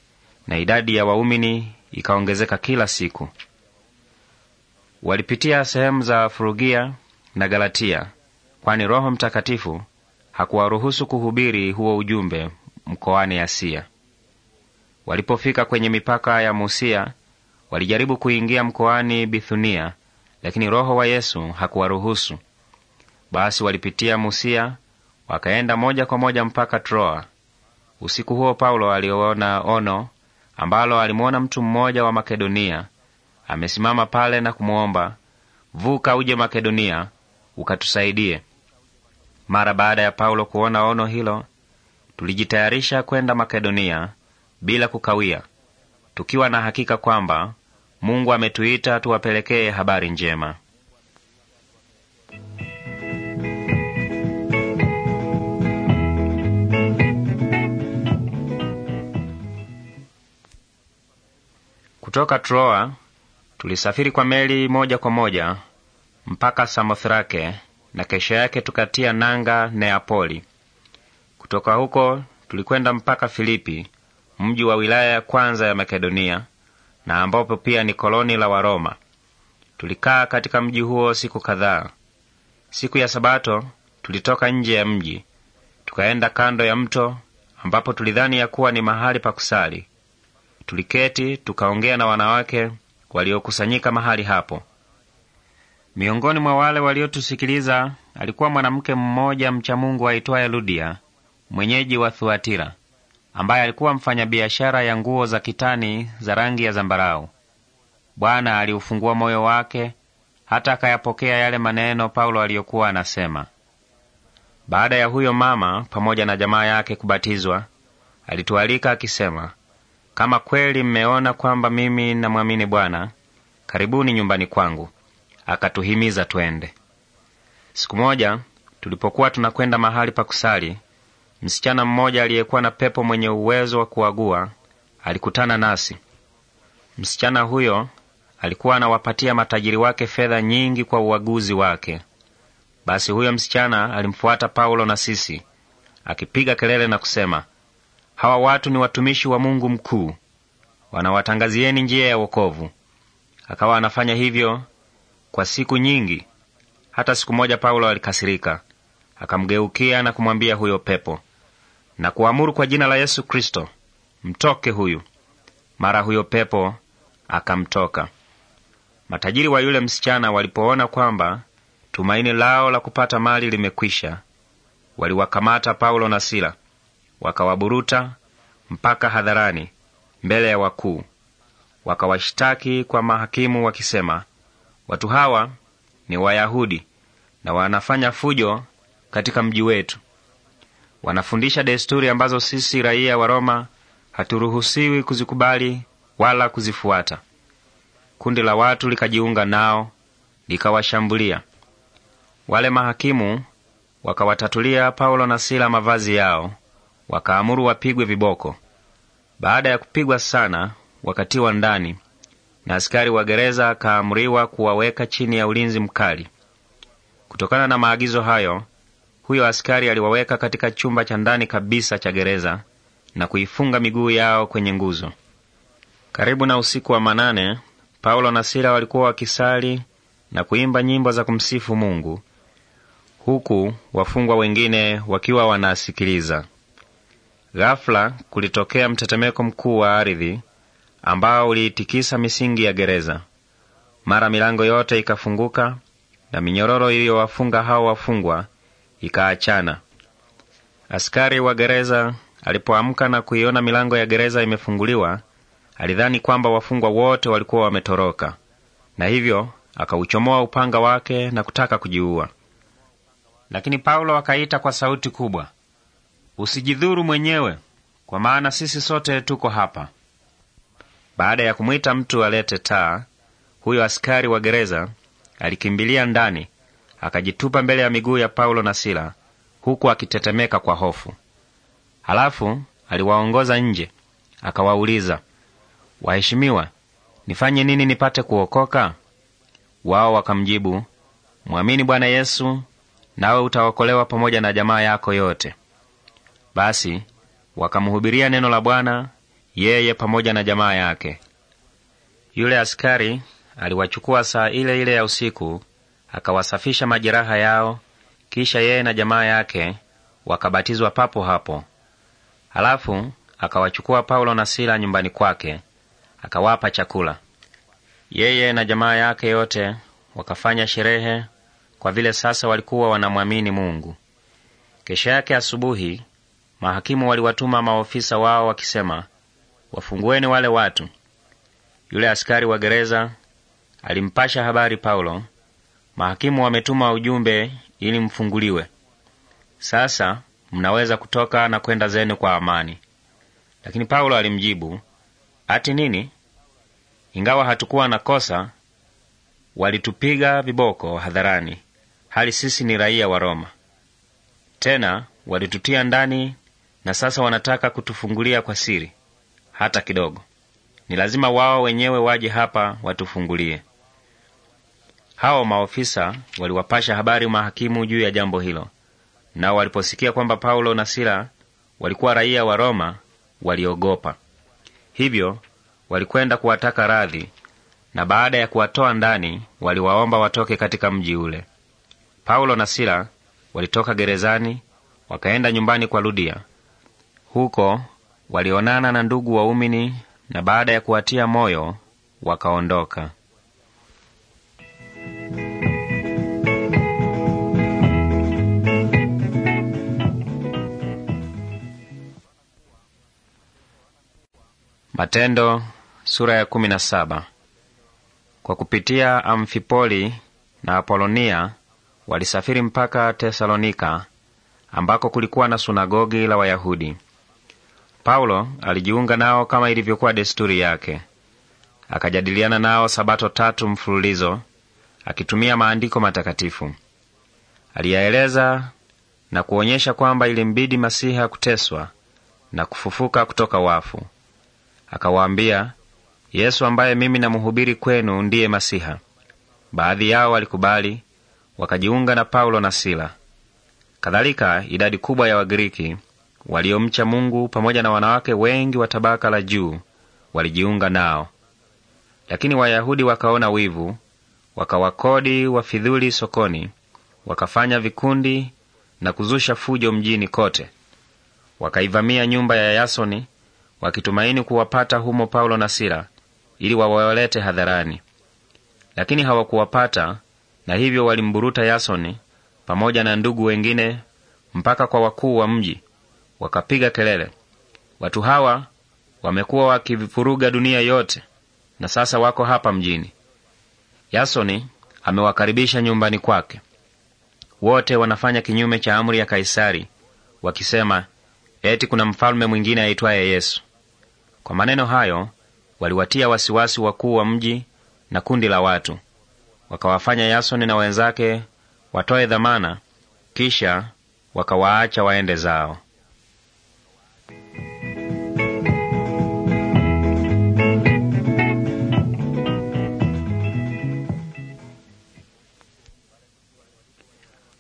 S1: na idadi ya waumini ikaongezeka kila siku. Walipitia sehemu za Frugia na Galatia, kwani Roho Mtakatifu hakuwaruhusu kuhubiri huo ujumbe mkoani Asia. Walipofika kwenye mipaka ya Musia, walijaribu kuingia mkoani Bithunia, lakini Roho wa Yesu hakuwaruhusu. Basi walipitia Musia wakaenda moja kwa moja mpaka Troa. Usiku huo Paulo aliona ono ambalo alimwona mtu mmoja wa Makedonia amesimama pale na kumwomba, vuka uje Makedonia ukatusaidie. Mara baada ya Paulo kuona ono hilo, tulijitayarisha kwenda Makedonia bila kukawia, tukiwa na hakika kwamba Mungu ametuita tuwapelekee habari njema. Kutoka Troa tulisafiri kwa meli moja kwa moja mpaka Samothrake na kesho yake tukatia nanga Neapoli. Kutoka huko tulikwenda mpaka Filipi, mji wa wilaya ya kwanza ya Makedonia, na ambapo pia ni koloni la Waroma. Tulikaa katika mji huo siku kadhaa. Siku ya Sabato tulitoka nje ya mji tukaenda kando ya mto, ambapo tulidhani ya kuwa ni mahali pa kusali. Tuliketi tukaongea na wanawake waliokusanyika mahali hapo. Miongoni mwa wale waliotusikiliza alikuwa mwanamke mmoja mchamungu aitwaye Ludia, mwenyeji wa Thuatira, ambaye alikuwa mfanyabiashara ya nguo za kitani za rangi ya zambarau. Bwana aliufungua moyo wake hata akayapokea yale maneno Paulo aliyokuwa anasema. Baada ya huyo mama pamoja na jamaa yake kubatizwa, alitualika akisema, kama kweli mmeona kwamba mimi namwamini Bwana, karibuni nyumbani kwangu. Akatuhimiza twende. Siku moja tulipokuwa tunakwenda mahali pa kusali, msichana mmoja aliyekuwa na pepo mwenye uwezo wa kuagua alikutana nasi. Msichana huyo alikuwa anawapatia matajiri wake fedha nyingi kwa uaguzi wake. Basi huyo msichana alimfuata Paulo na sisi akipiga kelele na kusema, hawa watu ni watumishi wa Mungu mkuu, wanawatangazieni njia ya wokovu. Akawa anafanya hivyo kwa siku nyingi. Hata siku moja Paulo alikasirika, akamgeukia na kumwambia huyo pepo, na kuamuru kwa jina la Yesu Kristo, mtoke huyu. Mara huyo pepo akamtoka. Matajiri wa yule msichana walipoona kwamba tumaini lao la kupata mali limekwisha, waliwakamata Paulo na Sila wakawaburuta mpaka hadharani mbele ya wakuu, wakawashitaki kwa mahakimu wakisema, watu hawa ni Wayahudi na wanafanya fujo katika mji wetu wanafundisha desturi ambazo sisi raia wa Roma haturuhusiwi kuzikubali wala kuzifuata. Kundi la watu likajiunga nao likawashambulia. Wale mahakimu wakawatatulia Paulo na Sila mavazi yao, wakaamuru wapigwe viboko. Baada ya kupigwa sana, wakatiwa ndani, na askari wa gereza akaamriwa kuwaweka chini ya ulinzi mkali. Kutokana na maagizo hayo huyo askari aliwaweka katika chumba cha ndani kabisa cha gereza na kuifunga miguu yao kwenye nguzo. Karibu na usiku wa manane, Paulo na Sila walikuwa wakisali na kuimba nyimbo za kumsifu Mungu, huku wafungwa wengine wakiwa wanasikiliza. Ghafula kulitokea mtetemeko mkuu wa ardhi ambao uliitikisa misingi ya gereza. Mara milango yote ikafunguka na minyororo iliyowafunga hao wafungwa ikaachana. Askari wa gereza alipoamka na kuiona milango ya gereza imefunguliwa, alidhani kwamba wafungwa wote walikuwa wametoroka, na hivyo akauchomoa upanga wake na kutaka kujiua. Lakini Paulo akaita kwa sauti kubwa, usijidhuru mwenyewe, kwa maana sisi sote tuko hapa. Baada ya kumwita mtu alete taa, huyo askari wa gereza alikimbilia ndani akajitupa mbele ya miguu ya Paulo na Sila huku akitetemeka kwa hofu. Halafu aliwaongoza nje, akawauliza, Waheshimiwa, nifanye nini nipate kuokoka? Wao wakamjibu, mwamini Bwana Yesu nawe utaokolewa pamoja na jamaa yako yote. Basi wakamhubiria neno la Bwana yeye pamoja na jamaa yake. Yule askari aliwachukua saa ile ile ya usiku akawasafisha majeraha yao, kisha yeye na jamaa yake wakabatizwa papo hapo. Halafu akawachukua Paulo na Sila nyumbani kwake, akawapa chakula. Yeye na jamaa yake yote wakafanya sherehe, kwa vile sasa walikuwa wanamwamini Mungu. Kesha yake asubuhi, mahakimu waliwatuma maofisa wao wakisema, wafungueni wale watu. Yule askari wa gereza alimpasha habari Paulo Mahakimu wametuma ujumbe ili mfunguliwe. Sasa mnaweza kutoka na kwenda zenu kwa amani. Lakini Paulo alimjibu, ati nini? Ingawa hatukuwa na kosa, walitupiga viboko hadharani, hali sisi ni raia wa Roma. Tena walitutia ndani, na sasa wanataka kutufungulia kwa siri? Hata kidogo! Ni lazima wao wenyewe waje hapa watufungulie. Hao maofisa waliwapasha habari mahakimu juu ya jambo hilo, nao waliposikia kwamba Paulo na Sila walikuwa raia wa Roma waliogopa. Hivyo walikwenda kuwataka radhi, na baada ya kuwatoa ndani waliwaomba watoke katika mji ule. Paulo na Sila walitoka gerezani wakaenda nyumbani kwa Ludia. Huko walionana na ndugu waumini, na baada ya kuwatia moyo wakaondoka. Matendo sura ya kumi na saba. Kwa kupitia Amfipoli na Apolonia walisafiri mpaka Tesalonika ambako kulikuwa na sunagogi la Wayahudi. Paulo alijiunga nao kama ilivyokuwa desturi yake. Akajadiliana nao Sabato tatu mfululizo akitumia maandiko matakatifu. Aliyaeleza na kuonyesha kwamba ilimbidi Masiha kuteswa na kufufuka kutoka wafu Akawaambia, Yesu ambaye mimi namhubiri kwenu ndiye Masiha. Baadhi yao walikubali wakajiunga na Paulo na Sila. Kadhalika idadi kubwa ya Wagiriki waliomcha Mungu pamoja na wanawake wengi wa tabaka la juu walijiunga nao. Lakini Wayahudi wakaona wivu, wakawakodi wafidhuli sokoni, wakafanya vikundi na kuzusha fujo mjini kote. Wakaivamia nyumba ya Yasoni wakitumaini kuwapata humo Paulo na Sila ili wawalete hadharani, lakini hawakuwapata, na hivyo walimburuta Yasoni pamoja na ndugu wengine mpaka kwa wakuu wa mji, wakapiga kelele, watu hawa wamekuwa wakivuruga dunia yote na sasa wako hapa mjini. Yasoni amewakaribisha nyumbani kwake. Wote wanafanya kinyume cha amri ya Kaisari, wakisema eti kuna mfalme mwingine aitwaye Yesu. Kwa maneno hayo waliwatia wasiwasi wakuu wa mji na kundi la watu, wakawafanya Yasoni na wenzake watoe dhamana, kisha wakawaacha waende zao.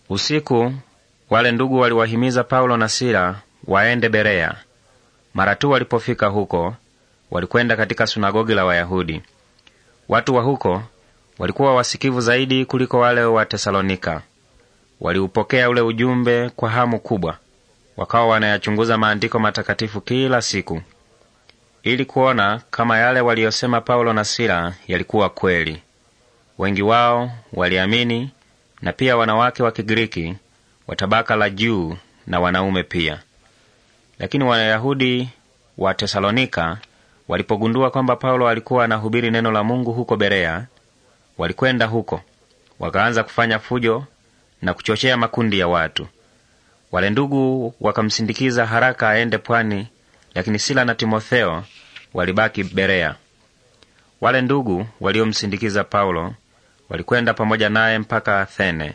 S1: Usiku wale ndugu waliwahimiza Paulo na Sila waende Berea, mara tu walipofika huko, walikwenda katika sunagogi la Wayahudi. Watu wa huko walikuwa wasikivu zaidi kuliko wale wa Tesalonika. Waliupokea ule ujumbe kwa hamu kubwa, wakawa wanayachunguza maandiko matakatifu kila siku ili kuona kama yale waliyosema Paulo na Sila yalikuwa kweli. Wengi wao waliamini, na pia wanawake wa Kigiriki wa tabaka la juu na wanaume pia. Lakini Wayahudi wa Tesalonika walipogundua kwamba Paulo alikuwa anahubiri neno la Mungu huko Berea, walikwenda huko wakaanza kufanya fujo na kuchochea makundi ya watu. Wale ndugu wakamsindikiza haraka aende pwani, lakini Sila na Timotheo walibaki Berea. Wale ndugu waliomsindikiza Paulo walikwenda pamoja naye mpaka Athene,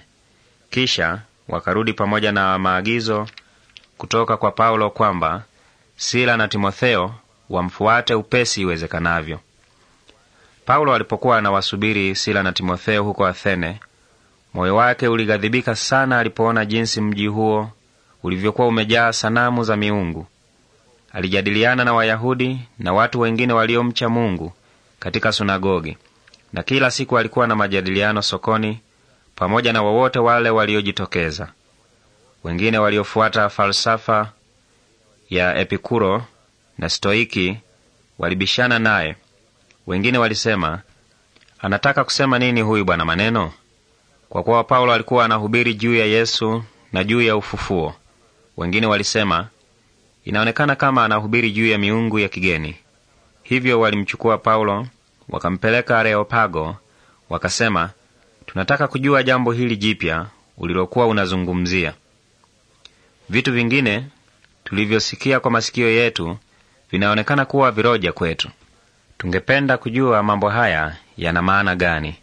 S1: kisha wakarudi pamoja na maagizo kutoka kwa Paulo kwamba Sila na Timotheo wamfuate upesi iwezekanavyo. Paulo alipokuwa anawasubiri Sila na Timotheo huko Athene, moyo wake ulighadhibika sana alipoona jinsi mji huo ulivyokuwa umejaa sanamu za miungu. Alijadiliana na Wayahudi na watu wengine waliomcha Mungu katika sunagogi, na kila siku alikuwa na majadiliano sokoni pamoja na wowote wale waliojitokeza. Wengine waliofuata falsafa ya Epikuro na Stoiki walibishana naye. Wengine walisema, anataka kusema nini huyu bwana maneno? Kwa kuwa Paulo alikuwa anahubiri juu ya Yesu na juu ya ufufuo. Wengine walisema, inaonekana kama anahubiri juu ya miungu ya kigeni. Hivyo walimchukua Paulo wakampeleka Areopago, wakasema, tunataka kujua jambo hili jipya ulilokuwa unazungumzia. Vitu vingine tulivyosikia kwa masikio yetu vinaonekana kuwa viroja kwetu. Tungependa kujua mambo haya yana maana gani.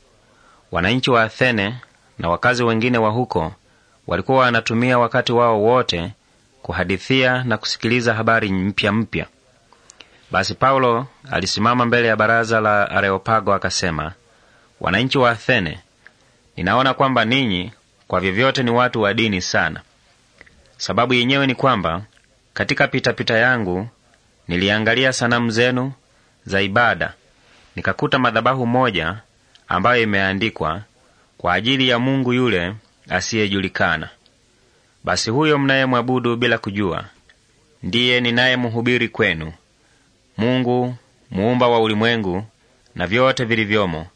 S1: Wananchi wa Athene na wakazi wengine wa huko walikuwa wanatumia wakati wao wote kuhadithia na kusikiliza habari mpya mpya. Basi Paulo alisimama mbele ya baraza la Areopago akasema, wananchi wa Athene, ninaona kwamba ninyi kwa vyovyote ni watu wa dini sana. Sababu yenyewe ni kwamba katika pitapita pita yangu niliangalia sanamu zenu za ibada, nikakuta madhabahu moja ambayo imeandikwa kwa ajili ya Mungu yule asiyejulikana. Basi huyo mnayemwabudu bila kujua ndiye ninayemhubiri kwenu, Mungu muumba wa ulimwengu na vyote vilivyomo,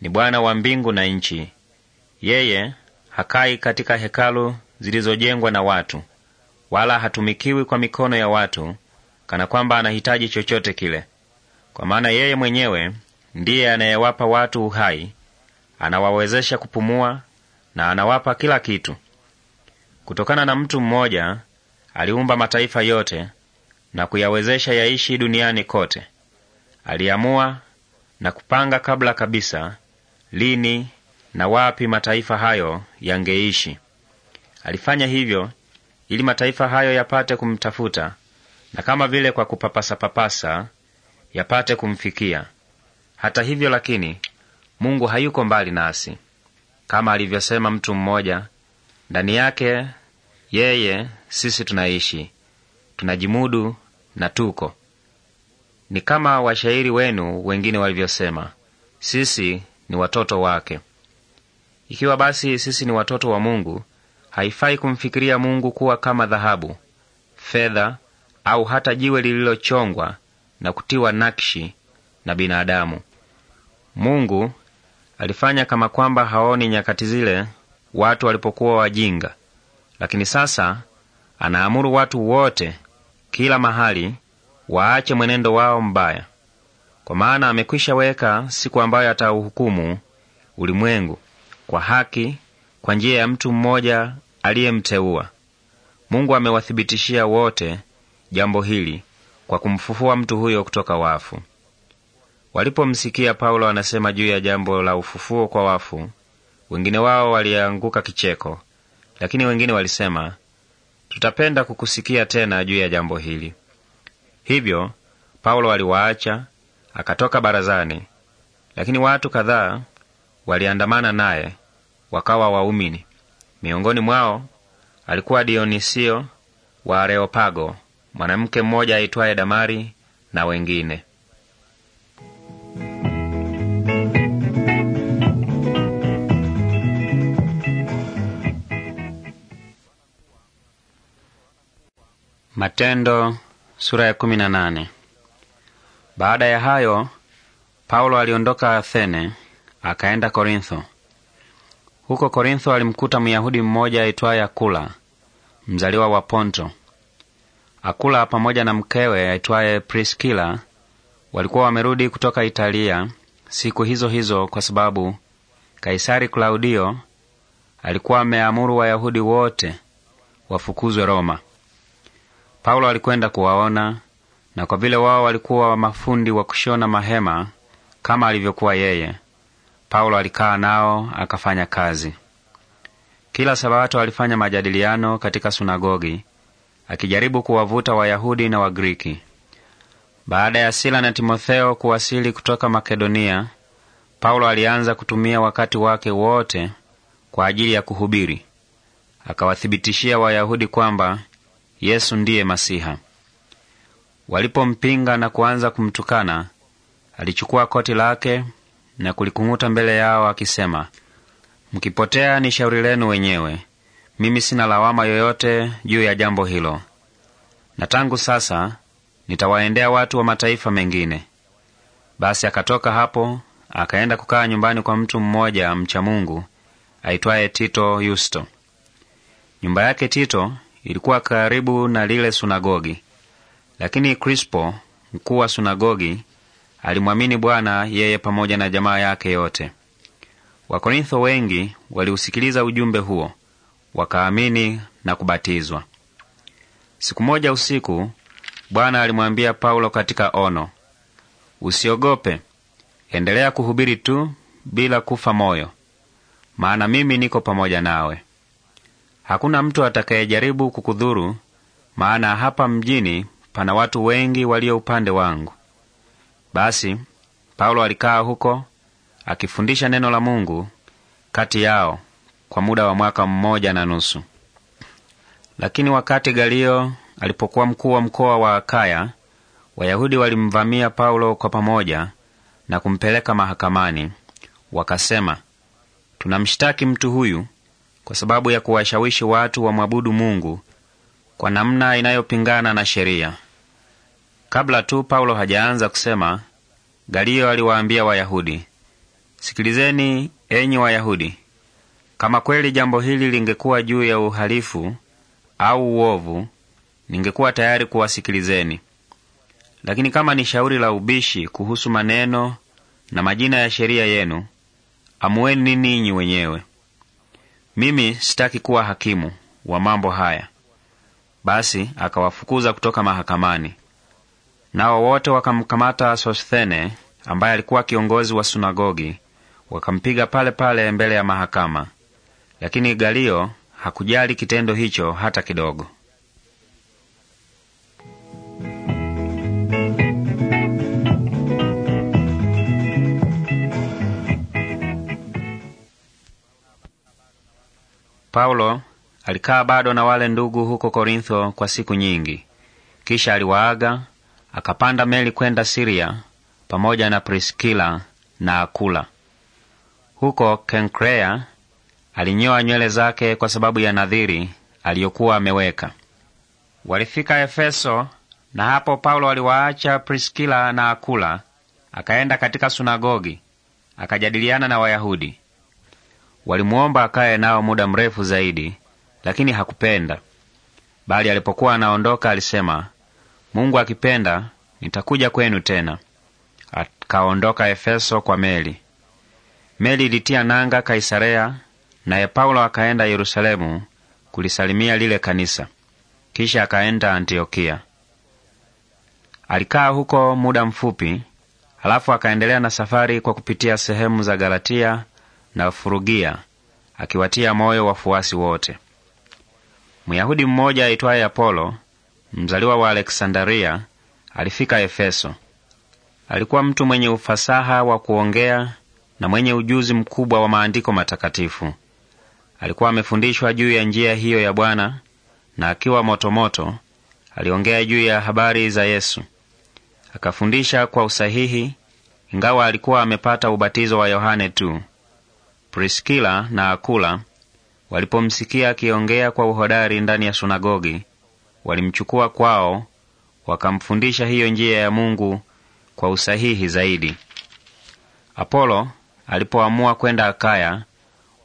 S1: ni Bwana wa mbingu na nchi. Yeye hakai katika hekalu zilizojengwa na watu, wala hatumikiwi kwa mikono ya watu, kana kwamba anahitaji chochote kile, kwa maana yeye mwenyewe ndiye anayewapa watu uhai, anawawezesha kupumua na anawapa kila kitu. Kutokana na mtu mmoja aliumba mataifa yote na kuyawezesha yaishi duniani kote. Aliamua na kupanga kabla kabisa lini na wapi mataifa hayo yangeishi. Alifanya hivyo ili mataifa hayo yapate kumtafuta na kama vile kwa kupapasa-papasa yapate kumfikia. Hata hivyo lakini, Mungu hayuko mbali nasi, kama alivyosema mtu mmoja, ndani yake yeye sisi tunaishi, tunajimudu na tuko. Ni kama washairi wenu wengine walivyosema, sisi ni watoto wake. Ikiwa basi sisi ni watoto wa Mungu, Haifai kumfikiria Mungu kuwa kama dhahabu, fedha au hata jiwe lililochongwa na kutiwa nakshi na binadamu. Mungu alifanya kama kwamba haoni nyakati zile watu walipokuwa wajinga, lakini sasa anaamuru watu wote kila mahali waache mwenendo wao mbaya, kwa maana amekwisha weka siku ambayo atauhukumu ulimwengu kwa haki kwa njia ya mtu mmoja aliyemteua. Mungu amewathibitishia wote jambo hili kwa kumfufua mtu huyo kutoka wafu. Walipomsikia Paulo anasema juu ya jambo la ufufuo kwa wafu, wengine wao walianguka kicheko, lakini wengine walisema, tutapenda kukusikia tena juu ya jambo hili. Hivyo Paulo aliwaacha akatoka barazani, lakini watu kadhaa waliandamana naye wakawa waumini. Miongoni mwao alikuwa Dionisio wa Areopago, mwanamke mmoja aitwaye Damari na wengine. Matendo sura ya kumi na nane. Baada ya hayo Paulo aliondoka Athene akaenda Korintho. Huko Korintho alimkuta Myahudi mmoja aitwaye Akula, mzaliwa wa Ponto. Akula pamoja na mkewe aitwaye Priskila walikuwa wamerudi kutoka Italia siku hizo hizo, kwa sababu Kaisari Klaudio alikuwa ameamuru Wayahudi wote wafukuzwe Roma. Paulo alikwenda kuwaona, na kwa vile wao walikuwa mafundi wa kushona mahema kama alivyokuwa yeye, Paulo alikaa nao akafanya kazi. Kila Sabato alifanya majadiliano katika sunagogi, akijaribu kuwavuta Wayahudi na Wagiriki. Baada ya Sila na Timotheo kuwasili kutoka Makedonia, Paulo alianza kutumia wakati wake wote kwa ajili ya kuhubiri. Akawathibitishia Wayahudi kwamba Yesu ndiye Masiha. Walipompinga na kuanza kumtukana, alichukua koti lake na kulikung'uta mbele yao akisema, mkipotea ni shauri lenu wenyewe, mimi sina lawama yoyote juu ya jambo hilo. Na tangu sasa nitawaendea watu wa mataifa mengine. Basi akatoka hapo akaenda kukaa nyumbani kwa mtu mmoja mcha Mungu aitwaye Tito Yusto. Nyumba yake Tito ilikuwa karibu na lile sunagogi, lakini Krispo mkuu wa sunagogi Alimwamini Bwana yeye pamoja na jamaa yake yote. Wakorintho wengi waliusikiliza ujumbe huo wakaamini na kubatizwa. Siku moja usiku, Bwana alimwambia Paulo katika ono, usiogope, endelea kuhubiri tu bila kufa moyo, maana mimi niko pamoja nawe. Hakuna mtu atakayejaribu kukudhuru, maana hapa mjini pana watu wengi walio upande wangu. Basi Paulo alikaa huko akifundisha neno la Mungu kati yao kwa muda wa mwaka mmoja na nusu. Lakini wakati Galio alipokuwa mkuu wa mkoa wa Akaya, Wayahudi walimvamia Paulo kwa pamoja na kumpeleka mahakamani. Wakasema, tunamshtaki mtu huyu kwa sababu ya kuwashawishi watu wamwabudu Mungu kwa namna inayopingana na sheria. Kabla tu Paulo hajaanza kusema, Galio aliwaambia Wayahudi, sikilizeni enyi Wayahudi, kama kweli jambo hili lingekuwa juu ya uhalifu au uovu, ningekuwa tayari kuwasikilizeni. Lakini kama ni shauri la ubishi kuhusu maneno na majina ya sheria yenu, amueni ninyi wenyewe. Mimi sitaki kuwa hakimu wa mambo haya. Basi akawafukuza kutoka mahakamani. Nao wote wakamkamata Sosthene ambaye alikuwa kiongozi wa sunagogi, wakampiga pale pale mbele ya mahakama. Lakini Galio hakujali kitendo hicho hata kidogo. Paulo alikaa bado na wale ndugu huko Korintho kwa siku nyingi, kisha aliwaaga akapanda meli kwenda Siria pamoja na Priskila na Akula. Huko Kenkrea alinyoa nywele zake kwa sababu ya nadhiri aliyokuwa ameweka. Walifika Efeso, na hapo Paulo aliwaacha Priskila na Akula, akaenda katika sunagogi akajadiliana na Wayahudi. Walimuomba akaye nao muda mrefu zaidi, lakini hakupenda. Bali alipokuwa anaondoka, alisema Mungu akipenda nitakuja kwenu tena. Akaondoka Efeso kwa meli. Meli ilitia nanga Kaisarea, naye Paulo akaenda Yerusalemu kulisalimia lile kanisa, kisha akaenda Antiokia. Alikaa huko muda mfupi, halafu akaendelea na safari kwa kupitia sehemu za Galatia na Furugia, akiwatia moyo wafuasi wote. Myahudi mmoja aitwaye Apolo mzaliwa wa Aleksandaria, alifika Efeso. Alikuwa mtu mwenye ufasaha wa kuongea na mwenye ujuzi mkubwa wa maandiko matakatifu. Alikuwa amefundishwa juu ya njia hiyo ya Bwana, na akiwa motomoto aliongea juu ya habari za Yesu. Akafundisha kwa usahihi, ingawa alikuwa amepata ubatizo wa Yohane tu. Priskila na Akula walipomsikia akiongea kwa uhodari ndani ya sunagogi, walimchukua kwao, wakamfundisha hiyo njia ya Mungu kwa usahihi zaidi. Apolo alipoamua kwenda Akaya,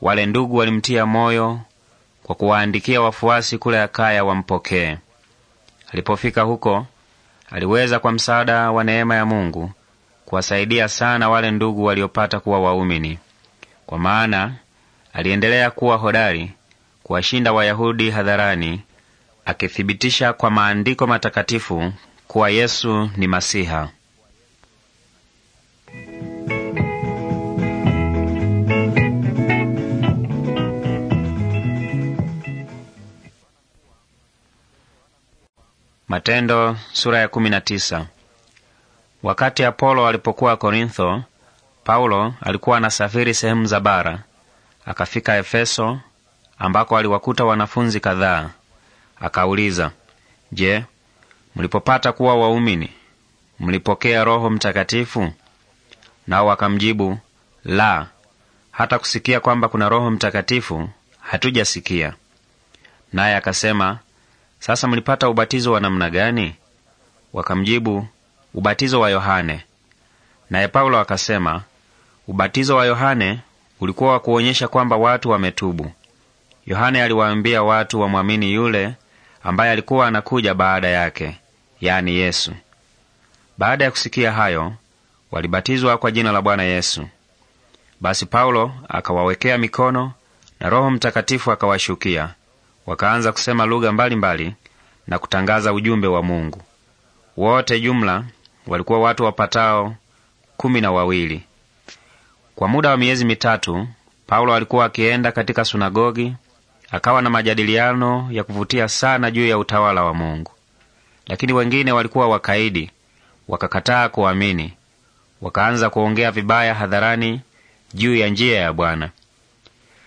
S1: wale ndugu walimtia moyo kwa kuwaandikia wafuasi kule Akaya wampokee. Alipofika huko, aliweza kwa msaada wa neema ya Mungu kuwasaidia sana wale ndugu waliopata kuwa waumini, kwa maana aliendelea kuwa hodari kuwashinda Wayahudi hadharani akithibitisha kwa maandiko matakatifu kuwa Yesu ni Masiha. Matendo sura ya 19. Wakati Apolo alipokuwa Korintho, Paulo alikuwa anasafiri sehemu za bara, akafika Efeso ambako aliwakuta wanafunzi kadhaa. Akauliza, Je, mlipopata kuwa waumini mlipokea Roho Mtakatifu? Nao wakamjibu, la, hata kusikia kwamba kuna Roho Mtakatifu hatujasikia. Naye akasema, sasa mlipata ubatizo wa namna gani? Wakamjibu, ubatizo wa Yohane. Naye Paulo akasema, ubatizo wa Yohane ulikuwa wa kuonyesha kwamba watu wametubu. Yohane aliwaambia watu wamwamini yule ambaye alikuwa anakuja baada yake, yani Yesu. Baada ya kusikia hayo, walibatizwa kwa jina la Bwana Yesu. Basi Paulo akawawekea mikono na Roho Mtakatifu akawashukia, wakaanza kusema lugha mbalimbali na kutangaza ujumbe wa Mungu. Wote jumla walikuwa watu wapatao kumi na wawili. Kwa muda wa miezi mitatu Paulo alikuwa akienda katika sunagogi akawa na majadiliano ya kuvutia sana juu ya utawala wa Mungu. Lakini wengine walikuwa wakaidi, wakakataa kuamini, wakaanza kuongea vibaya hadharani juu ya njia ya Bwana.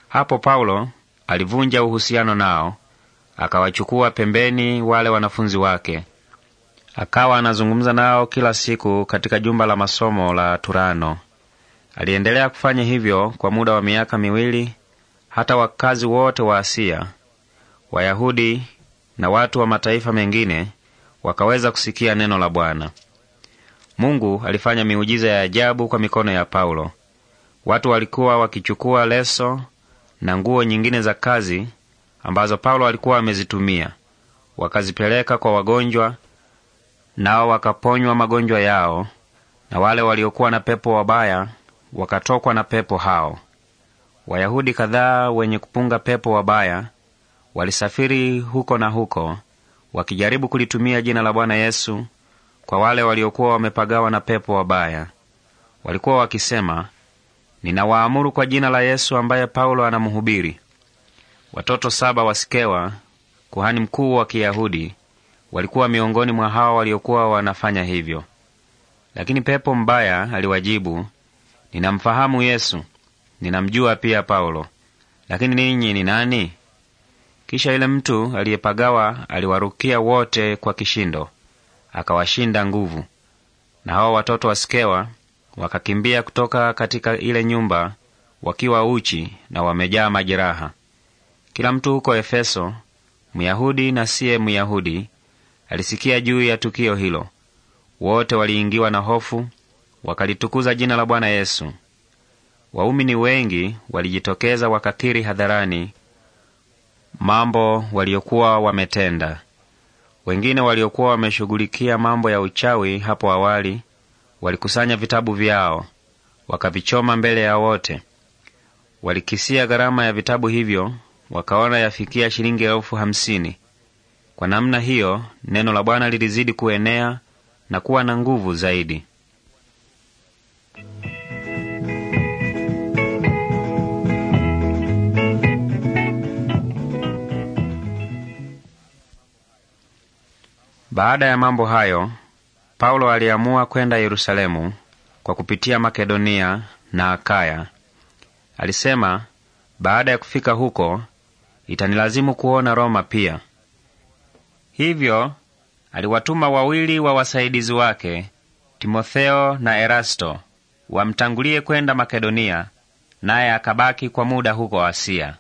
S1: Hapo Paulo alivunja uhusiano nao, akawachukua pembeni wale wanafunzi wake, akawa anazungumza nao kila siku katika jumba la masomo la Turano. Aliendelea kufanya hivyo kwa muda wa miaka miwili hata wakazi wote wa Asia, Wayahudi na watu wa mataifa mengine wakaweza kusikia neno la Bwana. Mungu alifanya miujiza ya ajabu kwa mikono ya Paulo. Watu walikuwa wakichukua leso na nguo nyingine za kazi ambazo Paulo alikuwa amezitumia, wakazipeleka kwa wagonjwa, nao wakaponywa magonjwa yao, na wale waliokuwa na pepo wabaya wakatokwa na pepo hao. Wayahudi kadhaa wenye kupunga pepo wabaya walisafiri huko na huko wakijaribu kulitumia jina la Bwana Yesu kwa wale waliokuwa wamepagawa na pepo wabaya. Walikuwa wakisema, ninawaamuru kwa jina la Yesu ambaye Paulo anamhubiri, watoto saba wa Sikewa, kuhani mkuu wa Kiyahudi, walikuwa miongoni mwa hawa waliokuwa wanafanya hivyo. Lakini pepo mbaya aliwajibu, ninamfahamu Yesu ninamjua pia Paulo, lakini ninyi ni nani? Kisha yule mtu aliyepagawa aliwarukia wote kwa kishindo, akawashinda nguvu. Na hao watoto wa Skewa wakakimbia kutoka katika ile nyumba wakiwa uchi na wamejaa majeraha. Kila mtu huko Efeso, Myahudi na siye Myahudi, alisikia juu ya tukio hilo. Wote waliingiwa na hofu, wakalitukuza jina la Bwana Yesu waumini wengi walijitokeza wakakiri hadharani mambo waliokuwa wametenda. Wengine waliokuwa wameshughulikia mambo ya uchawi hapo awali walikusanya vitabu vyao wakavichoma mbele ya wote. Walikisia gharama ya vitabu hivyo wakaona yafikia shilingi elfu hamsini. Kwa namna hiyo neno la Bwana lilizidi kuenea na kuwa na nguvu zaidi. Baada ya mambo hayo, Paulo aliamua kwenda Yerusalemu kwa kupitia Makedonia na Akaya. Alisema baada ya kufika huko itanilazimu kuona Roma pia. Hivyo aliwatuma wawili wa wasaidizi wake, Timotheo na Erasto, wamtangulie kwenda Makedonia, naye akabaki kwa muda huko Asia.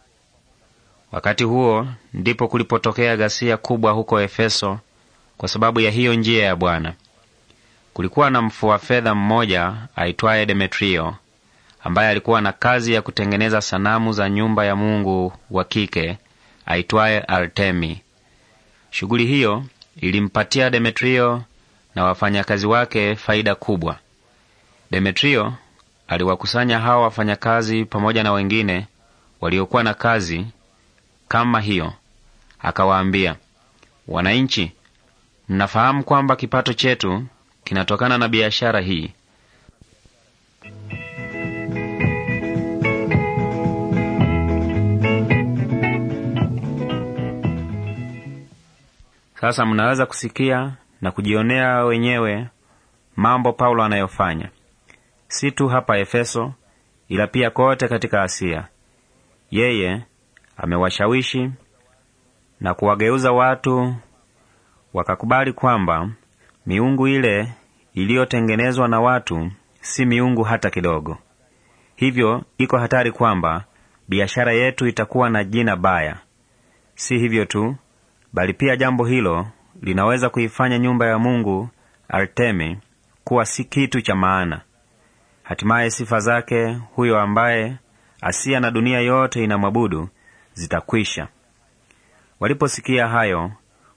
S1: Wakati huo ndipo kulipotokea ghasia kubwa huko Efeso kwa sababu ya hiyo njia ya Bwana. Kulikuwa na mfua fedha mmoja aitwaye Demetrio ambaye alikuwa na kazi ya kutengeneza sanamu za nyumba ya Mungu wa kike aitwaye Artemi. Shughuli hiyo ilimpatia Demetrio na wafanyakazi wake faida kubwa. Demetrio aliwakusanya hawa wafanyakazi pamoja na wengine waliokuwa na kazi kama hiyo, akawaambia, wananchi, Mnafahamu kwamba kipato chetu kinatokana na biashara hii. Sasa mnaweza kusikia na kujionea wenyewe mambo Paulo anayofanya, si tu hapa Efeso, ila pia kote katika Asia. Yeye amewashawishi na kuwageuza watu wakakubali kwamba miungu ile iliyotengenezwa na watu si miungu hata kidogo. Hivyo iko hatari kwamba biashara yetu itakuwa na jina baya. Si hivyo tu, bali pia jambo hilo linaweza kuifanya nyumba ya Mungu Artemi kuwa si kitu cha maana. Hatimaye sifa zake huyo ambaye Asia na dunia yote inamwabudu zitakwisha. Waliposikia hayo,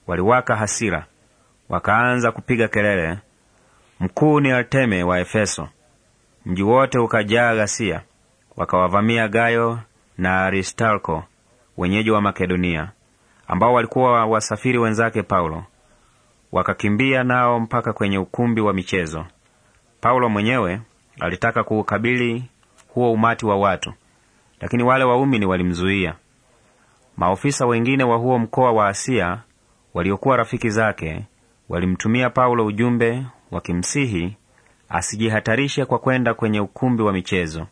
S1: waliwaka hasira, wakaanza kupiga kelele, mkuu ni Arteme wa Efeso. Mji wote ukajaa ghasia, wakawavamia Gayo na Aristarko, wenyeji wa Makedonia, ambao walikuwa wasafiri wenzake Paulo. Wakakimbia nao mpaka kwenye ukumbi wa michezo. Paulo mwenyewe alitaka kuukabili huo umati wa watu, lakini wale waumini walimzuia. Maofisa wengine wa huo mkoa wa Asia waliokuwa rafiki zake walimtumia Paulo ujumbe wakimsihi asijihatarishe kwa kwenda kwenye ukumbi wa michezo.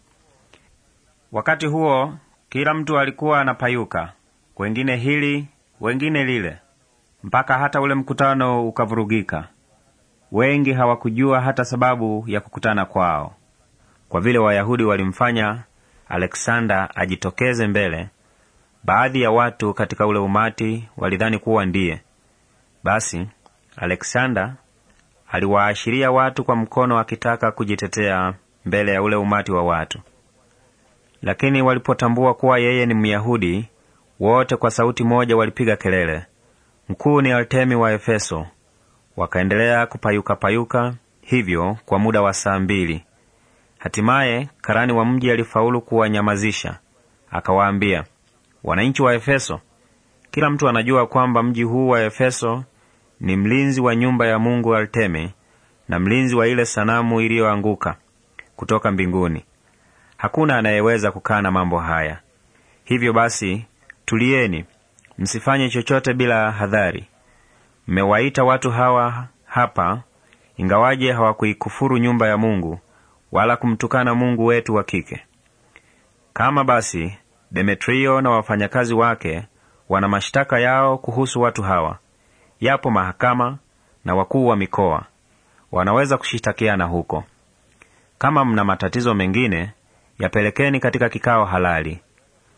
S1: Wakati huo kila mtu alikuwa anapayuka, wengine hili, wengine lile, mpaka hata ule mkutano ukavurugika. Wengi hawakujua hata sababu ya kukutana kwao, kwa vile Wayahudi walimfanya Aleksanda ajitokeze mbele. Baadhi ya watu katika ule umati walidhani kuwa ndiye basi Aleksanda aliwaashiria watu kwa mkono akitaka kujitetea mbele ya ule umati wa watu, lakini walipotambua kuwa yeye ni Myahudi, wote kwa sauti moja walipiga kelele, mkuu ni Artemi wa Efeso. Wakaendelea kupayukapayuka hivyo kwa muda wa saa mbili. Hatimaye karani wa mji alifaulu kuwanyamazisha, akawaambia, wananchi wa Efeso, kila mtu anajua kwamba mji huu wa Efeso ni mlinzi wa nyumba ya mungu Artemi na mlinzi wa ile sanamu iliyoanguka kutoka mbinguni. Hakuna anayeweza kukana mambo haya. Hivyo basi, tulieni, msifanye chochote bila hadhari. Mmewaita watu hawa hapa, ingawaje hawakuikufuru nyumba ya Mungu wala kumtukana Mungu wetu wa kike. Kama basi Demetrio na wafanyakazi wake wana mashtaka yao kuhusu watu hawa, yapo mahakama na wakuu wa mikoa wanaweza kushitakiana huko. Kama mna matatizo mengine, yapelekeni katika kikao halali,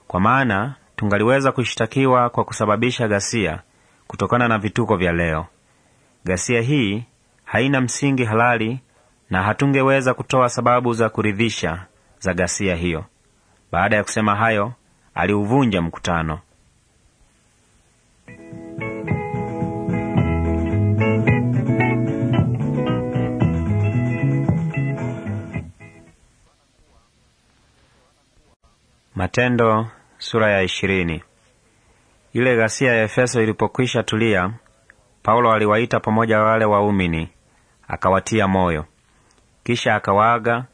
S1: kwa maana tungaliweza kushitakiwa kwa kusababisha ghasia kutokana na vituko vya leo. Ghasia hii haina msingi halali na hatungeweza kutoa sababu za kuridhisha za ghasia hiyo. Baada ya kusema hayo, aliuvunja mkutano. Matendo sura ya ishirini. Ile ghasia ya Efeso ilipokwisha tulia, Paulo aliwaita pamoja wale waumini akawatia moyo. Kisha akawaaga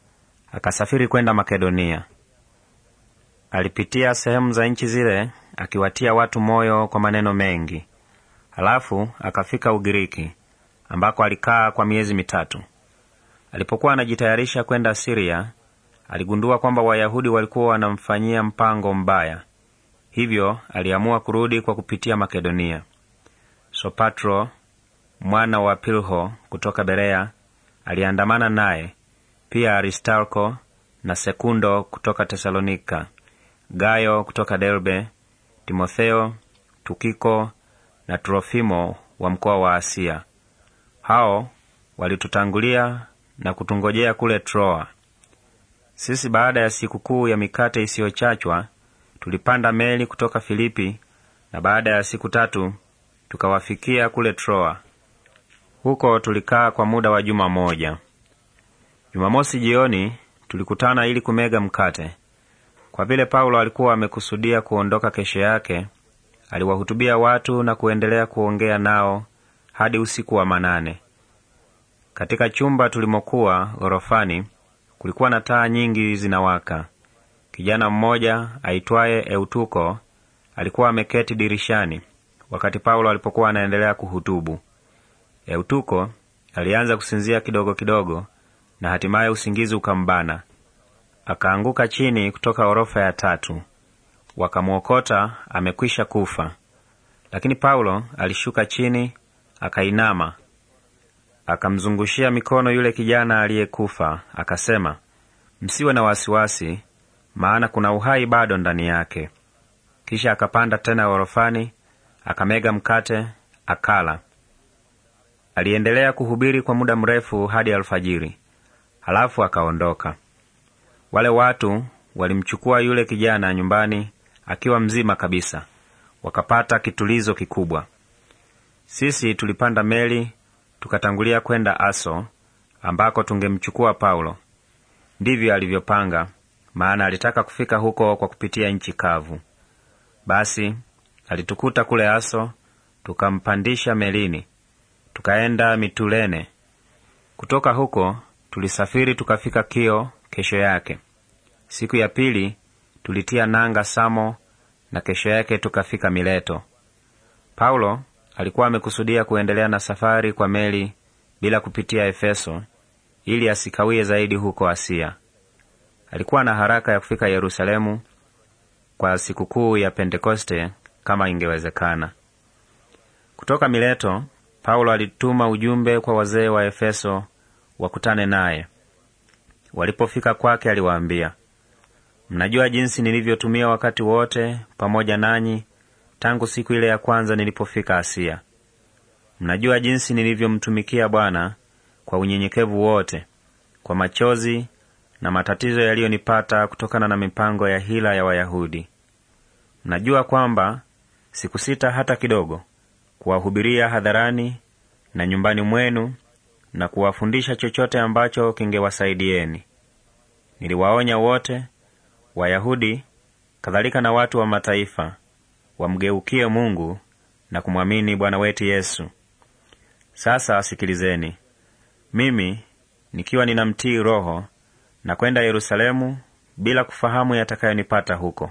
S1: akasafiri kwenda Makedonia. Alipitia sehemu za nchi zile akiwatia watu moyo kwa maneno mengi. Halafu akafika Ugiriki ambako alikaa kwa miezi mitatu. Alipokuwa anajitayarisha kwenda Siria, Aligundua kwamba Wayahudi walikuwa wanamfanyia mpango mbaya, hivyo aliamua kurudi kwa kupitia Makedonia. Sopatro mwana wa Pilho kutoka Berea aliandamana naye, pia Aristarko na Sekundo kutoka Tesalonika, Gayo kutoka Derbe, Timotheo, Tukiko na Trofimo wa mkoa wa Asia. Hao walitutangulia na kutungojea kule Troa. Sisi baada ya sikukuu ya mikate isiyochachwa tulipanda meli kutoka Filipi, na baada ya siku tatu tukawafikia kule Troa. Huko tulikaa kwa muda wa juma moja. Jumamosi jioni tulikutana ili kumega mkate. Kwa vile Paulo alikuwa amekusudia kuondoka kesho yake, aliwahutubia watu na kuendelea kuongea nao hadi usiku wa manane. Katika chumba tulimokuwa ghorofani, Kulikuwa na taa nyingi zinawaka. Kijana mmoja aitwaye Eutuko alikuwa ameketi dirishani wakati Paulo alipokuwa anaendelea kuhutubu. Eutuko alianza kusinzia kidogo kidogo, na hatimaye usingizi ukambana, akaanguka chini kutoka orofa ya tatu. Wakamwokota amekwisha kufa. Lakini Paulo alishuka chini, akainama akamzungushia mikono yule kijana aliyekufa, akasema, msiwe na wasiwasi, maana kuna uhai bado ndani yake. Kisha akapanda tena ghorofani, akamega mkate, akala. Aliendelea kuhubiri kwa muda mrefu hadi alfajiri, halafu akaondoka. Wale watu walimchukua yule kijana nyumbani akiwa mzima kabisa, wakapata kitulizo kikubwa. Sisi tulipanda meli tukatangulia kwenda Aso ambako tungemchukua Paulo. Ndivyo alivyopanga, maana alitaka kufika huko kwa kupitia nchi kavu. Basi alitukuta kule Aso, tukampandisha melini, tukaenda Mitulene. Kutoka huko tulisafiri tukafika Kio kesho yake. Siku ya pili tulitia nanga Samo, na kesho yake tukafika Mileto. Paulo alikuwa amekusudia kuendelea na safari kwa meli bila kupitia Efeso ili asikawie zaidi huko Asia. Alikuwa na haraka ya kufika Yerusalemu kwa sikukuu ya Pentekoste kama ingewezekana. Kutoka Mileto, Paulo alituma ujumbe kwa wazee wa Efeso wakutane naye. Walipofika kwake, aliwaambia, mnajua jinsi nilivyotumia wakati wote pamoja nanyi tangu siku ile ya kwanza nilipofika Asia. Mnajua jinsi nilivyomtumikia Bwana kwa unyenyekevu wote, kwa machozi na matatizo yaliyonipata kutokana na mipango ya hila ya Wayahudi. Mnajua kwamba sikusita hata kidogo kuwahubiria hadharani na nyumbani mwenu na kuwafundisha chochote ambacho kingewasaidieni. Niliwaonya wote, Wayahudi kadhalika na watu wa mataifa, wamgeukie Mungu na kumwamini Bwana wetu Yesu. Sasa sikilizeni, mimi nikiwa ninamtii Roho na kwenda Yerusalemu bila kufahamu yatakayonipata huko.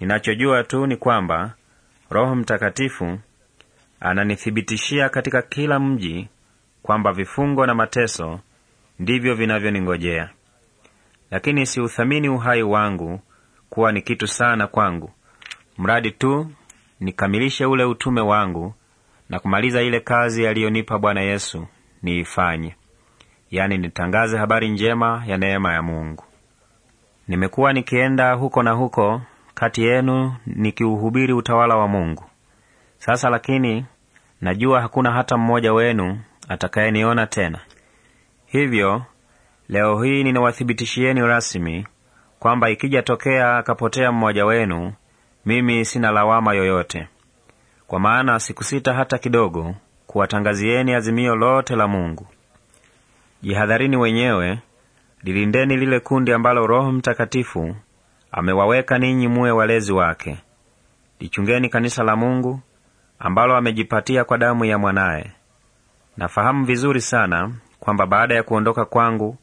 S1: Ninachojua tu ni kwamba Roho Mtakatifu ananithibitishia katika kila mji kwamba vifungo na mateso ndivyo vinavyoningojea, lakini siuthamini uhai wangu kuwa ni kitu sana kwangu, mradi tu nikamilishe ule utume wangu na kumaliza ile kazi aliyonipa Bwana Yesu niifanye, yani nitangaze habari njema ya neema ya Mungu. Nimekuwa nikienda huko na huko kati yenu nikiuhubiri utawala wa Mungu. Sasa lakini najua hakuna hata mmoja wenu atakayeniona tena. Hivyo leo hii ninawathibitishieni rasmi kwamba ikija tokea akapotea mmoja wenu mimi sina lawama yoyote, kwa maana sikusita hata kidogo kuwatangazieni azimio lote la Mungu. Jihadharini wenyewe, lilindeni lile kundi ambalo Roho Mtakatifu amewaweka ninyi muwe walezi wake. Lichungeni kanisa la Mungu ambalo amejipatia kwa damu ya mwanaye. Nafahamu vizuri sana kwamba baada ya kuondoka kwangu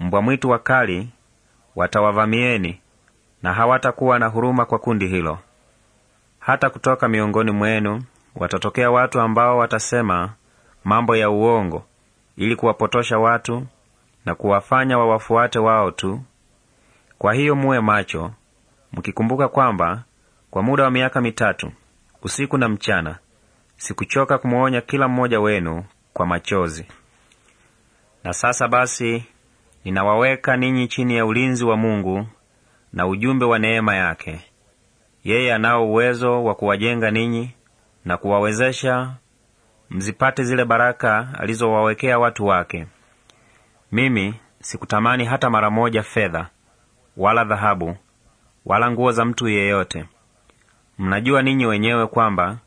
S1: mbwa mwitu wakali watawavamieni na hawatakuwa na huruma kwa kundi hilo. Hata kutoka miongoni mwenu watatokea watu ambao watasema mambo ya uongo ili kuwapotosha watu na kuwafanya wawafuate wao tu. Kwa hiyo muwe macho, mkikumbuka kwamba kwa muda wa miaka mitatu usiku na mchana sikuchoka kumwonya kila mmoja wenu kwa machozi. Na sasa basi, ninawaweka ninyi chini ya ulinzi wa Mungu na ujumbe wa neema yake. Yeye anao uwezo wa kuwajenga ninyi na kuwawezesha mzipate zile baraka alizowawekea watu wake. Mimi sikutamani hata mara moja fedha wala dhahabu wala nguo za mtu yeyote. Mnajua ninyi wenyewe kwamba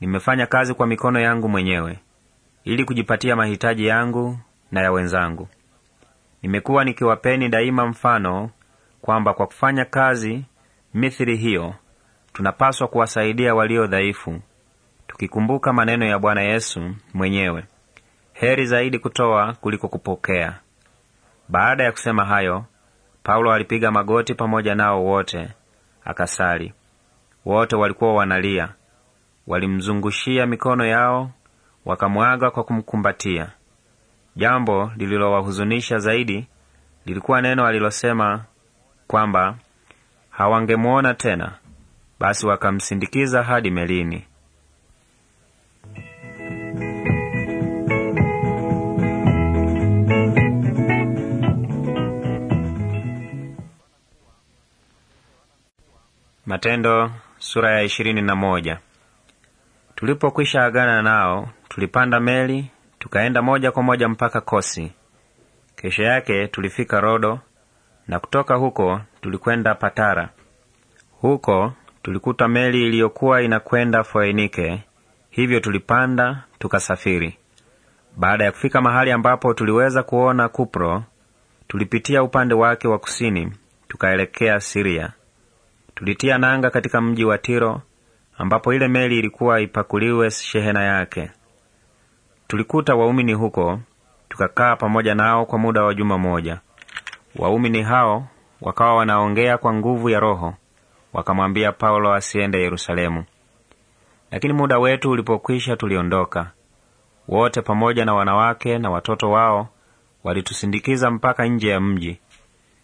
S1: nimefanya kazi kwa mikono yangu mwenyewe ili kujipatia mahitaji yangu na ya wenzangu. Nimekuwa nikiwapeni daima mfano kwamba kwa kufanya kazi mithili hiyo tunapaswa kuwasaidia walio dhaifu, tukikumbuka maneno ya Bwana Yesu mwenyewe, heri zaidi kutoa kuliko kupokea. Baada ya kusema hayo, Paulo alipiga magoti pamoja nao wote akasali. Wote walikuwa wanalia, walimzungushia mikono yao wakamwaga kwa kumkumbatia. Jambo lililowahuzunisha zaidi lilikuwa neno alilosema kwamba hawangemwona tena. Basi wakamsindikiza hadi melini. Matendo sura ya ishirini na moja. Tulipokwisha agana nao, tulipanda meli tukaenda moja kwa moja mpaka Kosi. Kesho yake tulifika Rodo, na kutoka huko tulikwenda Patara. Huko tulikuta meli iliyokuwa inakwenda Foenike, hivyo tulipanda tukasafiri. Baada ya kufika mahali ambapo tuliweza kuona Kupro, tulipitia upande wake wa kusini tukaelekea Siria. Tulitia nanga katika mji wa Tiro, ambapo ile meli ilikuwa ipakuliwe shehena yake. Tulikuta waumini huko, tukakaa pamoja nao kwa muda wa juma moja. Waumini hao wakawa wanaongea kwa nguvu ya Roho, wakamwambia Paulo asiende Yerusalemu. Lakini muda wetu ulipokwisha, tuliondoka wote pamoja na wanawake na watoto wao walitusindikiza mpaka nje ya mji.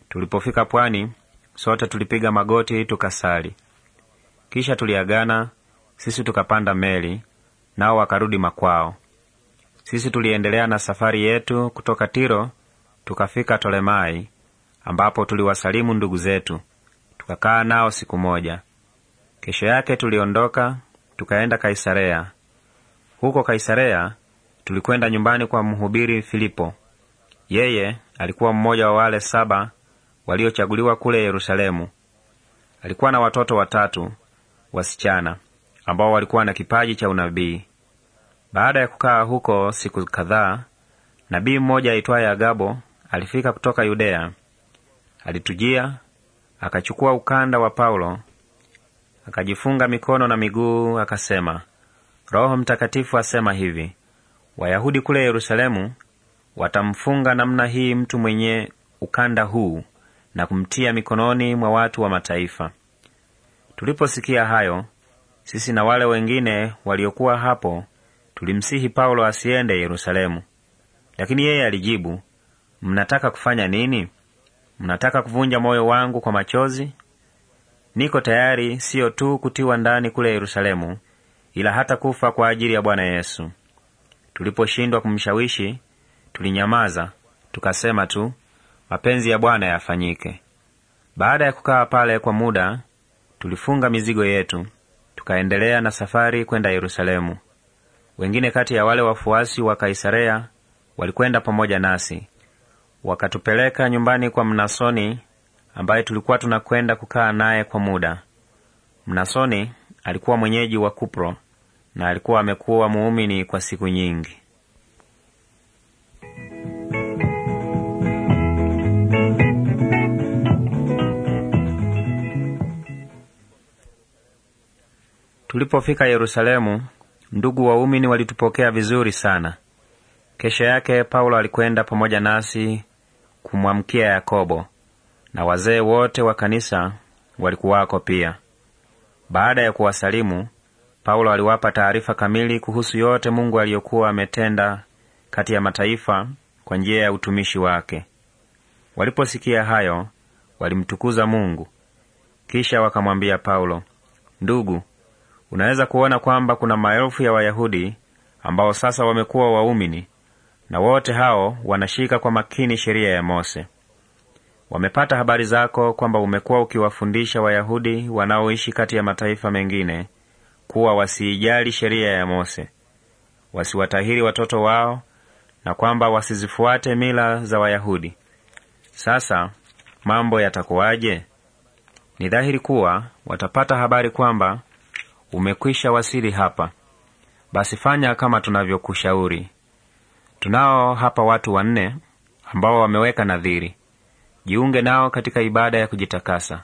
S1: Tulipofika pwani, sote tulipiga magoti tukasali. Kisha tuliagana, sisi tukapanda meli, nao wakarudi makwao. Sisi tuliendelea na safari yetu kutoka Tiro tukafika Tolemai, ambapo tuliwasalimu ndugu zetu, tukakaa nao siku moja. Kesho yake tuliondoka tukaenda Kaisarea. Huko Kaisarea tulikwenda nyumbani kwa mhubiri Filipo. Yeye alikuwa mmoja wa wale saba waliochaguliwa kule Yerusalemu. Alikuwa na watoto watatu wasichana ambao walikuwa na kipaji cha unabii. Baada ya kukaa huko siku kadhaa, nabii mmoja aitwaye Agabo alifika kutoka Yudea alitujia akachukua ukanda wa Paulo akajifunga mikono na miguu, akasema, Roho Mtakatifu asema hivi, Wayahudi kule Yerusalemu watamfunga namna hii mtu mwenye ukanda huu na kumtia mikononi mwa watu wa mataifa. Tuliposikia hayo, sisi na wale wengine waliokuwa hapo tulimsihi Paulo asiende Yerusalemu, lakini yeye alijibu, mnataka kufanya nini? Mnataka kuvunja moyo wangu kwa machozi? Niko tayari siyo tu kutiwa ndani kule Yerusalemu, ila hata kufa kwa ajili ya Bwana Yesu. Tuliposhindwa kumshawishi, tulinyamaza, tukasema tu mapenzi ya Bwana yafanyike. Baada ya kukaa pale kwa muda, tulifunga mizigo yetu, tukaendelea na safari kwenda Yerusalemu. Wengine kati ya wale wafuasi wa kaisareya walikwenda pamoja nasi, Wakatupeleka nyumbani kwa Mnasoni ambaye tulikuwa tunakwenda kukaa naye kwa muda. Mnasoni alikuwa mwenyeji wa Kupro na alikuwa amekuwa muumini kwa siku nyingi. Tulipofika Yerusalemu, ndugu waumini walitupokea vizuri sana. Kesho yake Paulo alikwenda pamoja nasi kumwamkia Yakobo, na wazee wote wa kanisa walikuwako pia. Baada ya kuwasalimu, Paulo aliwapa taarifa kamili kuhusu yote Mungu aliyokuwa ametenda kati ya mataifa kwa njia ya utumishi wake. Waliposikia hayo, walimtukuza Mungu. Kisha wakamwambia Paulo, ndugu, unaweza kuona kwamba kuna maelfu ya Wayahudi ambao sasa wamekuwa waumini na wote hao wanashika kwa makini sheria ya Mose. Wamepata habari zako kwamba umekuwa ukiwafundisha Wayahudi wanaoishi kati ya mataifa mengine kuwa wasiijali sheria ya Mose, wasiwatahiri watoto wao, na kwamba wasizifuate mila za Wayahudi. Sasa mambo yatakuwaje? Ni dhahiri kuwa watapata habari kwamba umekwisha wasili hapa. Basi fanya kama tunavyokushauri. Tunao hapa watu wanne ambao wameweka nadhiri. Jiunge nao katika ibada ya kujitakasa,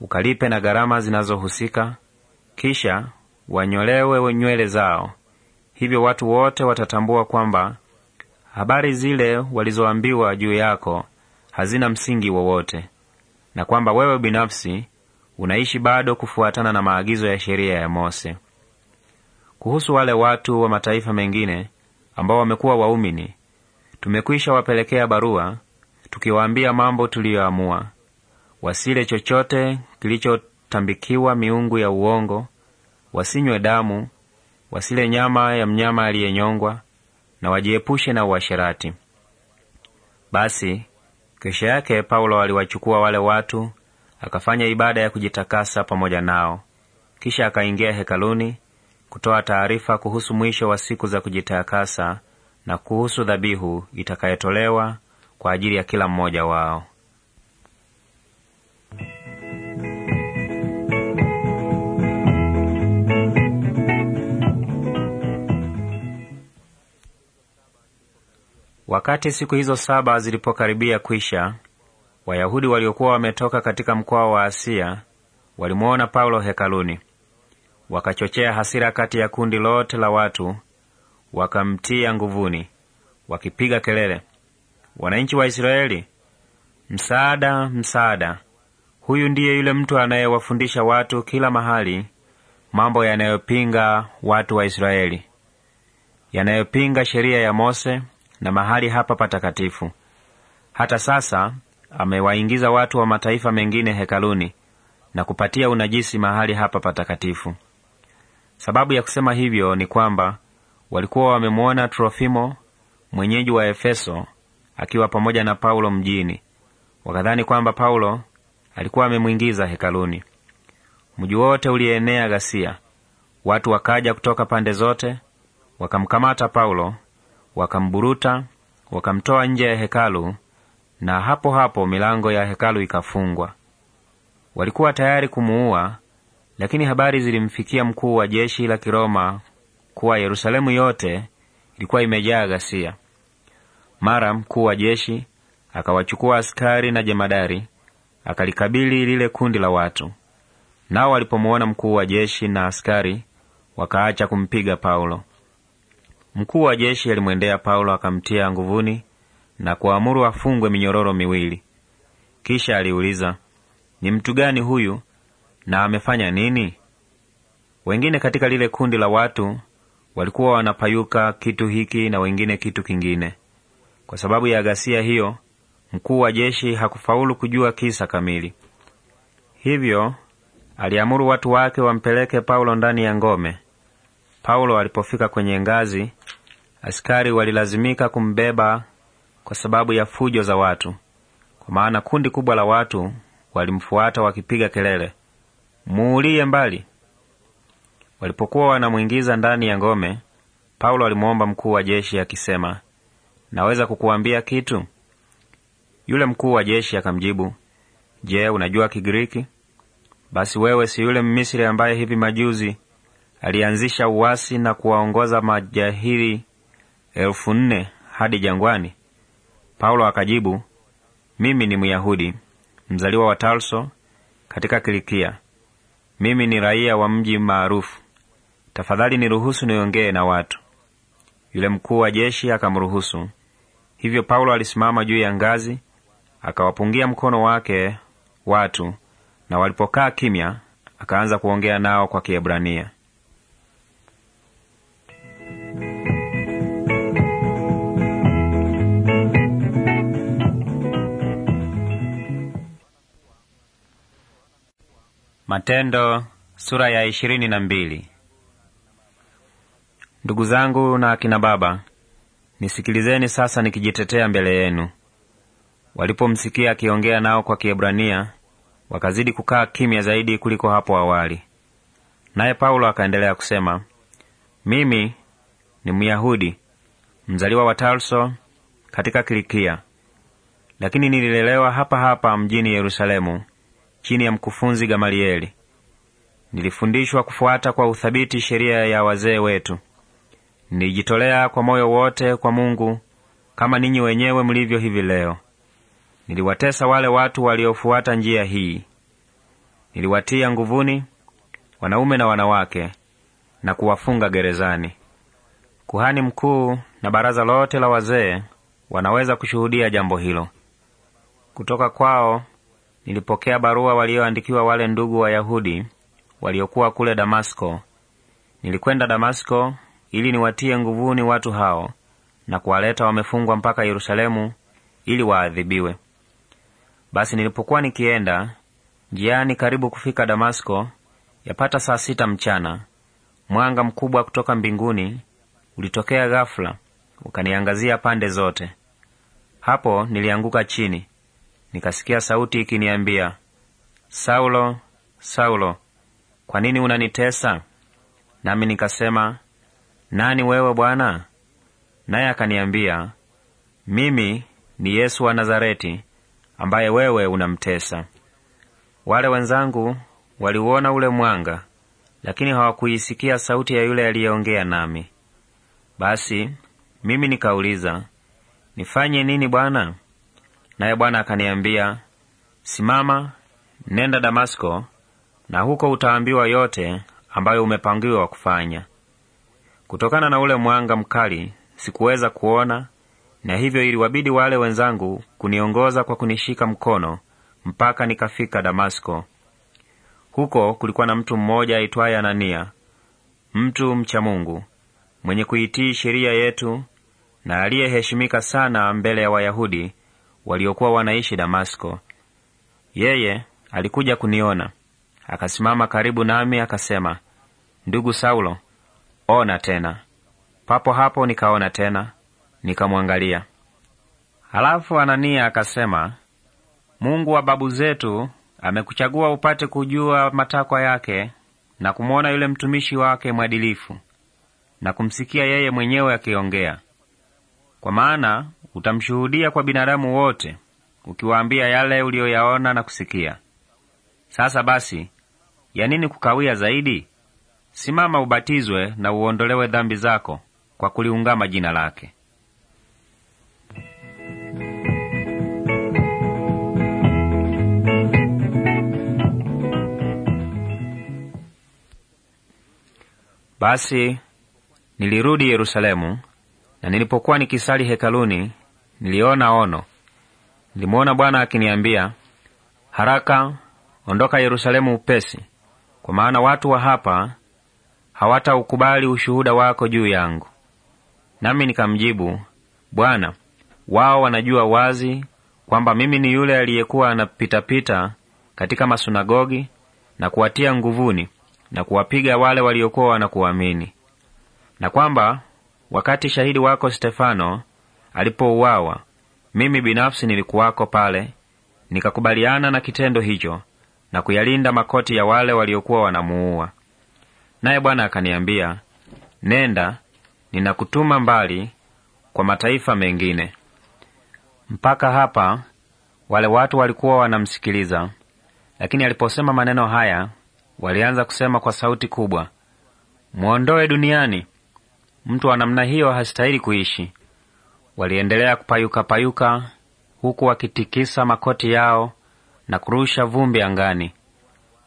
S1: ukalipe na gharama zinazohusika, kisha wanyolewe nywele zao. Hivyo watu wote watatambua kwamba habari zile walizoambiwa juu yako hazina msingi wowote, na kwamba wewe binafsi unaishi bado kufuatana na maagizo ya sheria ya Mose. Kuhusu wale watu wa mataifa mengine ambao wamekuwa waumini, tumekwisha wapelekea barua tukiwaambia mambo tuliyoamua: wasile chochote kilichotambikiwa miungu ya uongo, wasinywe damu, wasile nyama ya mnyama aliyenyongwa, na wajiepushe na uasherati. Basi kesho yake Paulo aliwachukua wale watu akafanya ibada ya kujitakasa pamoja nao, kisha akaingia hekaluni kutoa taarifa kuhusu mwisho wa siku za kujitakasa na kuhusu dhabihu itakayotolewa kwa ajili ya kila mmoja wao. Wakati siku hizo saba zilipokaribia kwisha, Wayahudi waliokuwa wametoka katika mkoa wa Asia walimwona Paulo hekaluni wakachochea hasira kati ya kundi lote la watu, wakamtia nguvuni, wakipiga kelele, wananchi wa Israeli, msaada, msaada! Huyu ndiye yule mtu anayewafundisha watu kila mahali mambo yanayopinga watu wa Israeli, yanayopinga sheria ya Mose na mahali hapa patakatifu. Hata sasa amewaingiza watu wa mataifa mengine hekaluni na kupatia unajisi mahali hapa patakatifu. Sababu ya kusema hivyo ni kwamba walikuwa wamemwona Trofimo mwenyeji wa Efeso akiwa pamoja na Paulo mjini, wakadhani kwamba Paulo alikuwa amemwingiza hekaluni. Mji wote ulienea ghasia, watu wakaja kutoka pande zote, wakamkamata Paulo, wakamburuta, wakamtoa nje ya hekalu, na hapo hapo milango ya hekalu ikafungwa. Walikuwa tayari kumuua, lakini habari zilimfikia mkuu wa jeshi la Kiroma kuwa Yerusalemu yote ilikuwa imejaa ghasia. Mara mkuu wa jeshi akawachukua askari na jemadari, akalikabili lile kundi la watu. Nao walipomuona mkuu wa jeshi na askari, wakaacha kumpiga Paulo. Mkuu wa jeshi alimwendea Paulo, akamtia nguvuni na kuamuru afungwe minyororo miwili. Kisha aliuliza, ni mtu gani huyu na amefanya nini? Wengine katika lile kundi la watu walikuwa wanapayuka kitu hiki na wengine kitu kingine. Kwa sababu ya ghasia hiyo, mkuu wa jeshi hakufaulu kujua kisa kamili, hivyo aliamuru watu wake wampeleke Paulo ndani ya ngome. Paulo alipofika kwenye ngazi, askari walilazimika kumbeba kwa sababu ya fujo za watu, kwa maana kundi kubwa la watu walimfuata wakipiga kelele muulie mbali. Walipokuwa wanamwingiza ndani ya ngome, Paulo alimwomba mkuu wa jeshi akisema, naweza kukuambia kitu? Yule mkuu wa jeshi akamjibu, je, unajua Kigiriki? Basi wewe si yule Mmisiri ambaye hivi majuzi alianzisha uwasi na kuwaongoza majahili elfu nne hadi jangwani? Paulo akajibu, mimi ni Myahudi mzaliwa wa Tarso katika Kilikia, mimi ni raia wa mji maarufu, tafadhali niruhusu niongee na watu. Yule mkuu wa jeshi akamruhusu. Hivyo Paulo alisimama juu ya ngazi, akawapungia mkono wake watu, na walipokaa kimya, akaanza kuongea nao kwa Kiebrania. Matendo sura ya ishirini na mbili. Ndugu zangu na akina baba, nisikilizeni sasa nikijitetea mbele yenu. Walipomsikia akiongea nao kwa Kiebrania, wakazidi kukaa kimya zaidi kuliko hapo awali. Naye Paulo akaendelea kusema, mimi ni Myahudi mzaliwa wa Tarso katika Kilikia, lakini nililelewa hapa hapa mjini Yerusalemu chini ya mkufunzi Gamalieli. Nilifundishwa kufuata kwa uthabiti sheria ya wazee wetu. Nilijitolea kwa moyo wote kwa Mungu kama ninyi wenyewe mlivyo hivi leo. Niliwatesa wale watu waliofuata njia hii. Niliwatia nguvuni wanaume na wanawake na kuwafunga gerezani. Kuhani mkuu na baraza lote la wazee wanaweza kushuhudia jambo hilo. Kutoka kwao Nilipokea barua walioandikiwa wale ndugu Wayahudi waliokuwa kule Damasko. Nilikwenda Damasko ili niwatie nguvuni watu hao na kuwaleta wamefungwa mpaka Yerusalemu ili waadhibiwe. Basi nilipokuwa nikienda njiani, karibu kufika Damasko, yapata saa sita mchana, mwanga mkubwa kutoka mbinguni ulitokea ghafula ukaniangazia pande zote. Hapo nilianguka chini nikasikia sauti ikiniambia, Saulo, Saulo, kwa nini unanitesa? Nami nikasema, nani wewe Bwana? Naye akaniambia, mimi ni Yesu wa Nazareti ambaye wewe unamtesa. Wale wenzangu waliuona ule mwanga, lakini hawakuisikia sauti ya yule aliyeongea nami. Basi mimi nikauliza, nifanye nini Bwana? Naye Bwana akaniambia, simama, nenda Damasko, na huko utaambiwa yote ambayo umepangiwa kufanya. Kutokana na ule mwanga mkali sikuweza kuona, na hivyo iliwabidi wale wenzangu kuniongoza kwa kunishika mkono mpaka nikafika Damasko. Huko kulikuwa na mtu mmoja aitwaye Anania, mtu mcha Mungu, mwenye kuitii sheria yetu na aliyeheshimika sana mbele ya Wayahudi waliokuwa wanaishi Damasko. Yeye alikuja kuniona, akasimama karibu nami, akasema, ndugu Saulo, ona tena. Papo hapo nikaona tena, nikamwangalia. Halafu Anania akasema, Mungu wa babu zetu amekuchagua upate kujua matakwa yake na kumwona yule mtumishi wake mwadilifu na kumsikia yeye mwenyewe akiongea. Kwa maana utamshuhudia kwa binadamu wote, ukiwaambia yale uliyoyaona na kusikia. Sasa basi, ya nini kukawia zaidi? Simama, ubatizwe na uondolewe dhambi zako kwa kuliungama jina lake. Basi nilirudi Yerusalemu, na nilipokuwa nikisali hekaluni, niliona ono. Nilimwona Bwana akiniambia, haraka ondoka Yerusalemu upesi, kwa maana watu wa hapa hawataukubali ushuhuda wako juu yangu. Nami nikamjibu, Bwana, wao wanajua wazi kwamba mimi ni yule aliyekuwa anapitapita katika masunagogi na kuwatia nguvuni na kuwapiga wale waliokuwa wanakuamini, na kwamba wakati shahidi wako Stefano alipouawa, mimi binafsi nilikuwako pale, nikakubaliana na kitendo hicho na kuyalinda makoti ya wale waliokuwa wanamuua. Naye Bwana akaniambia, nenda, ninakutuma mbali kwa mataifa mengine. Mpaka hapa wale watu walikuwa wanamsikiliza, lakini aliposema maneno haya, walianza kusema kwa sauti kubwa, mwondoe duniani, mtu wa namna hiyo hastahili kuishi. Waliendelea kupayuka-payuka huku wakitikisa makoti yao na kurusha vumbi angani.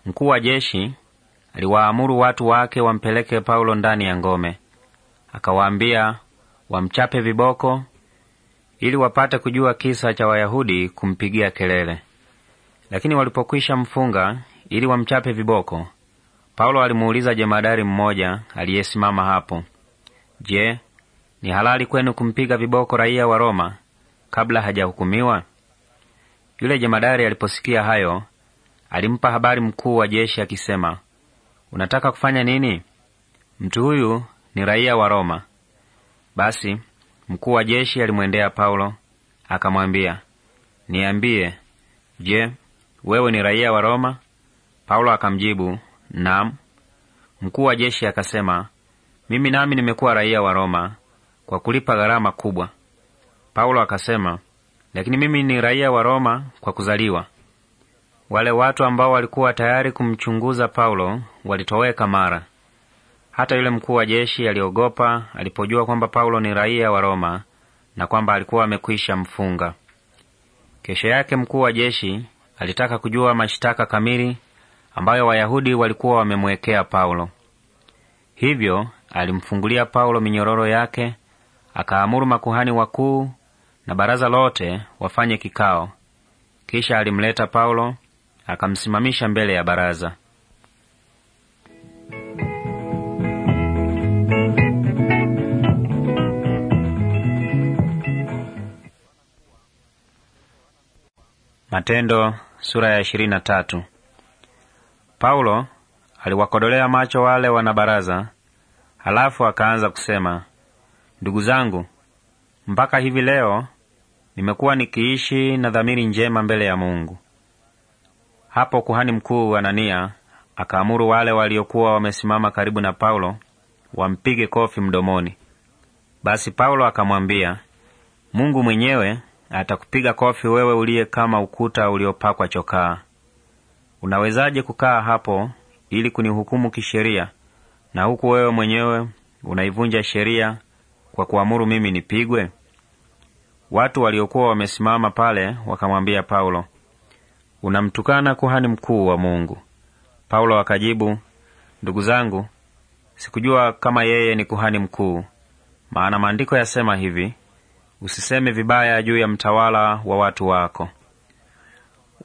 S1: Mkuu wa jeshi aliwaamuru watu wake wampeleke Paulo ndani ya ngome. Akawaambia wamchape viboko ili wapate kujua kisa cha Wayahudi kumpigia kelele. Lakini walipokwisha mfunga ili wamchape viboko, Paulo alimuuliza jemadari mmoja aliyesimama hapo, Je, ni halali kwenu kumpiga viboko raia wa Roma kabla hajahukumiwa? Yule jemadari aliposikia hayo, alimpa habari mkuu wa jeshi akisema, unataka kufanya nini? Mtu huyu ni raia wa Roma. Basi mkuu wa jeshi alimwendea Paulo akamwambia, niambie, je, wewe ni raia wa Roma? Paulo akamjibu, nam Mkuu wa jeshi akasema, mimi nami nimekuwa raia wa Roma kwa kulipa gharama kubwa. Paulo akasema, lakini mimi ni raia wa Roma kwa kuzaliwa. Wale watu ambao walikuwa tayari kumchunguza Paulo walitoweka mara. Hata yule mkuu wa jeshi aliogopa alipojua kwamba Paulo ni raia wa Roma na kwamba alikuwa amekwisha mfunga. Kesho yake mkuu wa jeshi alitaka kujua mashtaka kamili ambayo Wayahudi walikuwa wamemwekea Paulo. Hivyo alimfungulia Paulo minyororo yake akaamuru makuhani wakuu na baraza lote wafanye kikao. Kisha alimleta Paulo akamsimamisha mbele ya baraza. Matendo sura ya ishirini na tatu. Paulo aliwakodolea macho wale wanabaraza, halafu akaanza kusema Ndugu zangu, mpaka hivi leo nimekuwa nikiishi na dhamiri njema mbele ya Mungu. Hapo kuhani mkuu Anania akaamuru wale waliokuwa wamesimama karibu na Paulo wampige kofi mdomoni. Basi Paulo akamwambia, Mungu mwenyewe atakupiga kofi wewe uliye kama ukuta uliopakwa chokaa. Unawezaje kukaa hapo ili kunihukumu kisheria, na huku wewe mwenyewe unaivunja sheria kwa kuamuru mimi nipigwe? Watu waliokuwa wamesimama pale wakamwambia Paulo, unamtukana kuhani mkuu wa Mungu. Paulo akajibu, ndugu zangu, sikujua kama yeye ni kuhani mkuu, maana maandiko yasema hivi, usiseme vibaya juu ya mtawala wa watu wako.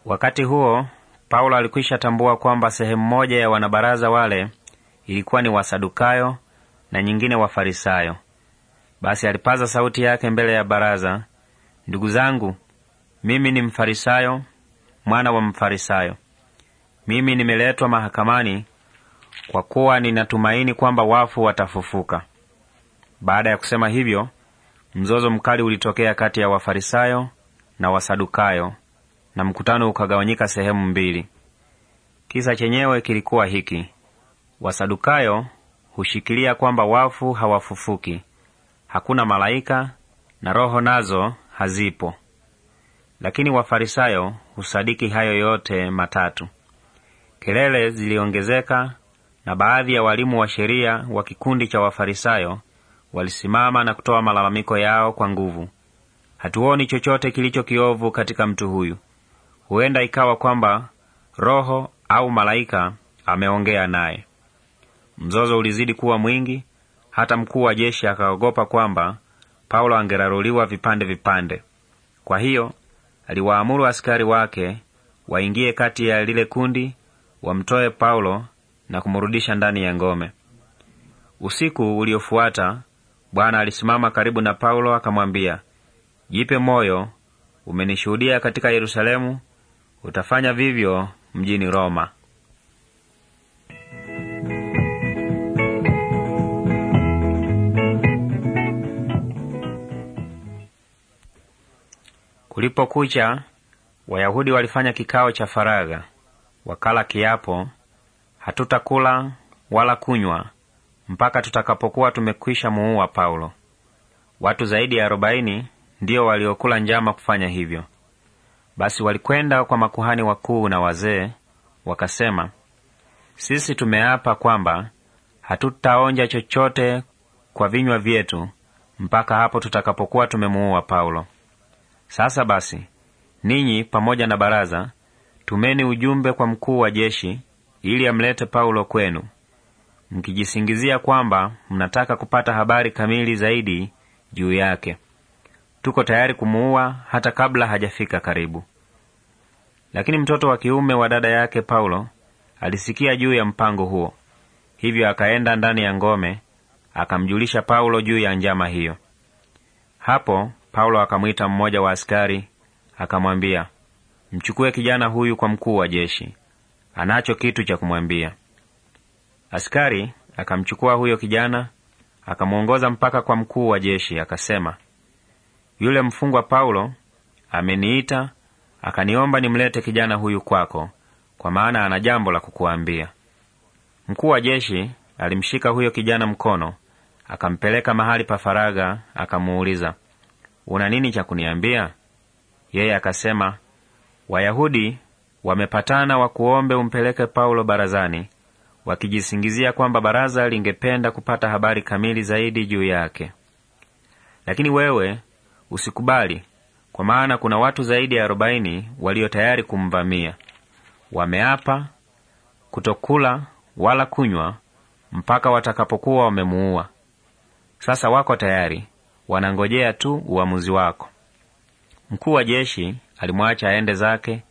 S1: Wakati huo Paulo alikwisha tambua kwamba sehemu moja ya wanabaraza wale ilikuwa ni Wasadukayo na nyingine Wafarisayo. Basi alipaza sauti yake mbele ya baraza, ndugu zangu, mimi ni Mfarisayo, mwana wa Mfarisayo. Mimi nimeletwa mahakamani kwa kuwa ninatumaini kwamba wafu watafufuka. Baada ya kusema hivyo, mzozo mkali ulitokea kati ya Wafarisayo na Wasadukayo, na mkutano ukagawanyika sehemu mbili. Kisa chenyewe kilikuwa hiki: Wasadukayo hushikilia kwamba wafu hawafufuki, hakuna malaika na roho nazo hazipo. Lakini Wafarisayo husadiki hayo yote matatu. Kelele ziliongezeka, na baadhi ya walimu wa sheria wa kikundi cha Wafarisayo walisimama na kutoa malalamiko yao kwa nguvu. Hatuoni chochote kilicho kiovu katika mtu huyu. Huenda ikawa kwamba roho au malaika ameongea naye. Mzozo ulizidi kuwa mwingi, hata mkuu wa jeshi akaogopa kwamba Paulo angeraruliwa vipande vipande. Kwa hiyo aliwaamuru askari wake waingie kati ya lile kundi, wamtoe Paulo na kumrudisha ndani ya ngome. Usiku uliofuata Bwana alisimama karibu na Paulo akamwambia, jipe moyo, umenishuhudia katika Yerusalemu, utafanya vivyo mjini Roma. Kulipokucha, Wayahudi walifanya kikao cha faragha, wakala kiapo, hatutakula wala kunywa mpaka tutakapokuwa tumekwisha muua Paulo. Watu zaidi ya arobaini ndiyo waliokula njama kufanya hivyo. Basi walikwenda kwa makuhani wakuu na wazee, wakasema, sisi tumeapa kwamba hatutaonja chochote kwa vinywa vyetu mpaka hapo tutakapokuwa tumemuua Paulo. Sasa basi, ninyi pamoja na baraza tumeni ujumbe kwa mkuu wa jeshi ili amlete Paulo kwenu, mkijisingizia kwamba mnataka kupata habari kamili zaidi juu yake. Tuko tayari kumuua hata kabla hajafika karibu. Lakini mtoto wa kiume wa dada yake Paulo alisikia juu ya mpango huo, hivyo akaenda ndani ya ngome akamjulisha Paulo juu ya njama hiyo. Hapo Paulo akamwita mmoja wa askari akamwambia, mchukue kijana huyu kwa mkuu wa jeshi, anacho kitu cha kumwambia. Askari akamchukua huyo kijana akamwongoza mpaka kwa mkuu wa jeshi, akasema, yule mfungwa Paulo ameniita akaniomba nimlete kijana huyu kwako, kwa maana ana jambo la kukuambia. Mkuu wa jeshi alimshika huyo kijana mkono, akampeleka mahali pa faraga, akamuuliza una nini cha kuniambia? Yeye akasema, Wayahudi wamepatana wakuombe umpeleke Paulo barazani, wakijisingizia kwamba baraza lingependa kupata habari kamili zaidi juu yake. Lakini wewe usikubali, kwa maana kuna watu zaidi ya arobaini walio tayari kumvamia. Wameapa kutokula wala kunywa mpaka watakapokuwa wamemuua. Sasa wako tayari wanangojea tu uamuzi wako. Mkuu wa jeshi alimwacha aende zake,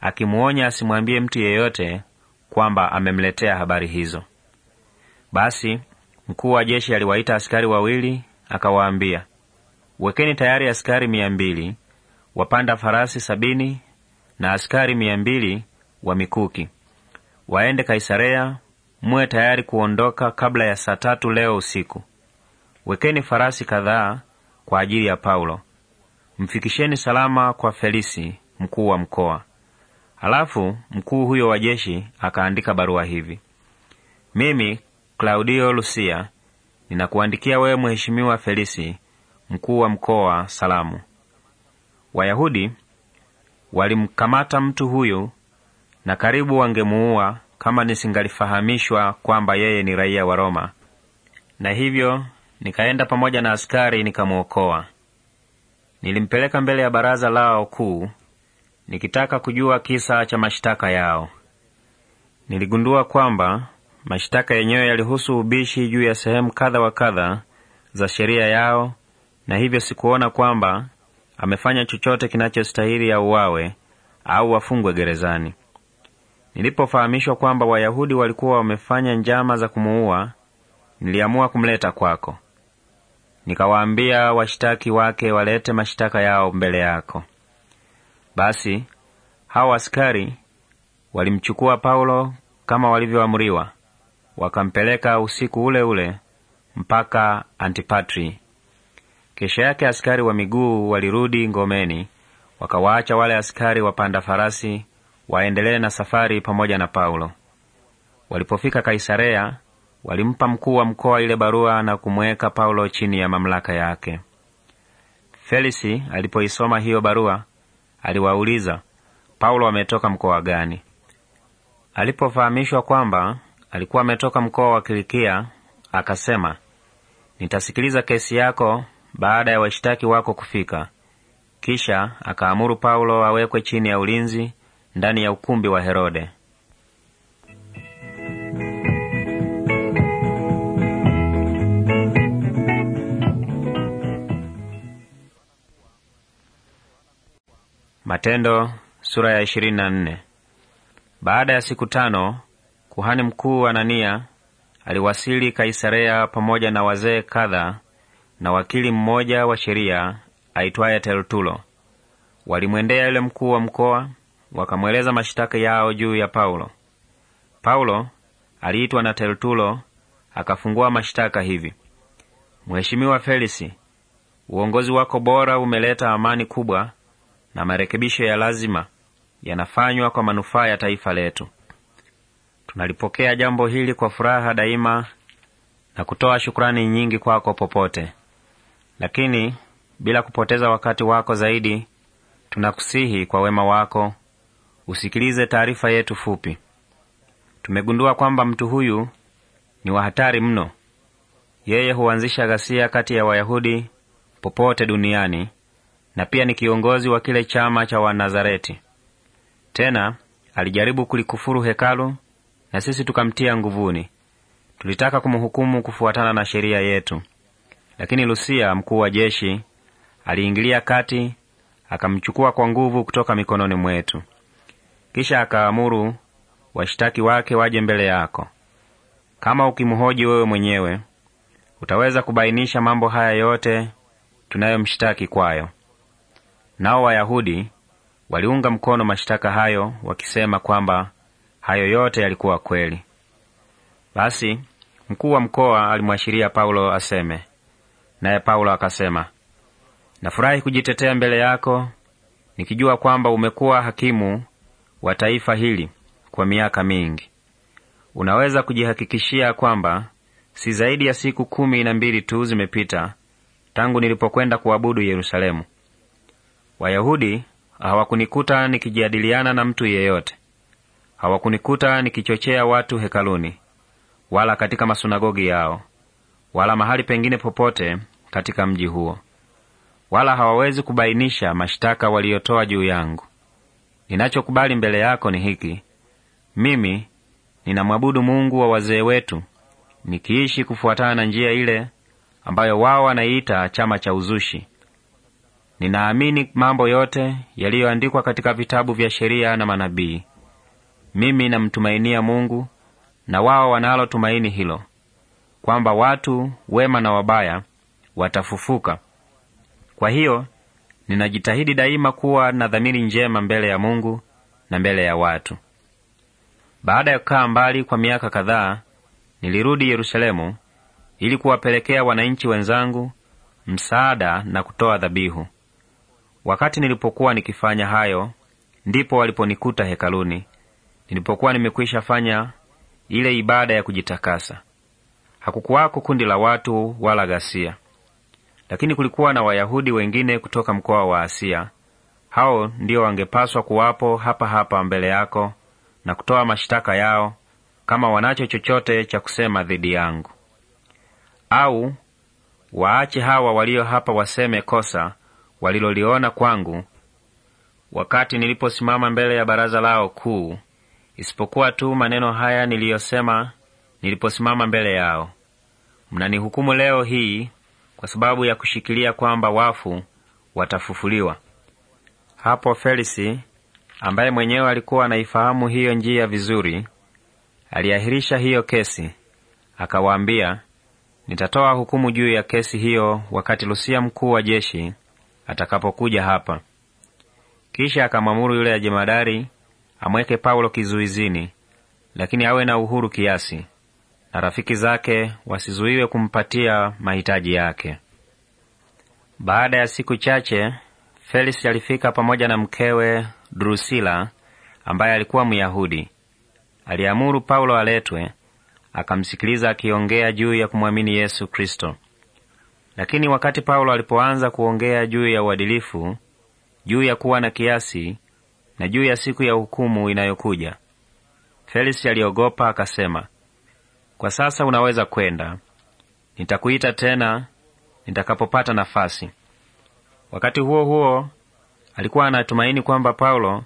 S1: akimuonya asimwambie mtu yeyote kwamba amemletea habari hizo. Basi mkuu wa jeshi aliwaita askari wawili, akawaambia, wekeni tayari askari mia mbili wapanda farasi sabini na askari mia mbili wa mikuki waende Kaisarea, muwe tayari kuondoka kabla ya saa tatu leo usiku. Wekeni farasi kadhaa kwa ajili ya Paulo, mfikisheni salama kwa Felisi mkuu wa mkoa. Halafu mkuu huyo wa jeshi akaandika barua hivi: mimi Klaudio Lusia ninakuandikia wewe mheshimiwa Felisi mkuu wa mkoa salamu. Wayahudi walimkamata mtu huyu na karibu wangemuua kama nisingalifahamishwa kwamba yeye ni raia wa Roma, na hivyo Nikaenda pamoja na askari nikamwokoa. Nilimpeleka mbele ya baraza lao kuu, nikitaka kujua kisa cha mashtaka yao. Niligundua kwamba mashtaka yenyewe yalihusu ubishi juu ya sehemu kadha wa kadha za sheria yao, na hivyo sikuona kwamba amefanya chochote kinachostahili uwawe au wafungwe gerezani. Nilipofahamishwa kwamba Wayahudi walikuwa wamefanya njama za kumuua, niliamua kumleta kwako. Nikawaambia washtaki wake walete mashtaka yao mbele yako. Basi hao askari walimchukua Paulo kama walivyoamriwa, wakampeleka usiku ule ule mpaka Antipatri. Kesha yake askari wa miguu walirudi ngomeni, wakawaacha wale askari wapanda farasi waendelee na safari pamoja na Paulo. Walipofika Kaisarea, Walimpa mkuu wa mkoa ile barua na kumweka Paulo chini ya mamlaka yake. Felisi alipoisoma hiyo barua aliwauliza, Paulo ametoka mkoa gani? Alipofahamishwa kwamba alikuwa ametoka mkoa wa Kilikia, akasema, nitasikiliza kesi yako baada ya washitaki wako kufika. Kisha akaamuru Paulo awekwe chini ya ulinzi ndani ya ukumbi wa Herode. Matendo sura ya 24. Baada ya siku tano kuhani mkuu Anania aliwasili Kaisarea pamoja na wazee kadha na wakili mmoja wa sheria aitwaye Tertulo. Walimwendea yule mkuu wa mkoa wakamweleza mashitaka yao juu ya Paulo. Paulo aliitwa na Tertulo akafungua mashitaka hivi: Mheshimiwa Felisi, uongozi wako bora umeleta amani kubwa na marekebisho ya lazima yanafanywa kwa manufaa ya taifa letu. Tunalipokea jambo hili kwa furaha daima na kutoa shukrani nyingi kwako popote. Lakini bila kupoteza wakati wako zaidi, tunakusihi kwa wema wako usikilize taarifa yetu fupi. Tumegundua kwamba mtu huyu ni wa hatari mno. Yeye huanzisha ghasia kati ya Wayahudi popote duniani na pia ni kiongozi wa kile chama cha Wanazareti. Tena alijaribu kulikufuru hekalu, na sisi tukamtia nguvuni. Tulitaka kumhukumu kufuatana na sheria yetu, lakini Lusia, mkuu wa jeshi, aliingilia kati, akamchukua kwa nguvu kutoka mikononi mwetu. Kisha akaamuru washtaki wake waje mbele yako. Kama ukimhoji wewe mwenyewe, utaweza kubainisha mambo haya yote tunayomshtaki kwayo. Nao Wayahudi waliunga mkono mashtaka hayo wakisema kwamba hayo yote yalikuwa kweli. Basi mkuu wa mkoa alimwashiria Paulo aseme naye. Paulo akasema, nafurahi kujitetea mbele yako nikijua kwamba umekuwa hakimu wa taifa hili kwa miaka mingi. Unaweza kujihakikishia kwamba si zaidi ya siku kumi na mbili tu zimepita tangu nilipokwenda kuabudu Yerusalemu. Wayahudi hawakunikuta nikijadiliana na mtu yeyote, hawakunikuta nikichochea watu hekaluni, wala katika masunagogi yao, wala mahali pengine popote katika mji huo, wala hawawezi kubainisha mashtaka waliyotoa juu yangu. Ninachokubali mbele yako ni hiki: mimi ninamwabudu Mungu wa wazee wetu, nikiishi kufuatana na njia ile ambayo wao wanaiita chama cha uzushi, Ninaamini mambo yote yaliyoandikwa katika vitabu vya sheria na manabii. Mimi namtumainia Mungu na wao wanalo tumaini hilo, kwamba watu wema na wabaya watafufuka. Kwa hiyo ninajitahidi daima kuwa na dhamiri njema mbele ya Mungu na mbele ya watu. Baada ya kukaa mbali kwa miaka kadhaa, nilirudi Yerusalemu ili kuwapelekea wananchi wenzangu msaada na kutoa dhabihu. Wakati nilipokuwa nikifanya hayo, ndipo waliponikuta hekaluni, nilipokuwa nimekwisha fanya ile ibada ya kujitakasa. Hakukuwako kundi la watu wala ghasia, lakini kulikuwa na Wayahudi wengine kutoka mkoa wa Asia. Hao ndio wangepaswa kuwapo hapa hapa mbele yako na kutoa mashtaka yao, kama wanacho chochote cha kusema dhidi yangu. Au waache hawa walio hapa waseme kosa waliloliona kwangu wakati niliposimama mbele ya baraza lao kuu, isipokuwa tu maneno haya niliyosema niliposimama mbele yao: mnanihukumu leo hii kwa sababu ya kushikilia kwamba wafu watafufuliwa. Hapo Felisi, ambaye mwenyewe alikuwa anaifahamu hiyo njia vizuri, aliahirisha hiyo kesi, akawaambia, nitatoa hukumu juu ya kesi hiyo wakati Lusia mkuu wa jeshi atakapokuja hapa. Kisha akamwamuru yule ya jemadari amweke Paulo kizuizini, lakini awe na uhuru kiasi, na rafiki zake wasizuiwe kumpatia mahitaji yake. Baada ya siku chache, Felisi alifika pamoja na mkewe Drusila ambaye alikuwa Myahudi. Aliamuru Paulo aletwe, akamsikiliza akiongea juu ya kumwamini Yesu Kristo. Lakini wakati Paulo alipoanza kuongea juu ya uadilifu, juu ya kuwa na kiasi na juu ya siku ya hukumu inayokuja, Felisi aliogopa akasema, kwa sasa unaweza kwenda, nitakuita tena nitakapopata nafasi. Wakati huo huo alikuwa anatumaini kwamba Paulo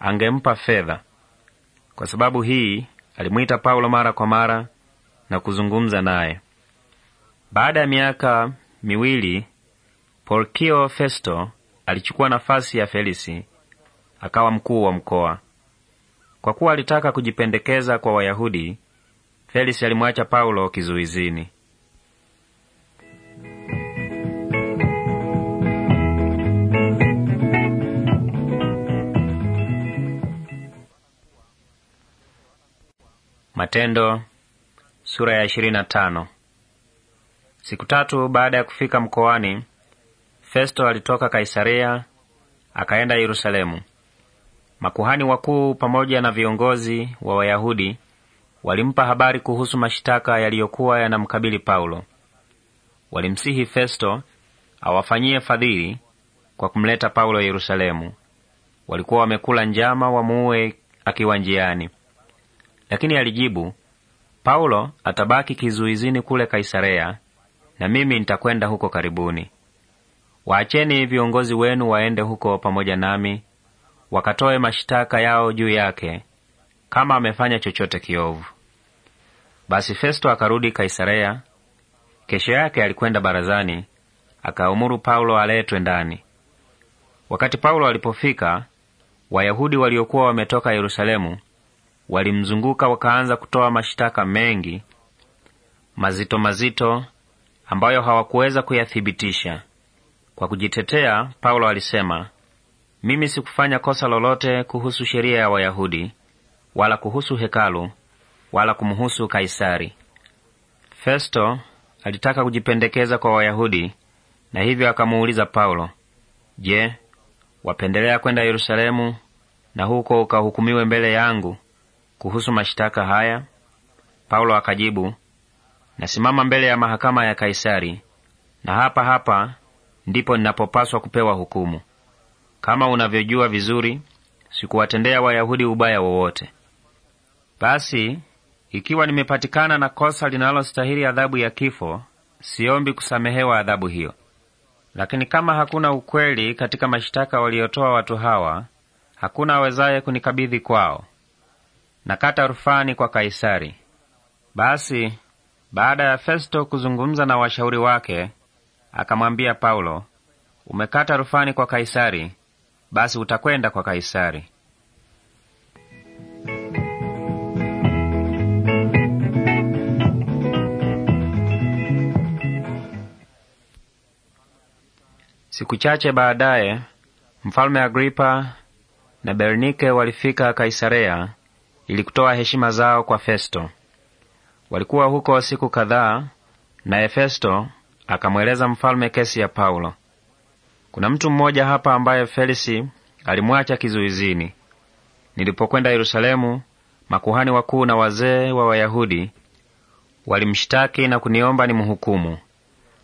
S1: angempa fedha. Kwa sababu hii alimwita Paulo mara kwa mara na kuzungumza naye. Baada ya miaka miwili Porkio Festo alichukua nafasi ya Felisi akawa mkuu wa mkoa. Kwa kuwa alitaka kujipendekeza kwa Wayahudi, Felisi alimwacha Paulo kizuizini. Matendo sura ya Siku tatu baada ya kufika mkoani, Festo alitoka Kaisarea akaenda Yerusalemu. Makuhani wakuu pamoja na viongozi wa Wayahudi walimpa habari kuhusu mashitaka yaliyokuwa yanamkabili Paulo. Walimsihi Festo awafanyie fadhili kwa kumleta Paulo Yerusalemu. Walikuwa wamekula njama wamuue akiwa njiani, lakini alijibu, Paulo atabaki kizuizini kule Kaisarea na mimi nitakwenda huko karibuni. Waacheni viongozi wenu waende huko pamoja nami, wakatoe mashitaka yao juu yake, kama amefanya chochote kiovu. Basi Festo akarudi kaisareya Kesho yake alikwenda barazani, akaamuru Paulo aletwe ndani. Wakati Paulo alipofika, Wayahudi waliokuwa wametoka Yerusalemu walimzunguka wakaanza kutoa mashitaka mengi mazito mazito ambayo hawakuweza kuyathibitisha. Kwa kujitetea, Paulo alisema, mimi sikufanya kosa lolote kuhusu sheria ya Wayahudi wala kuhusu hekalu wala kumhusu Kaisari. Festo alitaka kujipendekeza kwa Wayahudi na hivyo akamuuliza Paulo, je, wapendelea kwenda Yerusalemu na huko ukahukumiwe mbele yangu kuhusu mashitaka haya? Paulo akajibu, nasimama mbele ya mahakama ya Kaisari, na hapa hapa ndipo ninapopaswa kupewa hukumu. Kama unavyojua vizuri, sikuwatendea Wayahudi ubaya wowote. Basi ikiwa nimepatikana na kosa linalostahili adhabu ya kifo, siombi kusamehewa adhabu hiyo. Lakini kama hakuna ukweli katika mashitaka waliotoa watu hawa, hakuna awezaye kunikabidhi kwao. Nakata rufani kwa Kaisari. Basi baada ya Festo kuzungumza na washauri wake, akamwambia Paulo, umekata rufani kwa Kaisari, basi utakwenda kwa Kaisari. Siku chache baadaye mfalme Agripa na Bernike walifika Kaisarea ili kutoa heshima zao kwa Festo. Walikuwa huko siku kadhaa, naye Festo akamweleza mfalme kesi ya Paulo. Kuna mtu mmoja hapa ambaye Felisi alimwacha kizuizini. Nilipokwenda Yerusalemu, makuhani wakuu na wazee wa Wayahudi walimshtaki na kuniomba nimhukumu,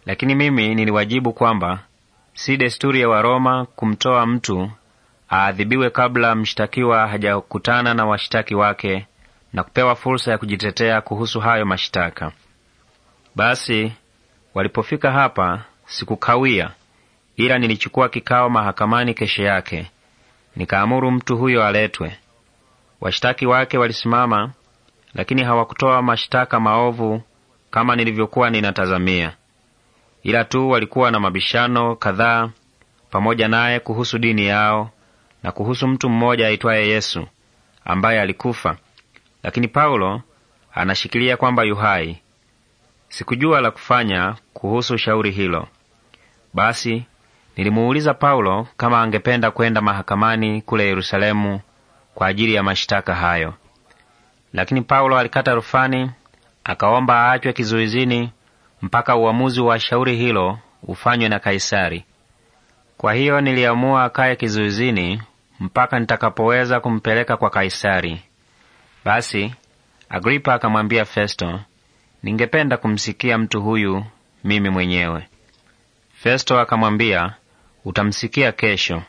S1: lakini mimi niliwajibu kwamba si desturi ya Waroma kumtoa mtu aadhibiwe kabla mshtakiwa hajakutana na washtaki wake na kupewa fursa ya kujitetea kuhusu hayo mashitaka. Basi walipofika hapa, sikukawia, ila nilichukua kikao mahakamani keshe yake, nikaamuru mtu huyo aletwe. Washtaki wake walisimama, lakini hawakutoa mashitaka maovu kama nilivyokuwa ninatazamia, ila tu walikuwa na mabishano kadhaa pamoja naye kuhusu dini yao na kuhusu mtu mmoja aitwaye Yesu ambaye alikufa lakini Paulo anashikilia kwamba yuhai. Sikujua la kufanya kuhusu shauri hilo. Basi nilimuuliza Paulo kama angependa kwenda mahakamani kule Yerusalemu kwa ajili ya mashtaka hayo, lakini Paulo alikata rufani, akaomba aachwe kizuizini mpaka uamuzi wa shauri hilo ufanywe na Kaisari. Kwa hiyo niliamua akaye kizuizini mpaka nitakapoweza kumpeleka kwa Kaisari. Basi Agripa akamwambia Festo, ningependa kumsikia mtu huyu mimi mwenyewe. Festo akamwambia, utamsikia kesho.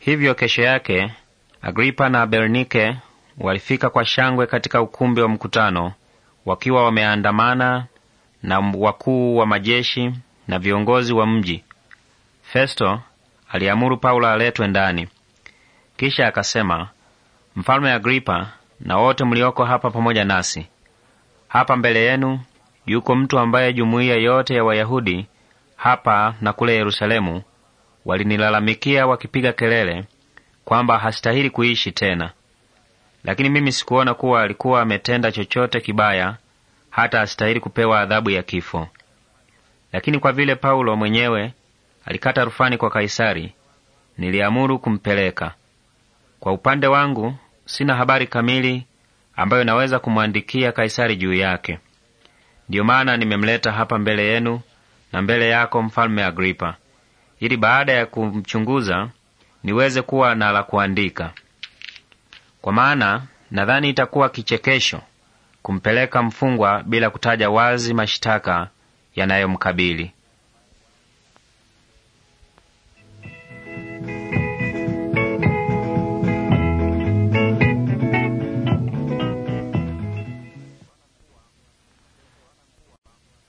S1: Hivyo kesho yake Agripa na Bernike walifika kwa shangwe katika ukumbi wa mkutano, wakiwa wameandamana na wakuu wa majeshi na viongozi wa mji. Festo aliamuru Paulo aletwe ndani, kisha akasema, Mfalme Agripa, na wote mlioko hapa pamoja nasi. Hapa mbele yenu yuko mtu ambaye jumuiya yote ya Wayahudi hapa na kule Yerusalemu walinilalamikia wakipiga kelele kwamba hastahili kuishi tena, lakini mimi sikuona kuwa alikuwa ametenda chochote kibaya hata astahili kupewa adhabu ya kifo. Lakini kwa vile Paulo mwenyewe alikata rufani kwa Kaisari, niliamuru kumpeleka. Kwa upande wangu sina habari kamili ambayo naweza kumwandikia Kaisari juu yake. Ndiyo maana nimemleta hapa mbele yenu na mbele yako Mfalme Agripa, ili baada ya kumchunguza niweze kuwa na la kuandika, kwa maana nadhani itakuwa kichekesho kumpeleka mfungwa bila kutaja wazi mashtaka yanayomkabili.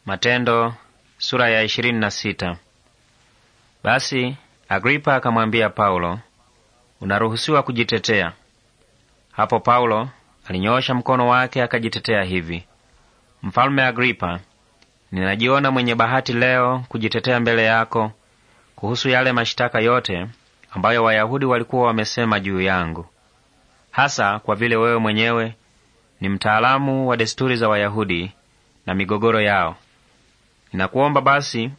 S1: Matendo sura ya sita. Basi Agripa akamwambia Paulo, unaruhusiwa kujitetea. Hapo Paulo alinyoosha mkono wake akajitetea hivi: Mfalme Agripa, ninajiona mwenye bahati leo kujitetea mbele yako kuhusu yale mashitaka yote ambayo Wayahudi walikuwa wamesema juu yangu, hasa kwa vile wewe mwenyewe ni mtaalamu wa desturi za Wayahudi na migogoro yao ninakuomba basi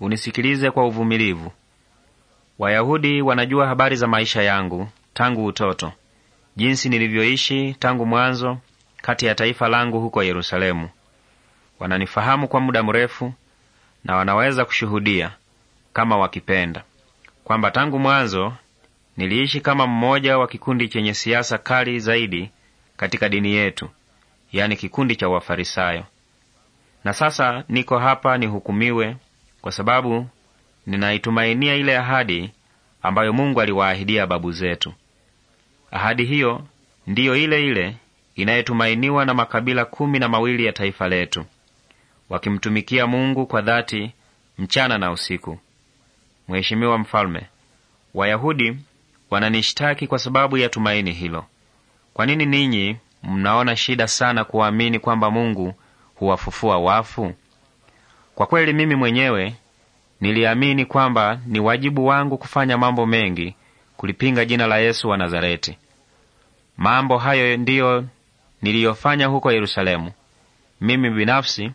S1: unisikilize kwa uvumilivu. Wayahudi wanajua habari za maisha yangu tangu utoto, jinsi nilivyoishi tangu mwanzo kati ya taifa langu huko Yerusalemu. Wananifahamu kwa muda mrefu na wanaweza kushuhudia, kama wakipenda, kwamba tangu mwanzo niliishi kama mmoja wa kikundi chenye siasa kali zaidi katika dini yetu, yani kikundi cha Wafarisayo na sasa niko hapa nihukumiwe, kwa sababu ninaitumainia ile ahadi ambayo Mungu aliwaahidia babu zetu. Ahadi hiyo ndiyo ile ile inayetumainiwa na makabila kumi na mawili ya taifa letu, wakimtumikia Mungu kwa dhati mchana na usiku. Mheshimiwa Mfalme, Wayahudi wananishtaki kwa sababu ya tumaini hilo. Kwa nini ninyi mnaona shida sana kuwaamini kwamba Mungu huwafufua wafu? Kwa kweli mimi mwenyewe niliamini kwamba ni wajibu wangu kufanya mambo mengi kulipinga jina la Yesu wa Nazareti. Mambo hayo ndiyo niliyofanya huko Yerusalemu. Mimi binafsi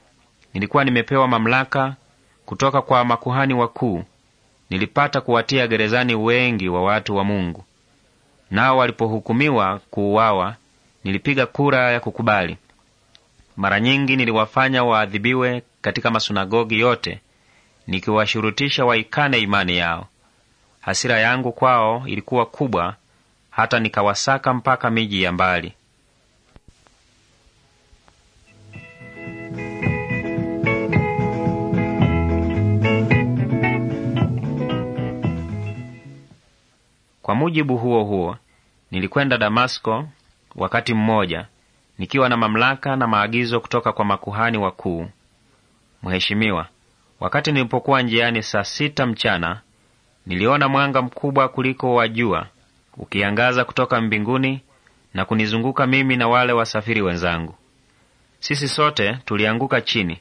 S1: nilikuwa nimepewa mamlaka kutoka kwa makuhani wakuu. Nilipata kuwatia gerezani wengi wa watu wa Mungu, nao walipohukumiwa kuuawa, nilipiga kura ya kukubali. Mara nyingi niliwafanya waadhibiwe katika masunagogi yote, nikiwashurutisha waikane imani yao. Hasira yangu kwao ilikuwa kubwa, hata nikawasaka mpaka miji ya mbali. Kwa mujibu huo huo, nilikwenda Damasko wakati mmoja nikiwa na mamlaka na maagizo kutoka kwa makuhani wakuu. Mheshimiwa, wakati nilipokuwa njiani saa sita mchana niliona mwanga mkubwa kuliko wa jua ukiangaza kutoka mbinguni na kunizunguka mimi na wale wasafiri wenzangu. Sisi sote tulianguka chini,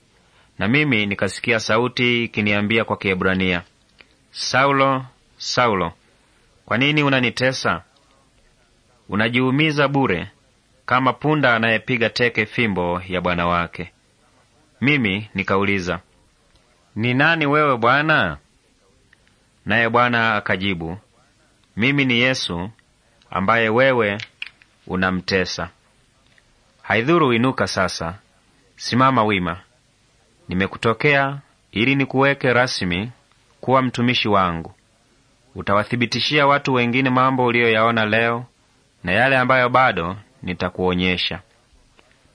S1: na mimi nikasikia sauti ikiniambia kwa Kiebrania, Saulo, Saulo, kwa nini unanitesa? Unajiumiza bure kama punda anayepiga teke fimbo ya bwana wake. Mimi nikauliza, ni nani wewe Bwana? Naye Bwana akajibu, mimi ni Yesu ambaye wewe unamtesa. Haidhuru, inuka sasa, simama wima. Nimekutokea ili nikuweke rasmi kuwa mtumishi wangu. Utawathibitishia watu wengine mambo uliyoyaona leo na yale ambayo bado nitakuonyesha.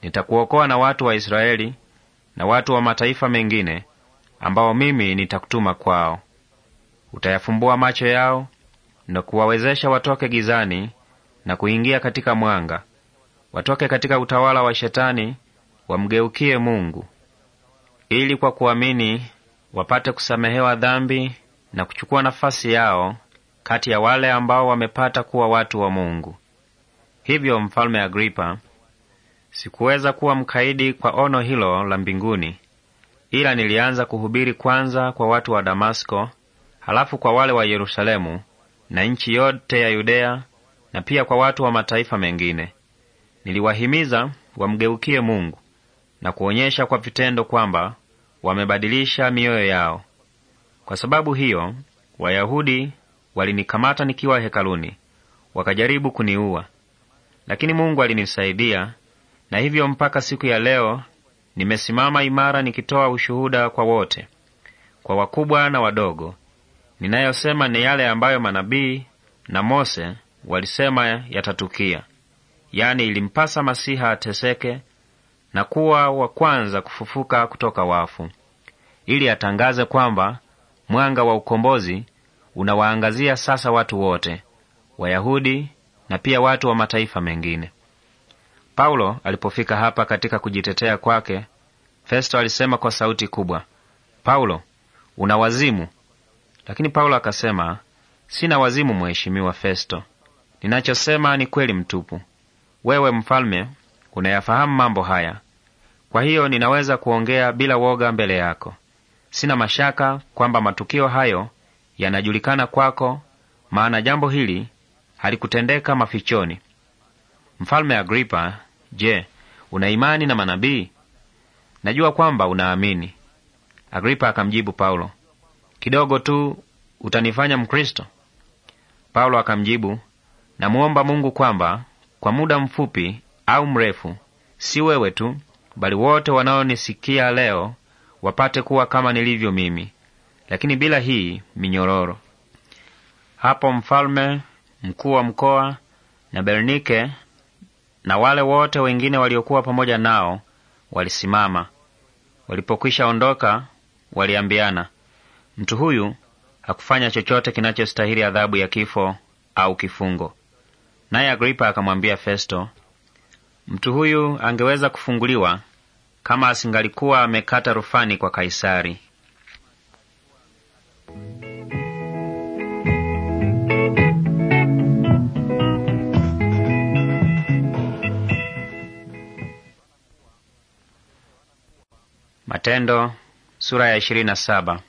S1: Nitakuokoa na watu wa Israeli na watu wa mataifa mengine ambao mimi nitakutuma kwao. Utayafumbua macho yao na kuwawezesha watoke gizani na kuingia katika mwanga, watoke katika utawala wa Shetani wamgeukie Mungu, ili kwa kuamini wapate kusamehewa dhambi na kuchukua nafasi yao kati ya wale ambao wamepata kuwa watu wa Mungu. Hivyo Mfalme Agripa, sikuweza kuwa mkaidi kwa ono hilo la mbinguni, ila nilianza kuhubiri kwanza kwa watu wa Damasko, halafu kwa wale wa Yerusalemu na nchi yote ya Yudea, na pia kwa watu wa mataifa mengine. Niliwahimiza wamgeukie Mungu na kuonyesha kwa vitendo kwamba wamebadilisha mioyo yao. Kwa sababu hiyo, Wayahudi walinikamata nikiwa hekaluni, wakajaribu kuniua lakini Mungu alinisaidia, na hivyo mpaka siku ya leo nimesimama imara nikitoa ushuhuda kwa wote, kwa wakubwa na wadogo. Ninayosema ni yale ambayo manabii na Mose walisema yatatukia, yani ilimpasa Masiha ateseke na kuwa wa kwanza kufufuka kutoka wafu, ili atangaze kwamba mwanga wa ukombozi unawaangazia sasa watu wote, Wayahudi na pia watu wa mataifa mengine. Paulo alipofika hapa katika kujitetea kwake, Festo alisema kwa sauti kubwa, Paulo, una wazimu. Lakini Paulo akasema, sina wazimu, mheshimiwa Festo, ninachosema ni kweli mtupu. Wewe mfalme, unayafahamu mambo haya, kwa hiyo ninaweza kuongea bila woga mbele yako. Sina mashaka kwamba matukio hayo yanajulikana kwako, maana jambo hili halikutendeka mafichoni. Mfalme Agripa, je, una imani na manabii? Najua kwamba unaamini. Agripa akamjibu Paulo, kidogo tu utanifanya Mkristo? Paulo akamjibu, namuomba Mungu kwamba kwa muda mfupi au mrefu, si wewe tu, bali wote wanaonisikia leo wapate kuwa kama nilivyo mimi, lakini bila hii minyororo. Hapo mfalme mkuu wa mkoa na Bernike na wale wote wengine waliokuwa pamoja nao walisimama. Walipokwisha ondoka, waliambiana, mtu huyu hakufanya chochote kinachostahili adhabu ya kifo au kifungo. Naye Agripa akamwambia Festo, mtu huyu angeweza kufunguliwa kama asingalikuwa amekata rufani kwa Kaisari. Matendo sura ya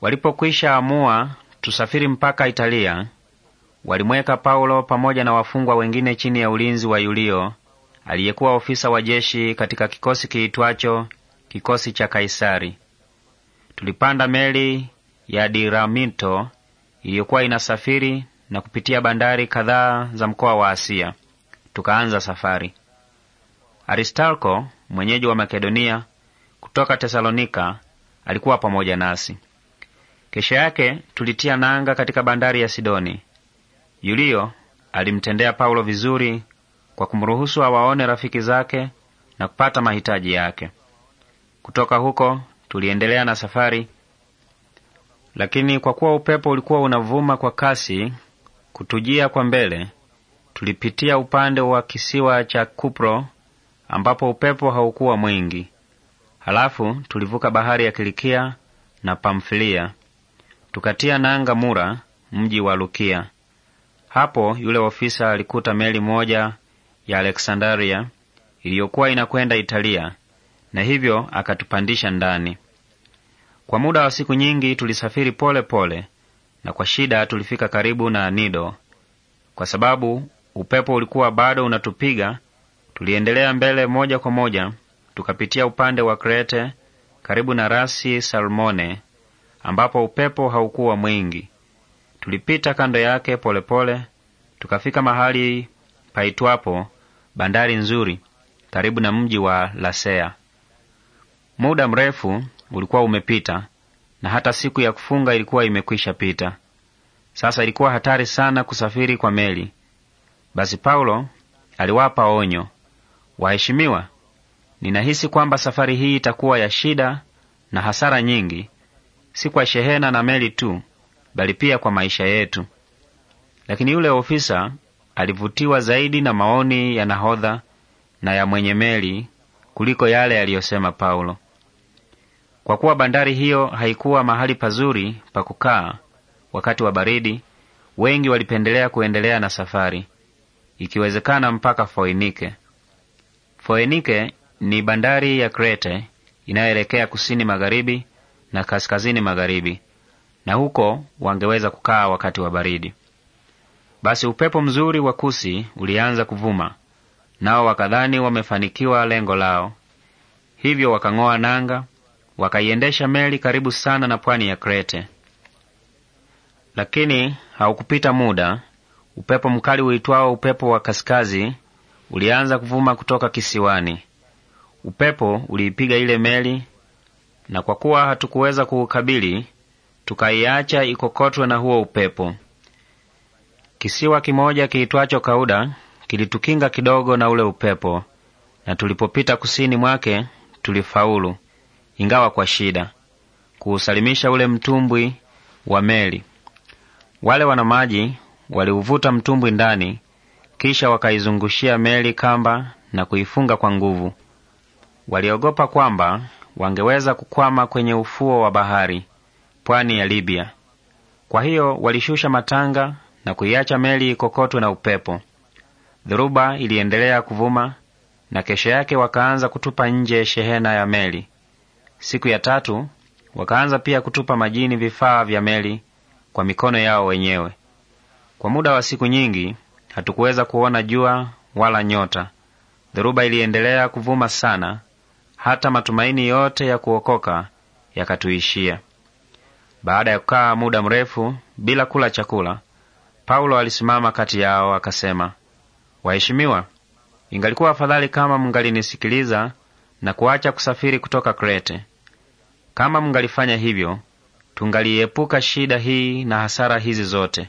S1: Walipokwisha amua tusafiri mpaka Italia, walimweka Paulo pamoja na wafungwa wengine chini ya ulinzi wa Yulio, aliyekuwa ofisa wa jeshi katika kikosi kiitwacho kikosi cha Kaisari. Tulipanda meli ya Diramito iliyokuwa inasafiri na kupitia bandari kadhaa za mkoa wa Asia, tukaanza safari. Aristarko mwenyeji wa Makedonia kutoka Tesalonika, alikuwa pamoja nasi. Kesha yake tulitia nanga katika bandari ya Sidoni. Yulio alimtendea Paulo vizuri kwa kumruhusu awaone rafiki zake na kupata mahitaji yake. Kutoka huko tuliendelea na safari, lakini kwa kuwa upepo ulikuwa unavuma kwa kasi kutujia kwa mbele, tulipitia upande wa kisiwa cha Kupro ambapo upepo haukuwa mwingi. Halafu tulivuka bahari ya Kilikia na Pamfilia, tukatia nanga Mura, mji wa Lukia. Hapo yule ofisa alikuta meli moja ya Aleksandaria iliyokuwa inakwenda Italia, na hivyo akatupandisha ndani. Kwa muda wa siku nyingi tulisafiri pole pole, na kwa shida tulifika karibu na Nido, kwa sababu upepo ulikuwa bado unatupiga Tuliendelea mbele moja kwa moja tukapitia upande wa Krete karibu na rasi Salmone ambapo upepo haukuwa mwingi. Tulipita kando yake polepole pole, tukafika mahali paitwapo bandari nzuri karibu na mji wa Lasea. Muda mrefu ulikuwa umepita na hata siku ya kufunga ilikuwa imekwisha pita. Sasa ilikuwa hatari sana kusafiri kwa meli. Basi Paulo aliwapa onyo. Waheshimiwa, ninahisi kwamba safari hii itakuwa ya shida na hasara nyingi, si kwa shehena na meli tu, bali pia kwa maisha yetu. Lakini yule ofisa alivutiwa zaidi na maoni ya nahodha na ya mwenye meli kuliko yale yaliyosema Paulo. Kwa kuwa bandari hiyo haikuwa mahali pazuri pa kukaa wakati wa baridi, wengi walipendelea kuendelea na safari, ikiwezekana mpaka Foinike. Foenike ni bandari ya Krete inayoelekea kusini magharibi na kaskazini magharibi, na huko wangeweza kukaa wakati wa baridi. Basi upepo mzuri wa Kusi ulianza kuvuma, nao wakadhani wamefanikiwa lengo lao. Hivyo wakang'oa nanga, wakaiendesha meli karibu sana na pwani ya Krete. Lakini haukupita muda, upepo mkali uitwao upepo wa kaskazi ulianza kuvuma kutoka kisiwani. Upepo uliipiga ile meli, na kwa kuwa hatukuweza kuukabili, tukaiacha ikokotwe na huo upepo. Kisiwa kimoja kiitwacho Kauda kilitukinga kidogo na ule upepo, na tulipopita kusini mwake tulifaulu, ingawa kwa shida, kuusalimisha ule mtumbwi wa meli. Wale wanamaji waliuvuta mtumbwi ndani kisha wakaizungushia meli kamba na kuifunga kwa nguvu. Waliogopa kwamba wangeweza kukwama kwenye ufuo wa bahari, pwani ya Libya. Kwa hiyo walishusha matanga na kuiacha meli ikokotwe na upepo. Dhoruba iliendelea kuvuma, na kesho yake wakaanza kutupa nje shehena ya meli. Siku ya tatu wakaanza pia kutupa majini vifaa vya meli kwa mikono yao wenyewe. Kwa muda wa siku nyingi Hatukuweza kuona jua wala nyota. Dhoruba iliendelea kuvuma sana, hata matumaini yote ya kuokoka yakatuishia. Baada ya kukaa muda mrefu bila kula chakula, Paulo alisimama kati yao akasema, Waheshimiwa, ingalikuwa afadhali kama mngalinisikiliza na kuacha kusafiri kutoka Krete. Kama mngalifanya hivyo, tungaliepuka shida hii na hasara hizi zote.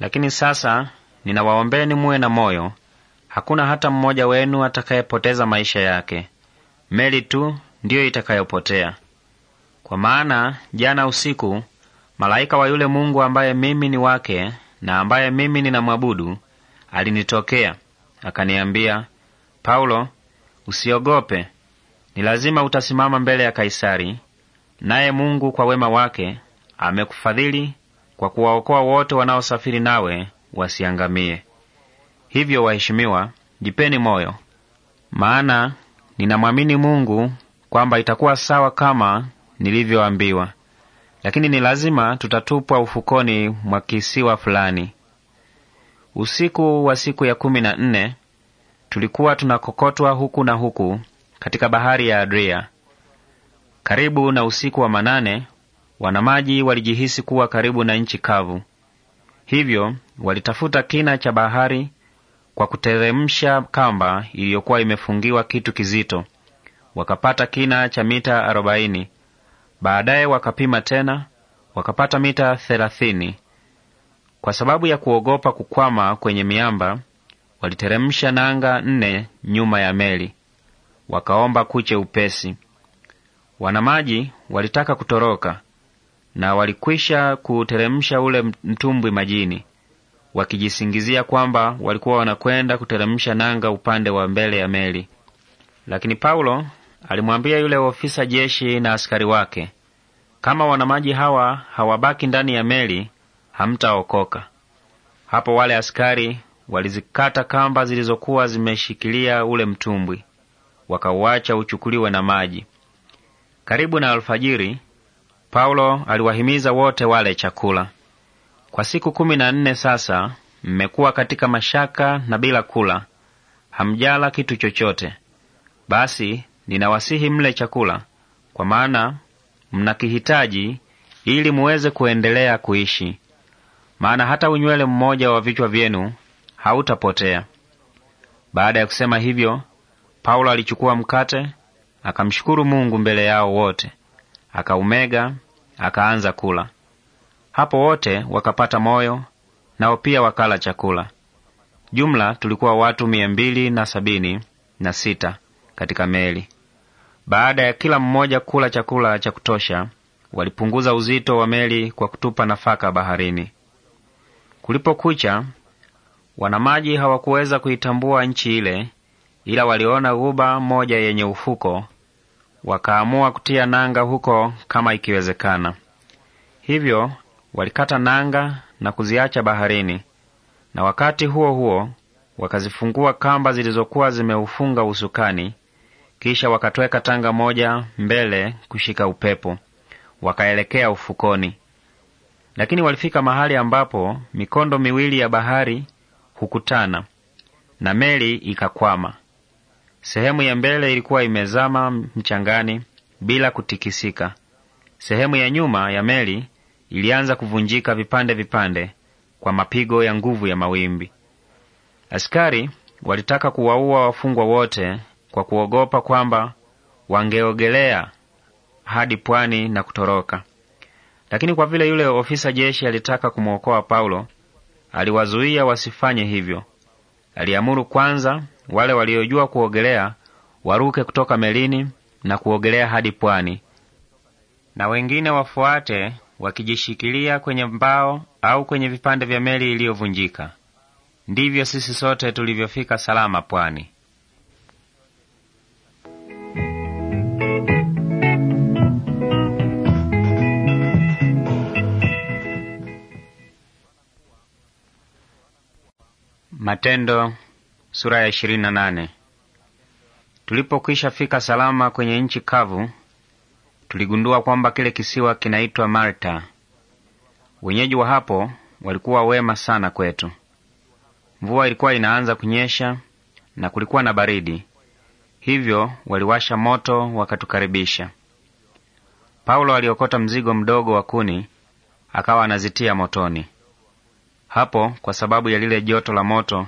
S1: Lakini sasa ninawaombeni muwe na moyo, hakuna hata mmoja wenu atakayepoteza maisha yake, meli tu ndiyo itakayopotea. Kwa maana jana usiku malaika wa yule Mungu ambaye mimi ni wake na ambaye mimi ninamwabudu alinitokea akaniambia, Paulo, usiogope, ni lazima utasimama mbele ya Kaisari, naye Mungu kwa wema wake amekufadhili kwa kuwaokoa wote wanaosafiri nawe wasiangamie. Hivyo waheshimiwa, jipeni moyo, maana ninamwamini Mungu kwamba itakuwa sawa kama nilivyoambiwa. Lakini ni lazima tutatupwa ufukoni mwa kisiwa fulani. Usiku wa siku ya kumi na nne tulikuwa tunakokotwa huku na huku katika bahari ya Adria. Karibu na usiku wa manane, wanamaji walijihisi kuwa karibu na nchi kavu, hivyo Walitafuta kina cha bahari kwa kuteremsha kamba iliyokuwa imefungiwa kitu kizito, wakapata kina cha mita arobaini. Baadaye wakapima tena, wakapata mita thelathini. Kwa sababu ya kuogopa kukwama kwenye miamba, waliteremsha nanga nne nyuma ya meli, wakaomba kuche upesi. Wanamaji walitaka kutoroka na walikwisha kuteremsha ule mtumbwi majini, wakijisingizia kwamba walikuwa wanakwenda kuteremsha nanga upande wa mbele ya meli. Lakini Paulo alimwambia yule ofisa jeshi na askari wake, kama wanamaji hawa hawabaki ndani ya meli, hamtaokoka. Hapo wale askari walizikata kamba zilizokuwa zimeshikilia ule mtumbwi, wakauacha uchukuliwe na maji. Karibu na alfajiri, Paulo aliwahimiza wote wale chakula. Kwa siku kumi na nne sasa mmekuwa katika mashaka na bila kula, hamjala kitu chochote. Basi ninawasihi mle chakula, kwa maana mnakihitaji ili muweze kuendelea kuishi. Maana hata unywele mmoja wa vichwa vyenu hautapotea. Baada ya kusema hivyo, Paulo alichukua mkate, akamshukuru Mungu mbele yao wote, akaumega, akaanza kula. Hapo wote wakapata moyo, nao pia wakala chakula. Jumla tulikuwa watu mia mbili na sabini na sita katika meli. Baada ya kila mmoja kula chakula cha kutosha, walipunguza uzito wa meli kwa kutupa nafaka baharini. Kulipokucha, wanamaji hawakuweza kuitambua nchi ile, ila waliona ghuba moja yenye ufuko, wakaamua kutia nanga huko kama ikiwezekana. Hivyo walikata nanga na kuziacha baharini, na wakati huo huo wakazifungua kamba zilizokuwa zimeufunga usukani. Kisha wakatweka tanga moja mbele kushika upepo, wakaelekea ufukoni. Lakini walifika mahali ambapo mikondo miwili ya bahari hukutana na meli ikakwama. Sehemu ya mbele ilikuwa imezama mchangani bila kutikisika. Sehemu ya nyuma ya meli ilianza kuvunjika vipande vipande kwa mapigo ya nguvu ya mawimbi. Askari walitaka kuwaua wafungwa wote kwa kuogopa kwamba wangeogelea hadi pwani na kutoroka, lakini kwa vile yule ofisa jeshi alitaka kumwokoa Paulo, aliwazuia wasifanye hivyo. Aliamuru kwanza wale waliojua kuogelea waruke kutoka melini na kuogelea hadi pwani, na wengine wafuate wakijishikilia kwenye mbao au kwenye vipande vya meli iliyovunjika. Ndivyo sisi sote tulivyofika salama pwani. Matendo sura ya 28. Tulipokwisha fika salama kwenye nchi kavu tuligundua kwamba kile kisiwa kinaitwa Malta. Wenyeji wa hapo walikuwa wema sana kwetu. Mvua ilikuwa inaanza kunyesha na kulikuwa na baridi, hivyo waliwasha moto wakatukaribisha. Paulo aliokota mzigo mdogo wa kuni akawa anazitia motoni. Hapo kwa sababu ya lile joto la moto,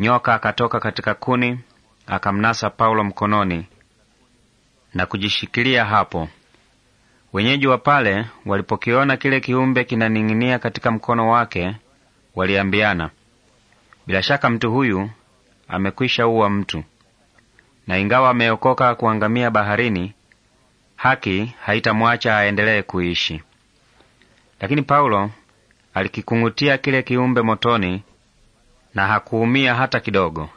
S1: nyoka akatoka katika kuni akamnasa Paulo mkononi na kujishikilia hapo. Wenyeji wa pale walipokiona kile kiumbe kinaning'inia katika mkono wake, waliambiana, bila shaka mtu huyu amekwisha uwa mtu, na ingawa ameokoka kuangamia baharini, haki haitamwacha aendelee kuishi. Lakini Paulo alikikung'utia kile kiumbe motoni na hakuumia hata kidogo.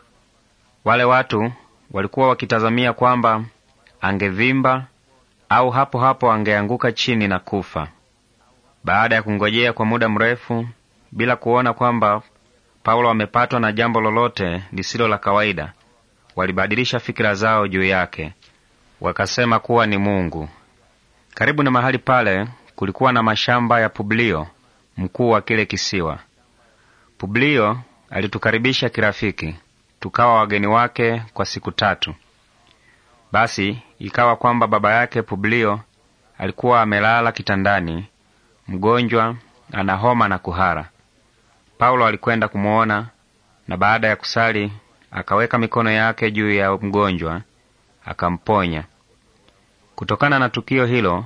S1: Wale watu walikuwa wakitazamia kwamba angevimba au hapo hapo angeanguka chini na kufa. Baada ya kungojea kwa muda mrefu bila kuona kwamba Paulo amepatwa na jambo lolote lisilo la kawaida, walibadilisha fikira zao juu yake, wakasema kuwa ni Mungu. Karibu na mahali pale kulikuwa na mashamba ya Publio, mkuu wa kile kisiwa. Publio alitukaribisha kirafiki, tukawa wageni wake kwa siku tatu. Basi Ikawa kwamba baba yake Publio alikuwa amelala kitandani, mgonjwa, ana homa na kuhara. Paulo alikwenda kumuona na baada ya kusali akaweka mikono yake juu ya mgonjwa akamponya. Kutokana na tukio hilo,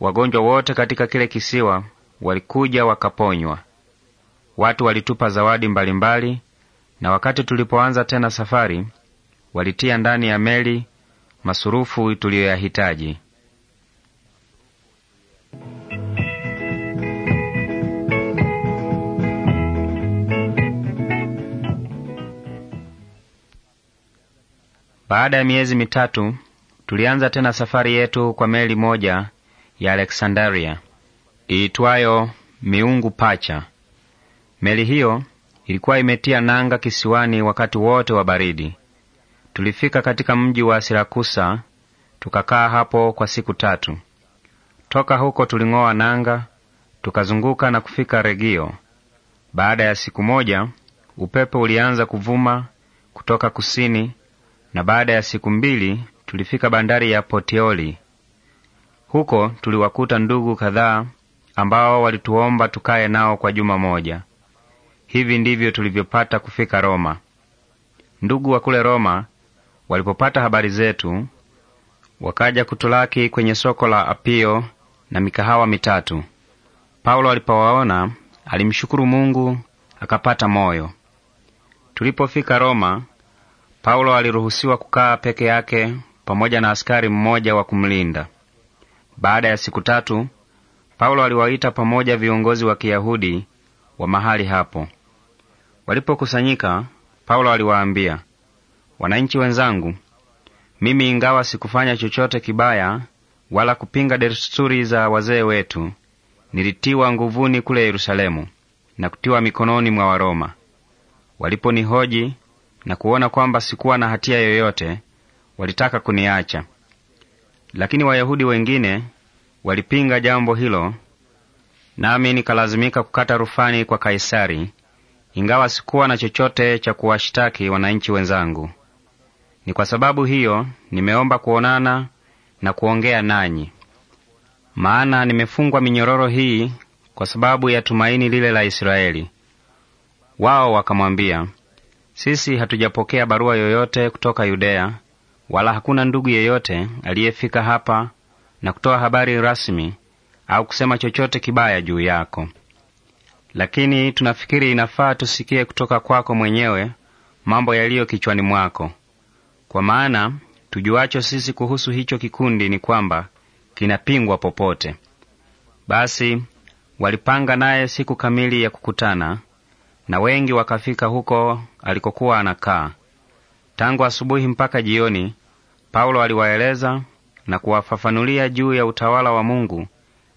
S1: wagonjwa wote katika kile kisiwa walikuja wakaponywa. Watu walitupa zawadi mbalimbali, na wakati tulipoanza tena safari, walitia ndani ya meli masurufu tuliyoyahitaji. Baada ya miezi mitatu tulianza tena safari yetu kwa meli moja ya Aleksandaria iitwayo Miungu Pacha. Meli hiyo ilikuwa imetia nanga kisiwani wakati wote wa baridi. Tulifika katika mji wa Sirakusa tukakaa hapo kwa siku tatu. Toka huko tuling'oa nanga tukazunguka na kufika Regio. Baada ya siku moja upepo ulianza kuvuma kutoka kusini, na baada ya siku mbili tulifika bandari ya Potioli. Huko tuliwakuta ndugu kadhaa ambao walituomba tukaye nao kwa juma moja. Hivi ndivyo tulivyopata kufika Roma. Ndugu wa kule Roma Walipopata habari zetu, wakaja kutulaki kwenye soko la Apio na mikahawa mitatu. Paulo alipowaona alimshukuru Mungu akapata moyo. Tulipofika Roma, Paulo aliruhusiwa kukaa peke yake pamoja na askari mmoja wa kumlinda. Baada ya siku tatu, Paulo aliwaita pamoja viongozi wa Kiyahudi wa mahali hapo. Walipokusanyika, Paulo aliwaambia, Wananchi wenzangu, mimi ingawa sikufanya chochote kibaya wala kupinga desturi za wazee wetu, nilitiwa nguvuni kule Yerusalemu na kutiwa mikononi mwa Waroma. Waliponihoji na kuona kwamba sikuwa na hatia yoyote, walitaka kuniacha. Lakini Wayahudi wengine walipinga jambo hilo, nami nikalazimika kukata rufani kwa Kaisari, ingawa sikuwa na chochote cha kuwashtaki wananchi wenzangu. Ni kwa sababu hiyo nimeomba kuonana na kuongea nanyi, maana nimefungwa minyororo hii kwa sababu ya tumaini lile la Israeli. Wao wakamwambia, sisi hatujapokea barua yoyote kutoka Yudea, wala hakuna ndugu yeyote aliyefika hapa na kutoa habari rasmi au kusema chochote kibaya juu yako, lakini tunafikiri inafaa tusikie kutoka kwako mwenyewe mambo yaliyo kichwani mwako. Kwa maana tujuacho sisi kuhusu hicho kikundi ni kwamba kinapingwa popote. Basi walipanga naye siku kamili ya kukutana, na wengi wakafika huko alikokuwa anakaa. Tangu asubuhi mpaka jioni, Paulo aliwaeleza na kuwafafanulia juu ya utawala wa Mungu,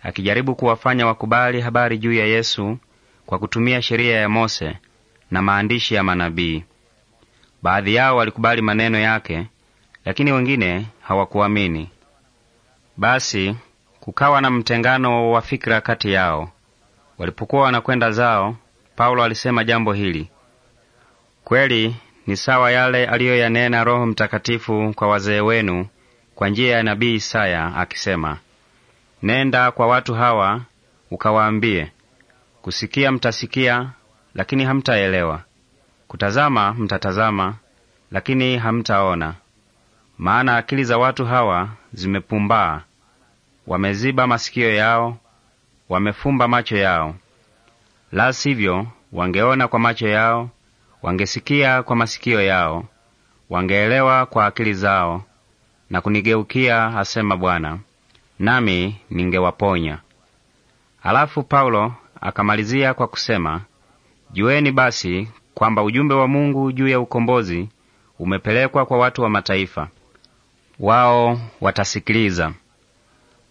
S1: akijaribu kuwafanya wakubali habari juu ya Yesu kwa kutumia sheria ya Mose na maandishi ya manabii. Baadhi yao walikubali maneno yake, lakini wengine hawakuamini. Basi kukawa na mtengano wa fikira kati yao. Walipokuwa wanakwenda zao, Paulo alisema jambo hili: kweli ni sawa yale aliyoyanena Roho Mtakatifu kwa wazee wenu kwa njia ya nabii Isaya akisema, nenda kwa watu hawa ukawaambie, kusikia mtasikia, lakini hamtaelewa; Kutazama mtatazama, lakini hamtaona, maana akili za watu hawa zimepumbaa. Wameziba masikio yao, wamefumba macho yao. La sivyo, wangeona kwa macho yao, wangesikia kwa masikio yao, wangeelewa kwa akili zao na kunigeukia, asema Bwana, nami ningewaponya. Alafu Paulo akamalizia kwa kusema, jueni basi kwamba ujumbe wa Mungu juu ya ukombozi umepelekwa kwa watu wa mataifa, wao watasikiliza.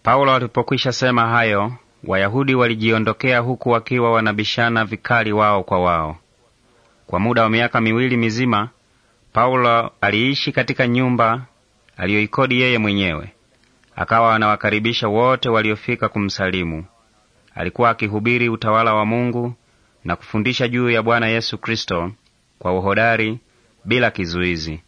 S1: Paulo alipokwisha sema hayo, Wayahudi walijiondokea huku wakiwa wanabishana vikali wao kwa wao. Kwa muda wa miaka miwili mizima, Paulo aliishi katika nyumba aliyoikodi yeye mwenyewe, akawa anawakaribisha wote waliofika kumsalimu. Alikuwa akihubiri utawala wa Mungu na kufundisha juu ya Bwana Yesu Kristo kwa uhodari bila kizuizi.